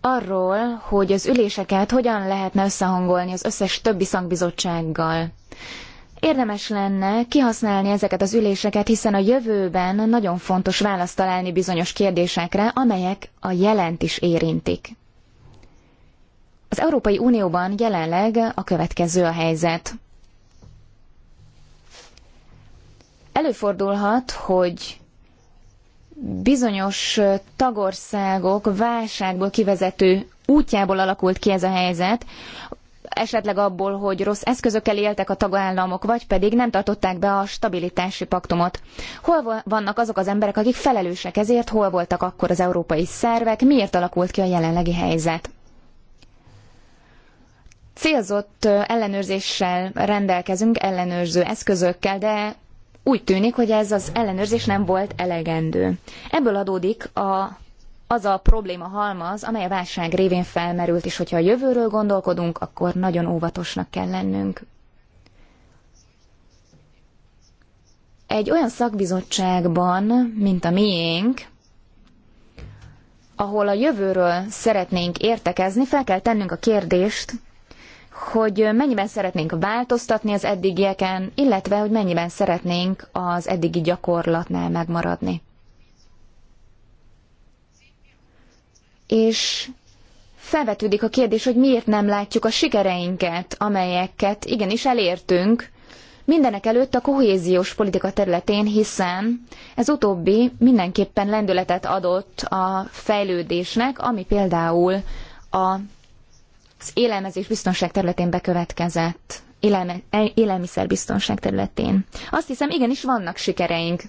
Speaker 2: arról, hogy az üléseket hogyan lehetne összehangolni az összes többi szakbizottsággal. Érdemes lenne kihasználni ezeket az üléseket, hiszen a jövőben nagyon fontos választ találni bizonyos kérdésekre, amelyek a jelent is érintik. Az Európai Unióban jelenleg a következő a helyzet. Előfordulhat, hogy bizonyos tagországok válságból kivezető útjából alakult ki ez a helyzet, esetleg abból, hogy rossz eszközökkel éltek a tagállamok, vagy pedig nem tartották be a stabilitási paktumot. Hol vannak azok az emberek, akik felelősek ezért, hol voltak akkor az európai szervek, miért alakult ki a jelenlegi helyzet? Célzott ellenőrzéssel rendelkezünk, ellenőrző eszközökkel, de úgy tűnik, hogy ez az ellenőrzés nem volt elegendő. Ebből adódik a, az a probléma halmaz, amely a válság révén felmerült, és hogyha a jövőről gondolkodunk, akkor nagyon óvatosnak kell lennünk. Egy olyan szakbizottságban, mint a miénk, ahol a jövőről szeretnénk értekezni, fel kell tennünk a kérdést, hogy mennyiben szeretnénk változtatni az eddigieken, illetve hogy mennyiben szeretnénk az eddigi gyakorlatnál megmaradni. És felvetődik a kérdés, hogy miért nem látjuk a sikereinket, amelyeket igenis elértünk, mindenek előtt a kohéziós politika területén, hiszen ez utóbbi mindenképpen lendületet adott a fejlődésnek, ami például a az élelmezés biztonság területén bekövetkezett, élelme, élelmiszerbiztonság területén. Azt hiszem, igenis vannak sikereink.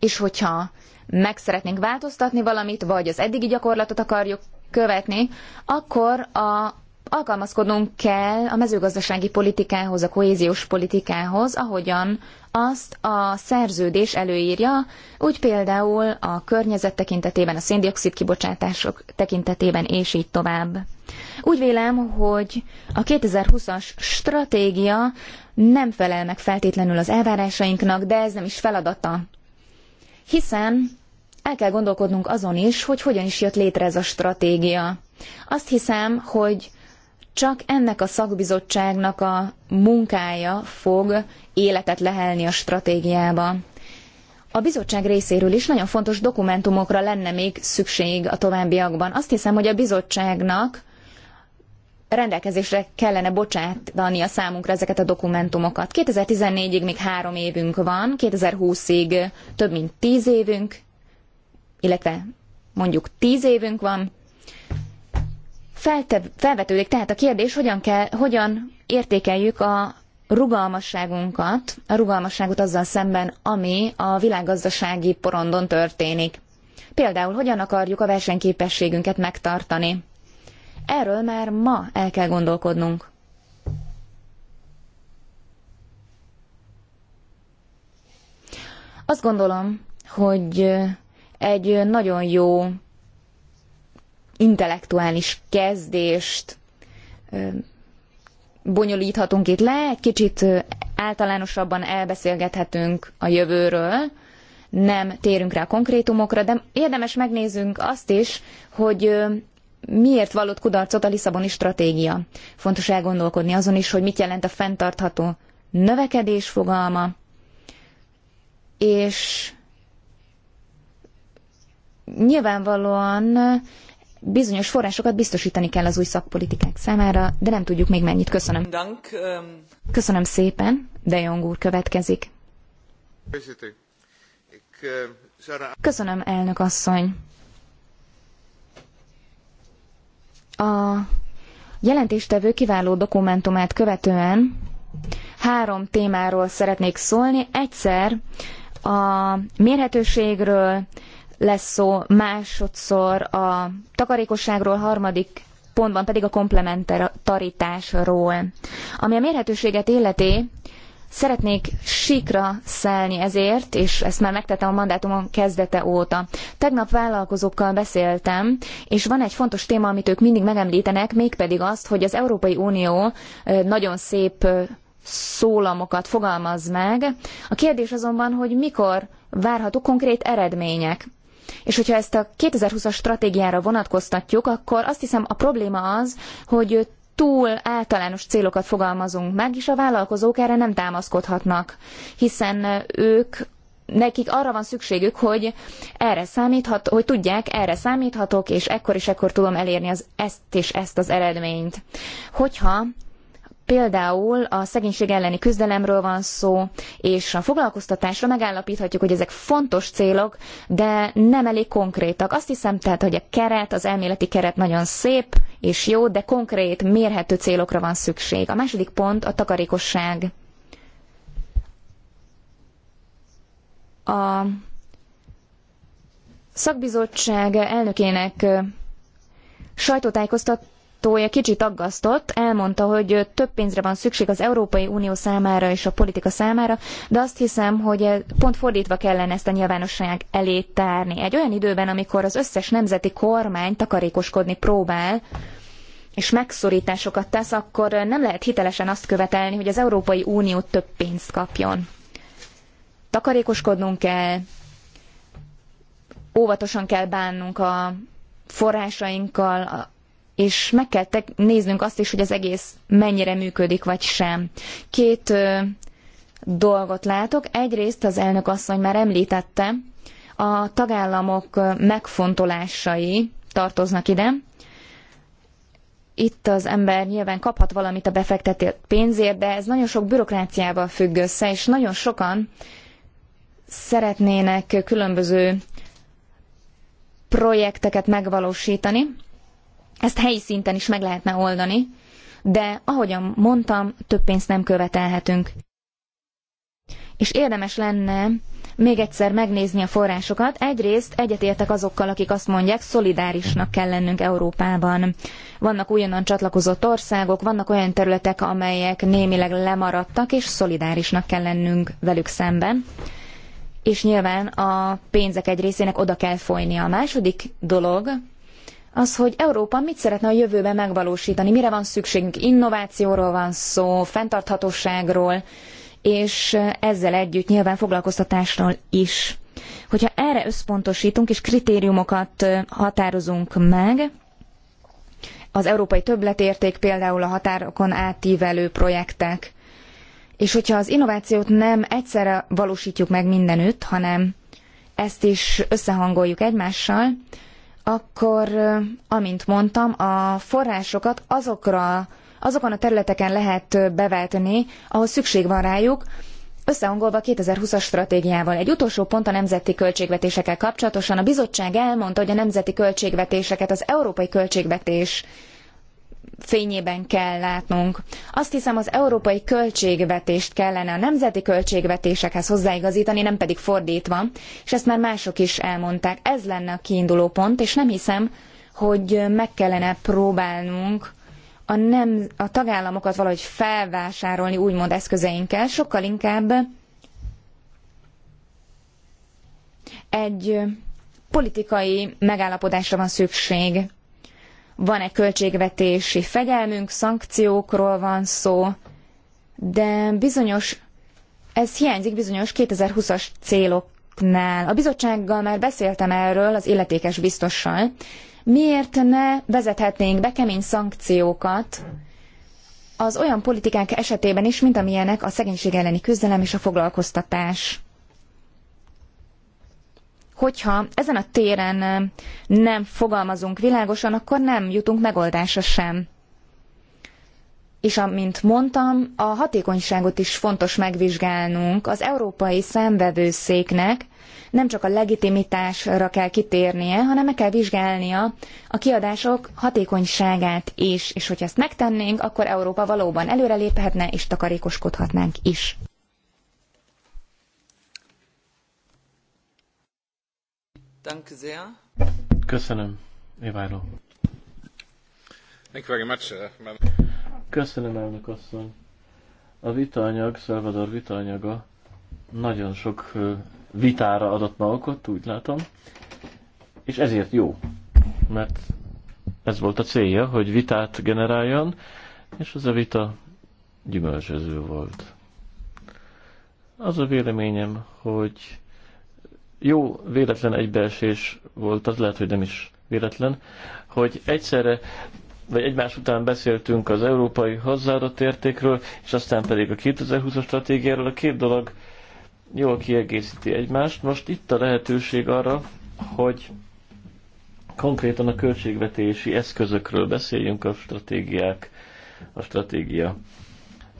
Speaker 2: És hogyha meg szeretnénk változtatni valamit, vagy az eddigi gyakorlatot akarjuk követni, akkor a, alkalmazkodnunk kell a mezőgazdasági politikához, a kohéziós politikához, ahogyan azt a szerződés előírja, úgy például a környezet tekintetében, a széndiokszid kibocsátások tekintetében, és így tovább. Úgy vélem, hogy a 2020-as stratégia nem felel meg feltétlenül az elvárásainknak, de ez nem is feladata. Hiszen el kell gondolkodnunk azon is, hogy hogyan is jött létre ez a stratégia. Azt hiszem, hogy csak ennek a szakbizottságnak a munkája fog életet lehelni a stratégiába. A bizottság részéről is nagyon fontos dokumentumokra lenne még szükség a továbbiakban. Azt hiszem, hogy a bizottságnak rendelkezésre kellene bocsátani a számunkra ezeket a dokumentumokat. 2014-ig még három évünk van, 2020-ig több mint tíz évünk, illetve mondjuk tíz évünk van. Felte, felvetődik tehát a kérdés, hogyan, kell, hogyan értékeljük a rugalmasságunkat, a rugalmasságot azzal szemben, ami a világgazdasági porondon történik. Például hogyan akarjuk a versenyképességünket megtartani? Erről már ma el kell gondolkodnunk. Azt gondolom, hogy egy nagyon jó intellektuális kezdést bonyolíthatunk itt le, egy kicsit általánosabban elbeszélgethetünk a jövőről, nem térünk rá konkrétumokra, de érdemes megnézzünk azt is, hogy miért vallott kudarcot a Lisszaboni stratégia. Fontos elgondolkodni azon is, hogy mit jelent a fenntartható növekedés fogalma, és nyilvánvalóan bizonyos forrásokat biztosítani kell az új szakpolitikák számára, de nem tudjuk még mennyit. Köszönöm. Um, Köszönöm szépen. De Jong úr következik. Köszönöm, elnök asszony. A jelentéstevő kiváló dokumentumát követően három témáról szeretnék szólni. Egyszer a mérhetőségről lesz szó, másodszor a takarékosságról, harmadik pontban pedig a komplementaritásról. Ami a mérhetőséget illeti, Szeretnék sikra szelni ezért, és ezt már megtettem a mandátumon kezdete óta. Tegnap vállalkozókkal beszéltem, és van egy fontos téma, amit ők mindig megemlítenek, mégpedig azt, hogy az Európai Unió nagyon szép szólamokat fogalmaz meg. A kérdés azonban, hogy mikor várható konkrét eredmények. És hogyha ezt a 2020-as stratégiára vonatkoztatjuk, akkor azt hiszem a probléma az, hogy túl általános célokat fogalmazunk meg, és a vállalkozók erre nem támaszkodhatnak, hiszen ők nekik arra van szükségük, hogy erre számíthat, hogy tudják, erre számíthatok, és ekkor és ekkor tudom elérni az ezt és ezt az eredményt. Hogyha például a szegénység elleni küzdelemről van szó, és a foglalkoztatásra megállapíthatjuk, hogy ezek fontos célok, de nem elég konkrétak. Azt hiszem tehát, hogy a keret, az elméleti keret nagyon szép, és jó, de konkrét, mérhető célokra van szükség. A második pont a takarékosság. A szakbizottság elnökének sajtótájékoztat igazgatója kicsit aggasztott, elmondta, hogy több pénzre van szükség az Európai Unió számára és a politika számára, de azt hiszem, hogy pont fordítva kellene ezt a nyilvánosság elé tárni. Egy olyan időben, amikor az összes nemzeti kormány takarékoskodni próbál, és megszorításokat tesz, akkor nem lehet hitelesen azt követelni, hogy az Európai Unió több pénzt kapjon. Takarékoskodnunk kell, óvatosan kell bánnunk a forrásainkkal, és meg kell néznünk azt is, hogy az egész mennyire működik, vagy sem. Két ö, dolgot látok. Egyrészt az elnök asszony már említette, a tagállamok megfontolásai tartoznak ide. Itt az ember nyilván kaphat valamit a befektetett pénzért, de ez nagyon sok bürokráciával függ össze, és nagyon sokan szeretnének különböző projekteket megvalósítani, ezt helyi szinten is meg lehetne oldani, de ahogyan mondtam, több pénzt nem követelhetünk. És érdemes lenne még egyszer megnézni a forrásokat. Egyrészt egyetértek azokkal, akik azt mondják, szolidárisnak kell lennünk Európában. Vannak újonnan csatlakozott országok, vannak olyan területek, amelyek némileg lemaradtak, és szolidárisnak kell lennünk velük szemben. És nyilván a pénzek egy részének oda kell folynia. A második dolog, az, hogy Európa mit szeretne a jövőben megvalósítani, mire van szükségünk, innovációról van szó, fenntarthatóságról, és ezzel együtt nyilván foglalkoztatásról is. Hogyha erre összpontosítunk és kritériumokat határozunk meg, az európai többletérték például a határokon átívelő projektek, és hogyha az innovációt nem egyszerre valósítjuk meg mindenütt, hanem ezt is összehangoljuk egymással, akkor, amint mondtam, a forrásokat azokra, azokon a területeken lehet bevetni, ahol szükség van rájuk, Összehangolva a 2020-as stratégiával egy utolsó pont a nemzeti költségvetésekkel kapcsolatosan a bizottság elmondta, hogy a nemzeti költségvetéseket az európai költségvetés fényében kell látnunk. Azt hiszem, az európai költségvetést kellene a nemzeti költségvetésekhez hozzáigazítani, nem pedig fordítva, és ezt már mások is elmondták. Ez lenne a kiinduló pont, és nem hiszem, hogy meg kellene próbálnunk a, nem, a tagállamokat valahogy felvásárolni úgymond eszközeinkkel, sokkal inkább egy politikai megállapodásra van szükség van-e költségvetési fegyelmünk, szankciókról van szó, de bizonyos, ez hiányzik bizonyos 2020-as céloknál. A bizottsággal már beszéltem erről, az illetékes biztossal. Miért ne vezethetnénk be kemény szankciókat az olyan politikák esetében is, mint amilyenek a szegénység elleni küzdelem és a foglalkoztatás? hogyha ezen a téren nem fogalmazunk világosan, akkor nem jutunk megoldásra sem. És amint mondtam, a hatékonyságot is fontos megvizsgálnunk. Az európai számvevőszéknek nem csak a legitimitásra kell kitérnie, hanem meg kell vizsgálnia a kiadások hatékonyságát is, és hogyha ezt megtennénk, akkor Európa valóban előreléphetne és takarékoskodhatnánk
Speaker 4: is.
Speaker 1: Danke sehr.
Speaker 4: Köszönöm, Iváró. Thank you very much, uh, Köszönöm, elnök asszony. A vitaanyag, Salvador vitaanyaga nagyon sok vitára adott ma okot, úgy látom, és ezért jó, mert ez volt a célja, hogy vitát generáljon, és az a vita gyümölcsöző volt. Az a véleményem, hogy jó véletlen egybeesés volt, az lehet, hogy nem is véletlen, hogy egyszerre vagy egymás után beszéltünk az európai hozzáadott értékről, és aztán pedig a 2020-as stratégiáról. A két dolog jól kiegészíti egymást. Most itt a lehetőség arra, hogy konkrétan a költségvetési eszközökről beszéljünk a stratégiák, a stratégia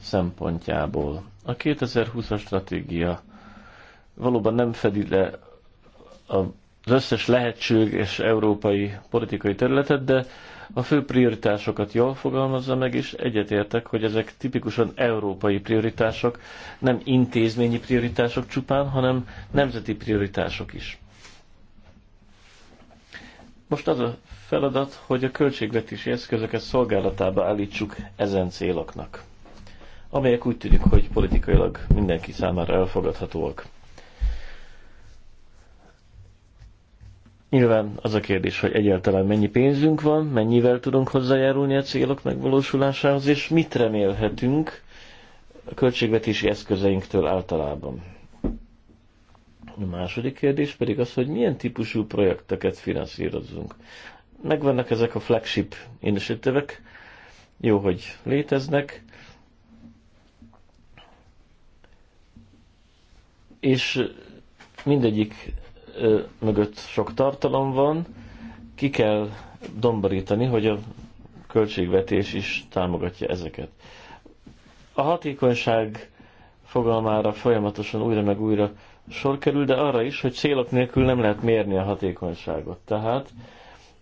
Speaker 4: szempontjából. A 2020-as stratégia valóban nem fedi le az összes és európai politikai területet, de a fő prioritásokat jól fogalmazza meg, és egyetértek, hogy ezek tipikusan európai prioritások, nem intézményi prioritások csupán, hanem nemzeti prioritások is. Most az a feladat, hogy a költségvetési eszközöket szolgálatába állítsuk ezen céloknak, amelyek úgy tűnik, hogy politikailag mindenki számára elfogadhatóak. Nyilván az a kérdés, hogy egyáltalán mennyi pénzünk van, mennyivel tudunk hozzájárulni a célok megvalósulásához, és mit remélhetünk a költségvetési eszközeinktől általában. A második kérdés pedig az, hogy milyen típusú projekteket finanszírozzunk. Megvannak ezek a flagship initiative jó, hogy léteznek, és mindegyik mögött sok tartalom van, ki kell domborítani, hogy a költségvetés is támogatja ezeket. A hatékonyság fogalmára folyamatosan újra meg újra sor kerül, de arra is, hogy célok nélkül nem lehet mérni a hatékonyságot. Tehát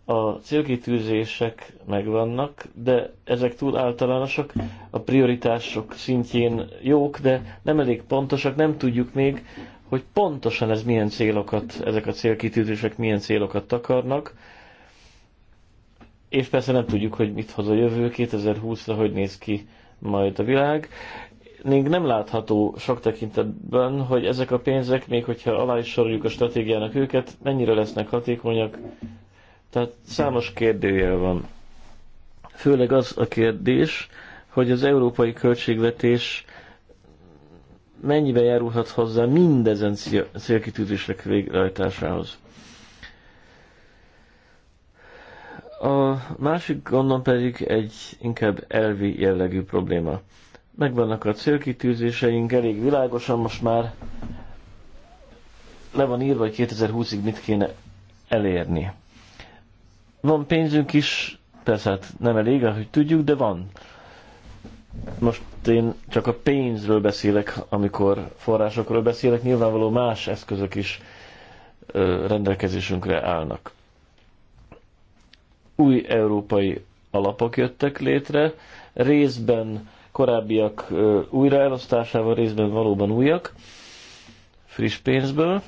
Speaker 4: a célkitűzések megvannak, de ezek túl általánosak, a prioritások szintjén jók, de nem elég pontosak, nem tudjuk még, hogy pontosan ez milyen célokat, ezek a célkitűzések milyen célokat takarnak, és persze nem tudjuk, hogy mit hoz a jövő, 2020-ra hogy néz ki majd a világ. Még nem látható sok tekintetben, hogy ezek a pénzek, még hogyha alá is soroljuk a stratégiának őket, mennyire lesznek hatékonyak. Tehát számos kérdőjel van. Főleg az a kérdés, hogy az európai költségvetés mennyibe járulhat hozzá mindezen célkitűzések végrehajtásához. A másik gondom pedig egy inkább elvi jellegű probléma. Megvannak a célkitűzéseink, elég világosan most már le van írva, hogy 2020-ig mit kéne elérni. Van pénzünk is, persze hát nem elég, ahogy tudjuk, de van. Most én csak a pénzről beszélek, amikor forrásokról beszélek, nyilvánvaló más eszközök is rendelkezésünkre állnak. Új európai alapok jöttek létre, részben korábbiak újraelosztásával, részben valóban újak, friss pénzből.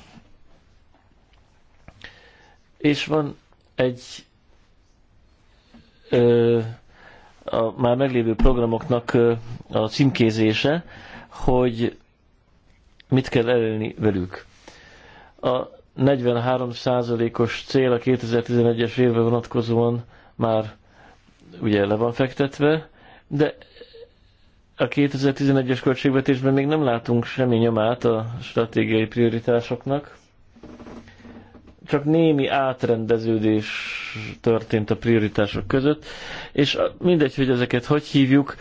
Speaker 4: És van egy ö, a már meglévő programoknak a címkézése, hogy mit kell elérni velük. A 43%-os cél a 2011-es évre vonatkozóan már ugye le van fektetve, de a 2011-es költségvetésben még nem látunk semmi nyomát a stratégiai prioritásoknak csak némi átrendeződés történt a prioritások között, és mindegy, hogy ezeket hogy hívjuk,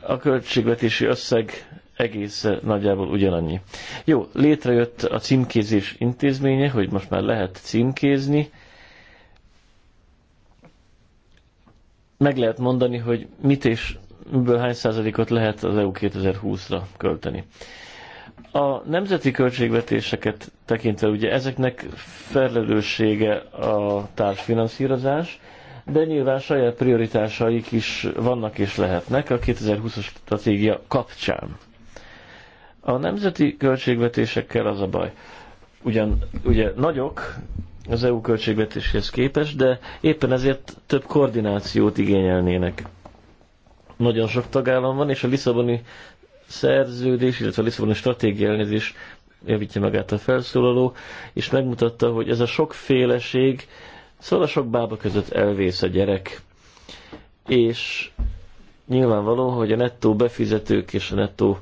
Speaker 4: a költségvetési összeg egész nagyjából ugyanannyi. Jó, létrejött a címkézés intézménye, hogy most már lehet címkézni. Meg lehet mondani, hogy mit és miből hány százalékot lehet az EU 2020-ra költeni. A nemzeti költségvetéseket tekintve ugye ezeknek felelőssége a társfinanszírozás, de nyilván saját prioritásaik is vannak és lehetnek a 2020-as stratégia kapcsán. A nemzeti költségvetésekkel az a baj. Ugyan ugye nagyok az EU költségvetéshez képest, de éppen ezért több koordinációt igényelnének. Nagyon sok tagállam van, és a Lisszaboni szerződés, illetve a Lisszaboni stratégia elnézés javítja magát a felszólaló, és megmutatta, hogy ez a sokféleség, szóval a sok bába között elvész a gyerek. És nyilvánvaló, hogy a nettó befizetők és a nettó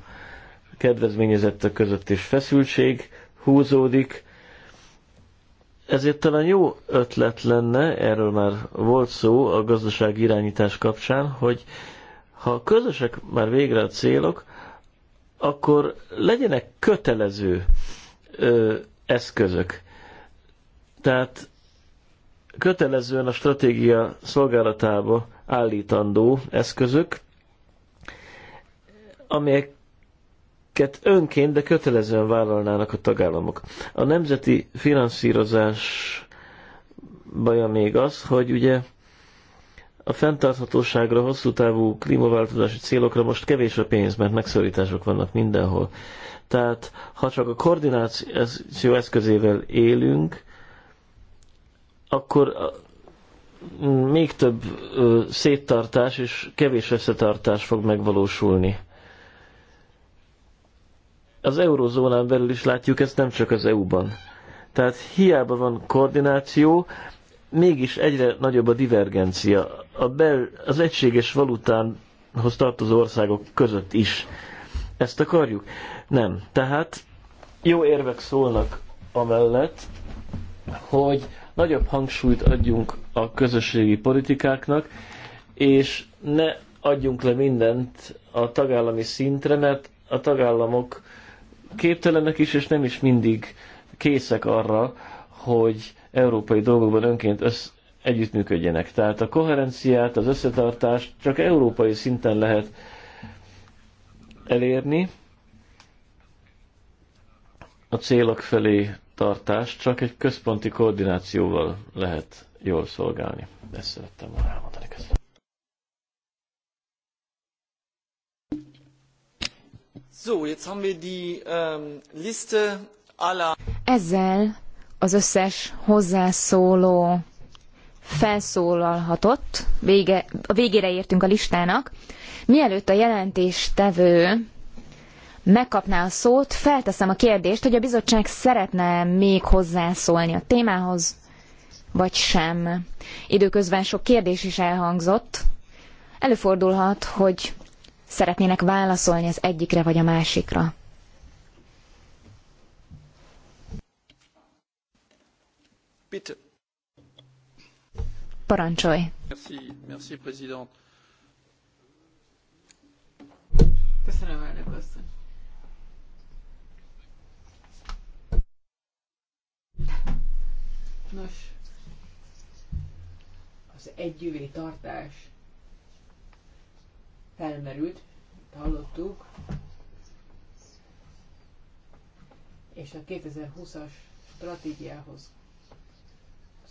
Speaker 4: kedvezményezettek között is feszültség húzódik, ezért talán jó ötlet lenne, erről már volt szó a gazdaság irányítás kapcsán, hogy ha közösek már végre a célok, akkor legyenek kötelező ö, eszközök. Tehát kötelezően a stratégia szolgálatába állítandó eszközök, amelyeket önként, de kötelezően vállalnának a tagállamok. A nemzeti finanszírozás baja még az, hogy ugye a fenntarthatóságra, hosszú távú klímaváltozási célokra most kevés a pénz, mert megszorítások vannak mindenhol. Tehát ha csak a koordináció eszközével élünk, akkor még több széttartás és kevés összetartás fog megvalósulni. Az eurozónán belül is látjuk ezt, nem csak az EU-ban. Tehát hiába van koordináció, mégis egyre nagyobb a divergencia a bel, az egységes valutánhoz tartozó országok között is. Ezt akarjuk? Nem. Tehát jó érvek szólnak amellett, hogy nagyobb hangsúlyt adjunk a közösségi politikáknak, és ne adjunk le mindent a tagállami szintre, mert a tagállamok képtelenek is, és nem is mindig készek arra, hogy európai dolgokban önként össz, együttműködjenek. Tehát a koherenciát, az összetartást csak európai szinten lehet elérni, a célok felé tartást csak egy központi koordinációval lehet jól szolgálni. Ezt szerettem volna elmondani. Köszönöm.
Speaker 1: So, jetzt haben wir die ähm, Liste aller.
Speaker 2: Ezzel az összes hozzászóló felszólalhatott, vége, a végére értünk a listának. Mielőtt a jelentéstevő megkapná a szót, felteszem a kérdést, hogy a bizottság szeretne még hozzászólni a témához, vagy sem. Időközben sok kérdés is elhangzott. Előfordulhat, hogy szeretnének válaszolni az egyikre vagy a másikra. Bitte. Parancsolj.
Speaker 1: Merci, merci, président.
Speaker 3: Köszönöm, elnök asszony. Nos, az együvé tartás felmerült, hallottuk, és a 2020-as stratégiához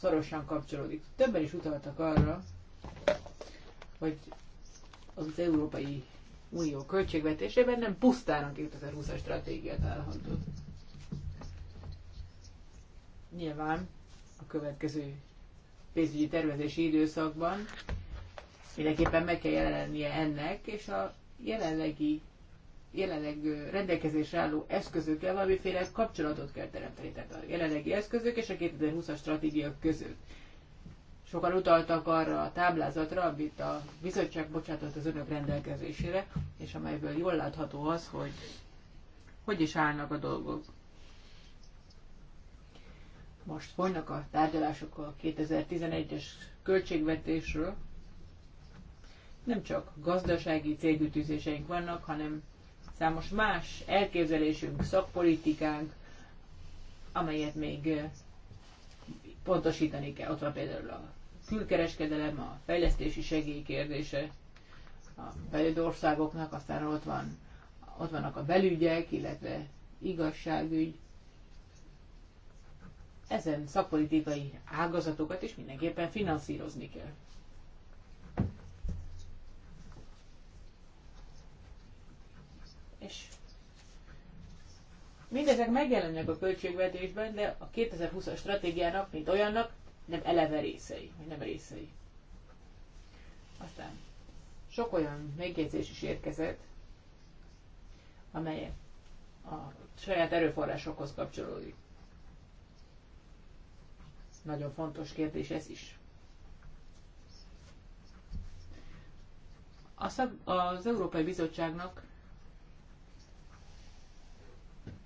Speaker 3: szorosan kapcsolódik. Többen is utaltak arra, hogy az Európai Unió költségvetésében nem pusztán a 2020-as stratégiát állható. Nyilván a következő pénzügyi tervezési időszakban mindenképpen meg kell jelennie ennek, és a jelenlegi jelenleg rendelkezésre álló eszközökkel valamiféle kapcsolatot kell teremteni, tehát a jelenlegi eszközök és a 2020-as stratégia között. Sokan utaltak arra a táblázatra, amit a bizottság bocsátott az önök rendelkezésére, és amelyből jól látható az, hogy hogy is állnak a dolgok. Most folynak a tárgyalások a 2011-es költségvetésről. Nem csak gazdasági célkütőzéseink vannak, hanem számos más elképzelésünk, szakpolitikánk, amelyet még pontosítani kell. Ott van például a külkereskedelem, a fejlesztési segély kérdése a bejövő országoknak, aztán ott, van, ott vannak a belügyek, illetve igazságügy. Ezen szakpolitikai ágazatokat is mindenképpen finanszírozni kell. és mindezek megjelennek a költségvetésben, de a 2020-as stratégiának, mint olyannak, nem eleve részei, vagy nem részei. Aztán sok olyan megjegyzés is érkezett, amely a saját erőforrásokhoz kapcsolódik. Nagyon fontos kérdés ez is. az Európai Bizottságnak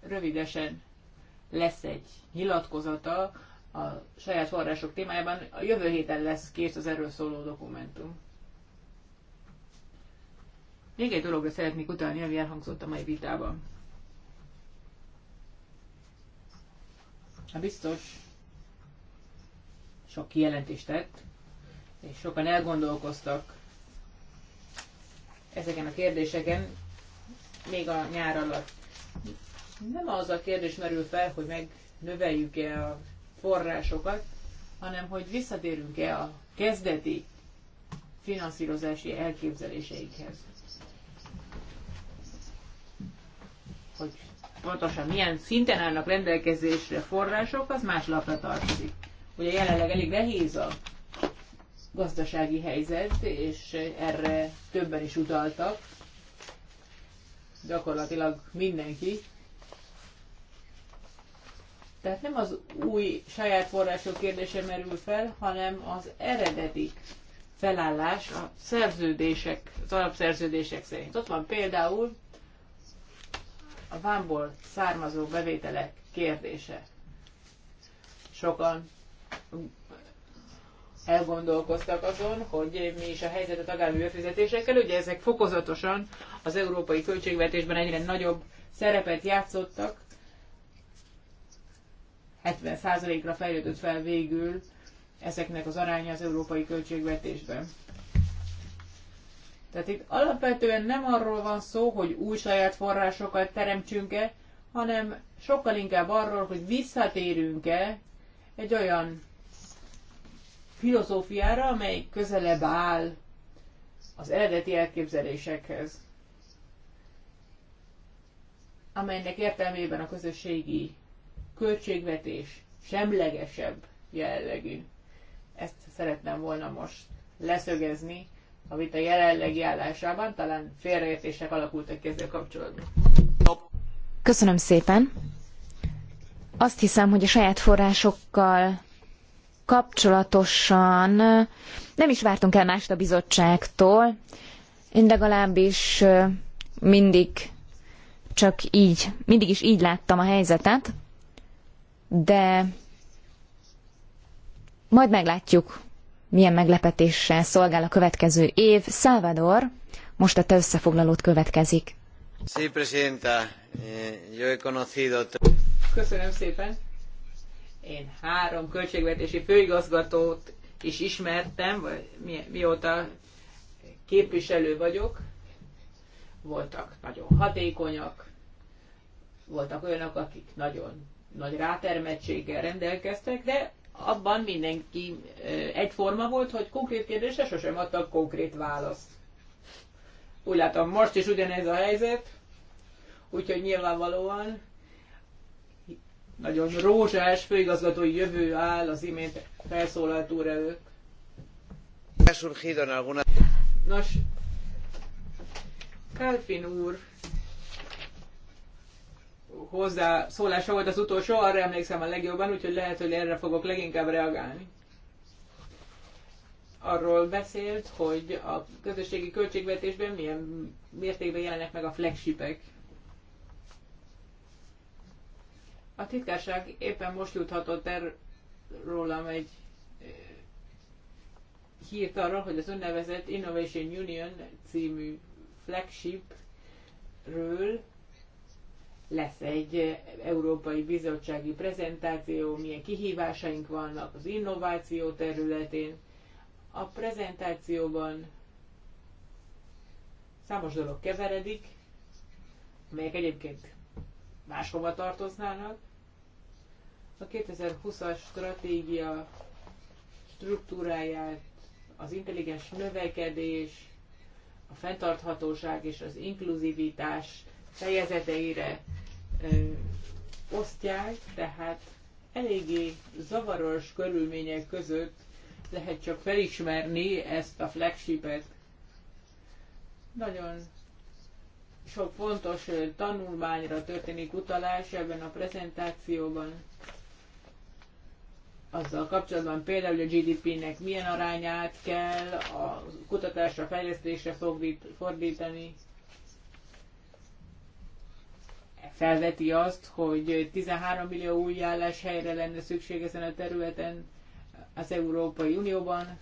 Speaker 3: rövidesen lesz egy nyilatkozata a saját források témájában. A jövő héten lesz kész az erről szóló dokumentum. Még egy dologra szeretnék utalni, ami elhangzott a mai vitában. A biztos sok kijelentést tett, és sokan elgondolkoztak ezeken a kérdéseken, még a nyár alatt nem az a kérdés merül fel, hogy megnöveljük-e a forrásokat, hanem hogy visszatérünk-e a kezdeti finanszírozási elképzeléseinkhez. Hogy pontosan milyen szinten állnak rendelkezésre források, az más lapra tartozik. Ugye jelenleg elég nehéz a gazdasági helyzet, és erre többen is utaltak, gyakorlatilag mindenki. Tehát nem az új saját források kérdése merül fel, hanem az eredeti felállás a szerződések, az alapszerződések szerint. Ott van például a vámból származó bevételek kérdése. Sokan elgondolkoztak azon, hogy mi is a helyzet a tagállami befizetésekkel. Ugye ezek fokozatosan az európai költségvetésben egyre nagyobb szerepet játszottak, 70%-ra fejlődött fel végül ezeknek az aránya az európai költségvetésben. Tehát itt alapvetően nem arról van szó, hogy új saját forrásokat teremtsünk-e, hanem sokkal inkább arról, hogy visszatérünk-e egy olyan filozófiára, amely közelebb áll az eredeti elképzelésekhez, amelynek értelmében a közösségi költségvetés semlegesebb jellegű. Ezt szeretném volna most leszögezni a jelenlegi állásában, talán félreértések alakultak ki ezzel kapcsolatban.
Speaker 2: Köszönöm szépen. Azt hiszem, hogy a saját forrásokkal kapcsolatosan nem is vártunk el mást a bizottságtól. Én legalábbis mindig csak így, mindig is így láttam a helyzetet de majd meglátjuk, milyen meglepetéssel szolgál a következő év. Salvador, most a te összefoglalót következik.
Speaker 1: Eh,
Speaker 3: Köszönöm szépen. Én három költségvetési főigazgatót is ismertem, vagy mi, mióta képviselő vagyok. Voltak nagyon hatékonyak, voltak olyanok, akik nagyon nagy rátermettséggel rendelkeztek, de abban mindenki egyforma volt, hogy konkrét kérdésre sosem adtak konkrét választ. Úgy látom, most is ugyanez a helyzet, úgyhogy nyilvánvalóan nagyon rózsás főigazgatói jövő áll az imént felszólalt úr előtt. Nos, Calvin úr szólása volt az utolsó, arra emlékszem a legjobban, úgyhogy lehet, hogy erre fogok leginkább reagálni. Arról beszélt, hogy a közösségi költségvetésben milyen mértékben jelennek meg a flagshipek. A titkárság éppen most juthatott el rólam egy hírt arra, hogy az önnevezett Innovation Union című flagshipről lesz egy Európai Bizottsági prezentáció, milyen kihívásaink vannak az innováció területén. A prezentációban számos dolog keveredik, amelyek egyébként máshova tartoznának. A 2020-as stratégia struktúráját, az intelligens növekedés, a fenntarthatóság és az inkluzivitás fejezeteire osztják, tehát eléggé zavaros körülmények között lehet csak felismerni ezt a flagshipet. Nagyon sok fontos tanulmányra történik utalás ebben a prezentációban. Azzal kapcsolatban például, hogy a GDP-nek milyen arányát kell a kutatásra, fejlesztésre fordítani. felveti azt, hogy 13 millió új helyre lenne szükség ezen a területen az Európai Unióban,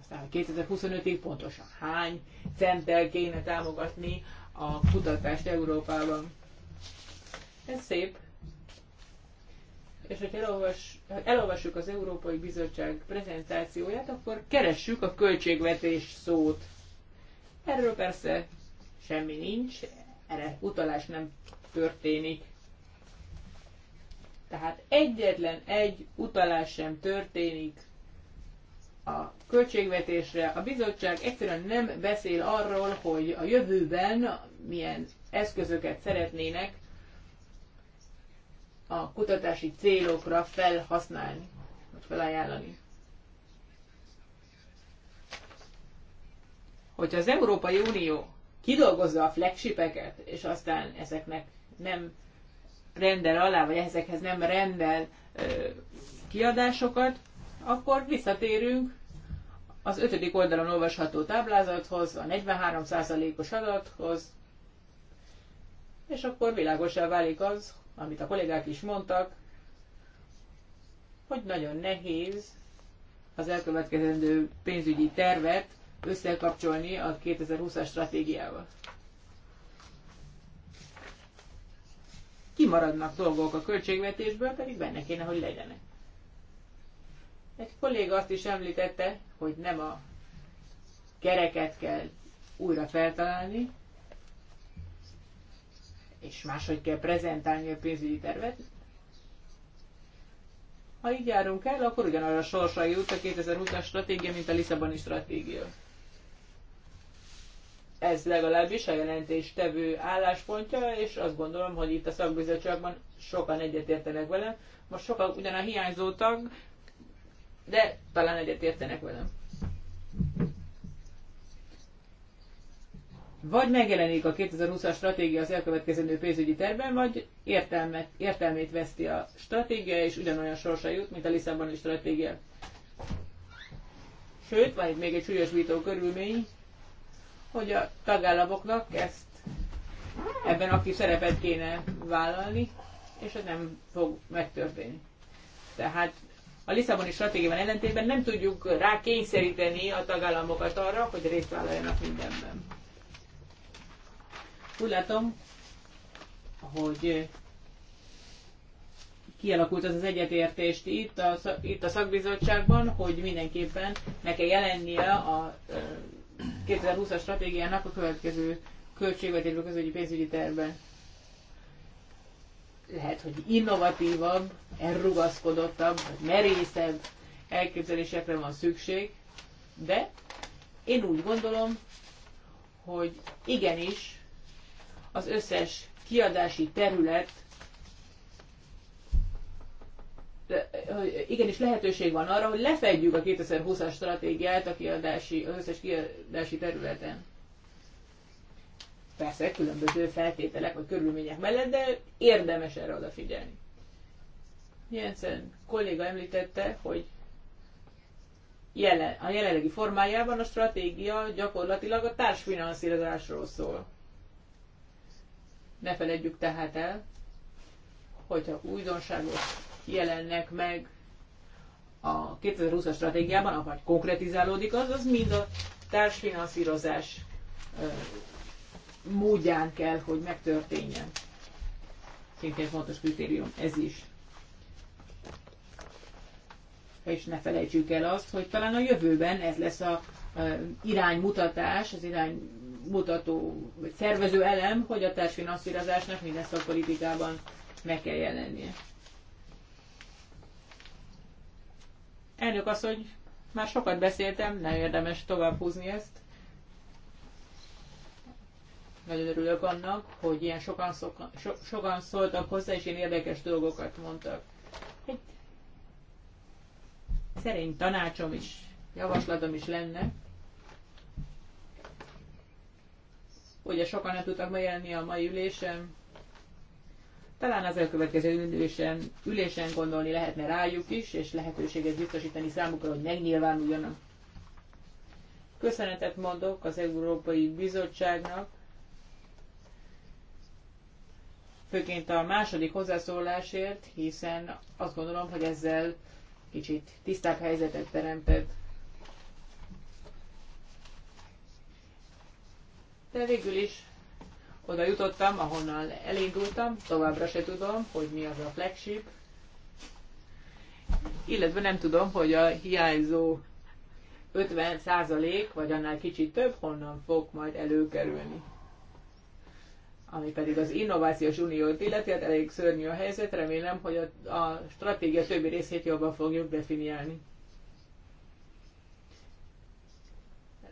Speaker 3: aztán 2025-ig pontosan hány centtel kéne támogatni a kutatást Európában. Ez szép. És ha elolvas, elolvassuk az Európai Bizottság prezentációját, akkor keressük a költségvetés szót. Erről persze semmi nincs, erre utalás nem történik. Tehát egyetlen egy utalás sem történik a költségvetésre. A bizottság egyszerűen nem beszél arról, hogy a jövőben milyen eszközöket szeretnének a kutatási célokra felhasználni, vagy felajánlani. Hogyha az Európai Unió kidolgozza a flagshipeket, és aztán ezeknek nem rendel alá, vagy ezekhez nem rendel kiadásokat, akkor visszatérünk az ötödik oldalon olvasható táblázathoz, a 43%-os adathoz, és akkor világosá válik az, amit a kollégák is mondtak, hogy nagyon nehéz az elkövetkezendő pénzügyi tervet összekapcsolni a 2020-as stratégiával. kimaradnak dolgok a költségvetésből, pedig benne kéne, hogy legyenek. Egy kolléga azt is említette, hogy nem a kereket kell újra feltalálni, és máshogy kell prezentálni a pénzügyi tervet. Ha így járunk el, akkor ugyanarra a sorsra jut a 2020-as stratégia, mint a Lisszaboni stratégia ez legalábbis a jelentéstevő álláspontja, és azt gondolom, hogy itt a szakbizottságban sokan egyetértenek velem. Most sokan ugyan a hiányzó tag, de talán egyetértenek velem. Vagy megjelenik a 2020-as stratégia az elkövetkezendő pénzügyi tervben, vagy értelmet, értelmét veszti a stratégia, és ugyanolyan sorsa jut, mint a Lisszaboni stratégia. Sőt, van itt még egy súlyos vító körülmény, hogy a tagállamoknak ezt ebben aki szerepet kéne vállalni, és ez nem fog megtörténni. Tehát a Lisszaboni stratégiában ellentétben nem tudjuk rá kényszeríteni a tagállamokat arra, hogy részt vállaljanak mindenben. Úgy látom, hogy kialakult az az egyetértést itt a, itt a szakbizottságban, hogy mindenképpen ne kell jelennie a 2020-as stratégiának a következő az egy pénzügyi tervben. Lehet, hogy innovatívabb, elrugaszkodottabb, vagy merészebb elképzelésekre van szükség, de én úgy gondolom, hogy igenis az összes kiadási terület igenis lehetőség van arra, hogy lefedjük a 2020-as stratégiát a kiadási, az összes kiadási területen. Persze különböző feltételek vagy körülmények mellett, de érdemes erre odafigyelni. Jensen kolléga említette, hogy jelen, a jelenlegi formájában a stratégia gyakorlatilag a társfinanszírozásról szól. Ne feledjük tehát el, hogyha újdonságos jelennek meg a 2020-as stratégiában, vagy konkretizálódik az, az mind a társfinanszírozás módján kell, hogy megtörténjen. Szintén fontos kritérium ez is. És ne felejtsük el azt, hogy talán a jövőben ez lesz a iránymutatás, az iránymutató vagy szervező elem, hogy a társfinanszírozásnak minden szakpolitikában meg kell jelennie. Elnök asszony, már sokat beszéltem, nem érdemes tovább húzni ezt. Nagyon örülök annak, hogy ilyen sokan, szoka, so, sokan szóltak hozzá, és én érdekes dolgokat mondtak. Egy szerény tanácsom is, javaslatom is lenne. Ugye sokan nem tudtak megjelenni a mai ülésem. Talán az elkövetkező ülésen, ülésen gondolni lehetne rájuk is, és lehetőséget biztosítani számukra, hogy megnyilvánuljanak. Köszönetet mondok az Európai Bizottságnak, főként a második hozzászólásért, hiszen azt gondolom, hogy ezzel kicsit tisztább helyzetet teremtett. De végül is oda jutottam, ahonnan elindultam, továbbra se tudom, hogy mi az a flagship, illetve nem tudom, hogy a hiányzó 50 vagy annál kicsit több, honnan fog majd előkerülni. Ami pedig az Innovációs Uniót illeti, hát elég szörnyű a helyzet, remélem, hogy a, a stratégia többi részét jobban fogjuk definiálni.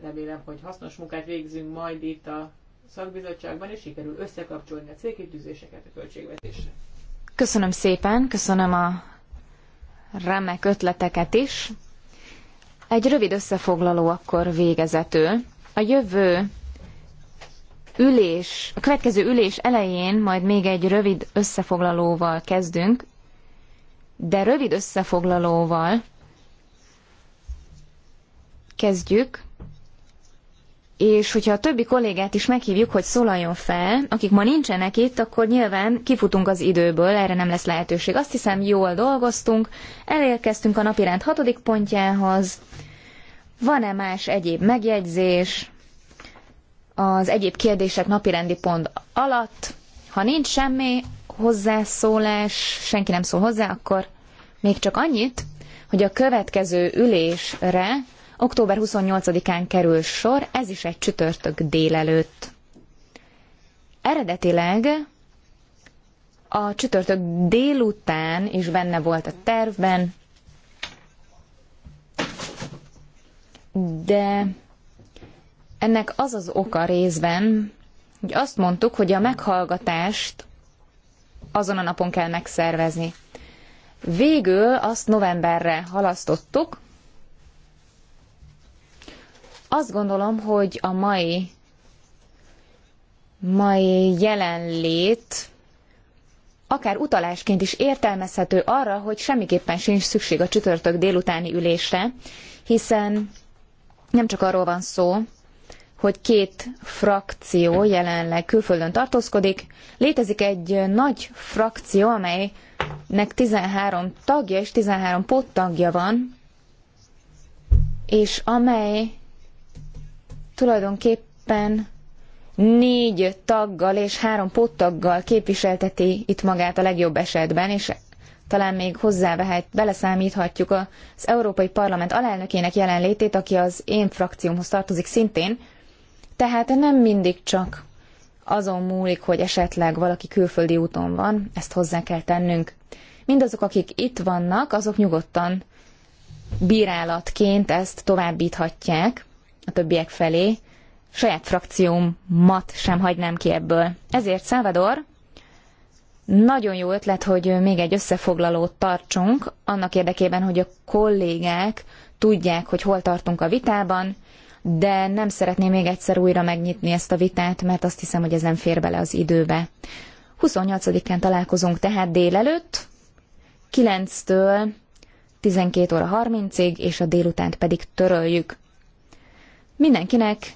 Speaker 3: Remélem, hogy hasznos munkát végzünk majd itt a szakbizottságban, és sikerül összekapcsolni a célkitűzéseket a
Speaker 4: költségvetésre.
Speaker 2: Köszönöm szépen, köszönöm a remek ötleteket is. Egy rövid összefoglaló akkor végezetül. A jövő ülés, a következő ülés elején majd még egy rövid összefoglalóval kezdünk, de rövid összefoglalóval kezdjük és hogyha a többi kollégát is meghívjuk, hogy szólaljon fel, akik ma nincsenek itt, akkor nyilván kifutunk az időből, erre nem lesz lehetőség. Azt hiszem, jól dolgoztunk, elérkeztünk a napirend hatodik pontjához. Van-e más egyéb megjegyzés az egyéb kérdések napirendi pont alatt? Ha nincs semmi hozzászólás, senki nem szól hozzá, akkor még csak annyit, hogy a következő ülésre Október 28-án kerül sor, ez is egy csütörtök délelőtt. Eredetileg a csütörtök délután is benne volt a tervben, de ennek az az oka részben, hogy azt mondtuk, hogy a meghallgatást azon a napon kell megszervezni. Végül azt novemberre halasztottuk, azt gondolom, hogy a mai, mai jelenlét akár utalásként is értelmezhető arra, hogy semmiképpen sincs szükség a csütörtök délutáni ülésre, hiszen nem csak arról van szó, hogy két frakció jelenleg külföldön tartózkodik. Létezik egy nagy frakció, amelynek 13 tagja és 13 pottagja van, és amely tulajdonképpen négy taggal és három póttaggal képviselteti itt magát a legjobb esetben, és talán még hozzávehet, beleszámíthatjuk az Európai Parlament alelnökének jelenlétét, aki az én frakciómhoz tartozik szintén, tehát nem mindig csak azon múlik, hogy esetleg valaki külföldi úton van, ezt hozzá kell tennünk. Mindazok, akik itt vannak, azok nyugodtan bírálatként ezt továbbíthatják, a többiek felé, saját frakciómat sem hagynám ki ebből. Ezért, Salvador, nagyon jó ötlet, hogy még egy összefoglalót tartsunk, annak érdekében, hogy a kollégák tudják, hogy hol tartunk a vitában, de nem szeretném még egyszer újra megnyitni ezt a vitát, mert azt hiszem, hogy ez nem fér bele az időbe. 28-án találkozunk tehát délelőtt, 9-től 12 óra 30-ig, és a délutánt pedig töröljük. Mindenkinek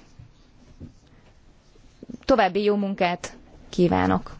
Speaker 2: további jó munkát kívánok!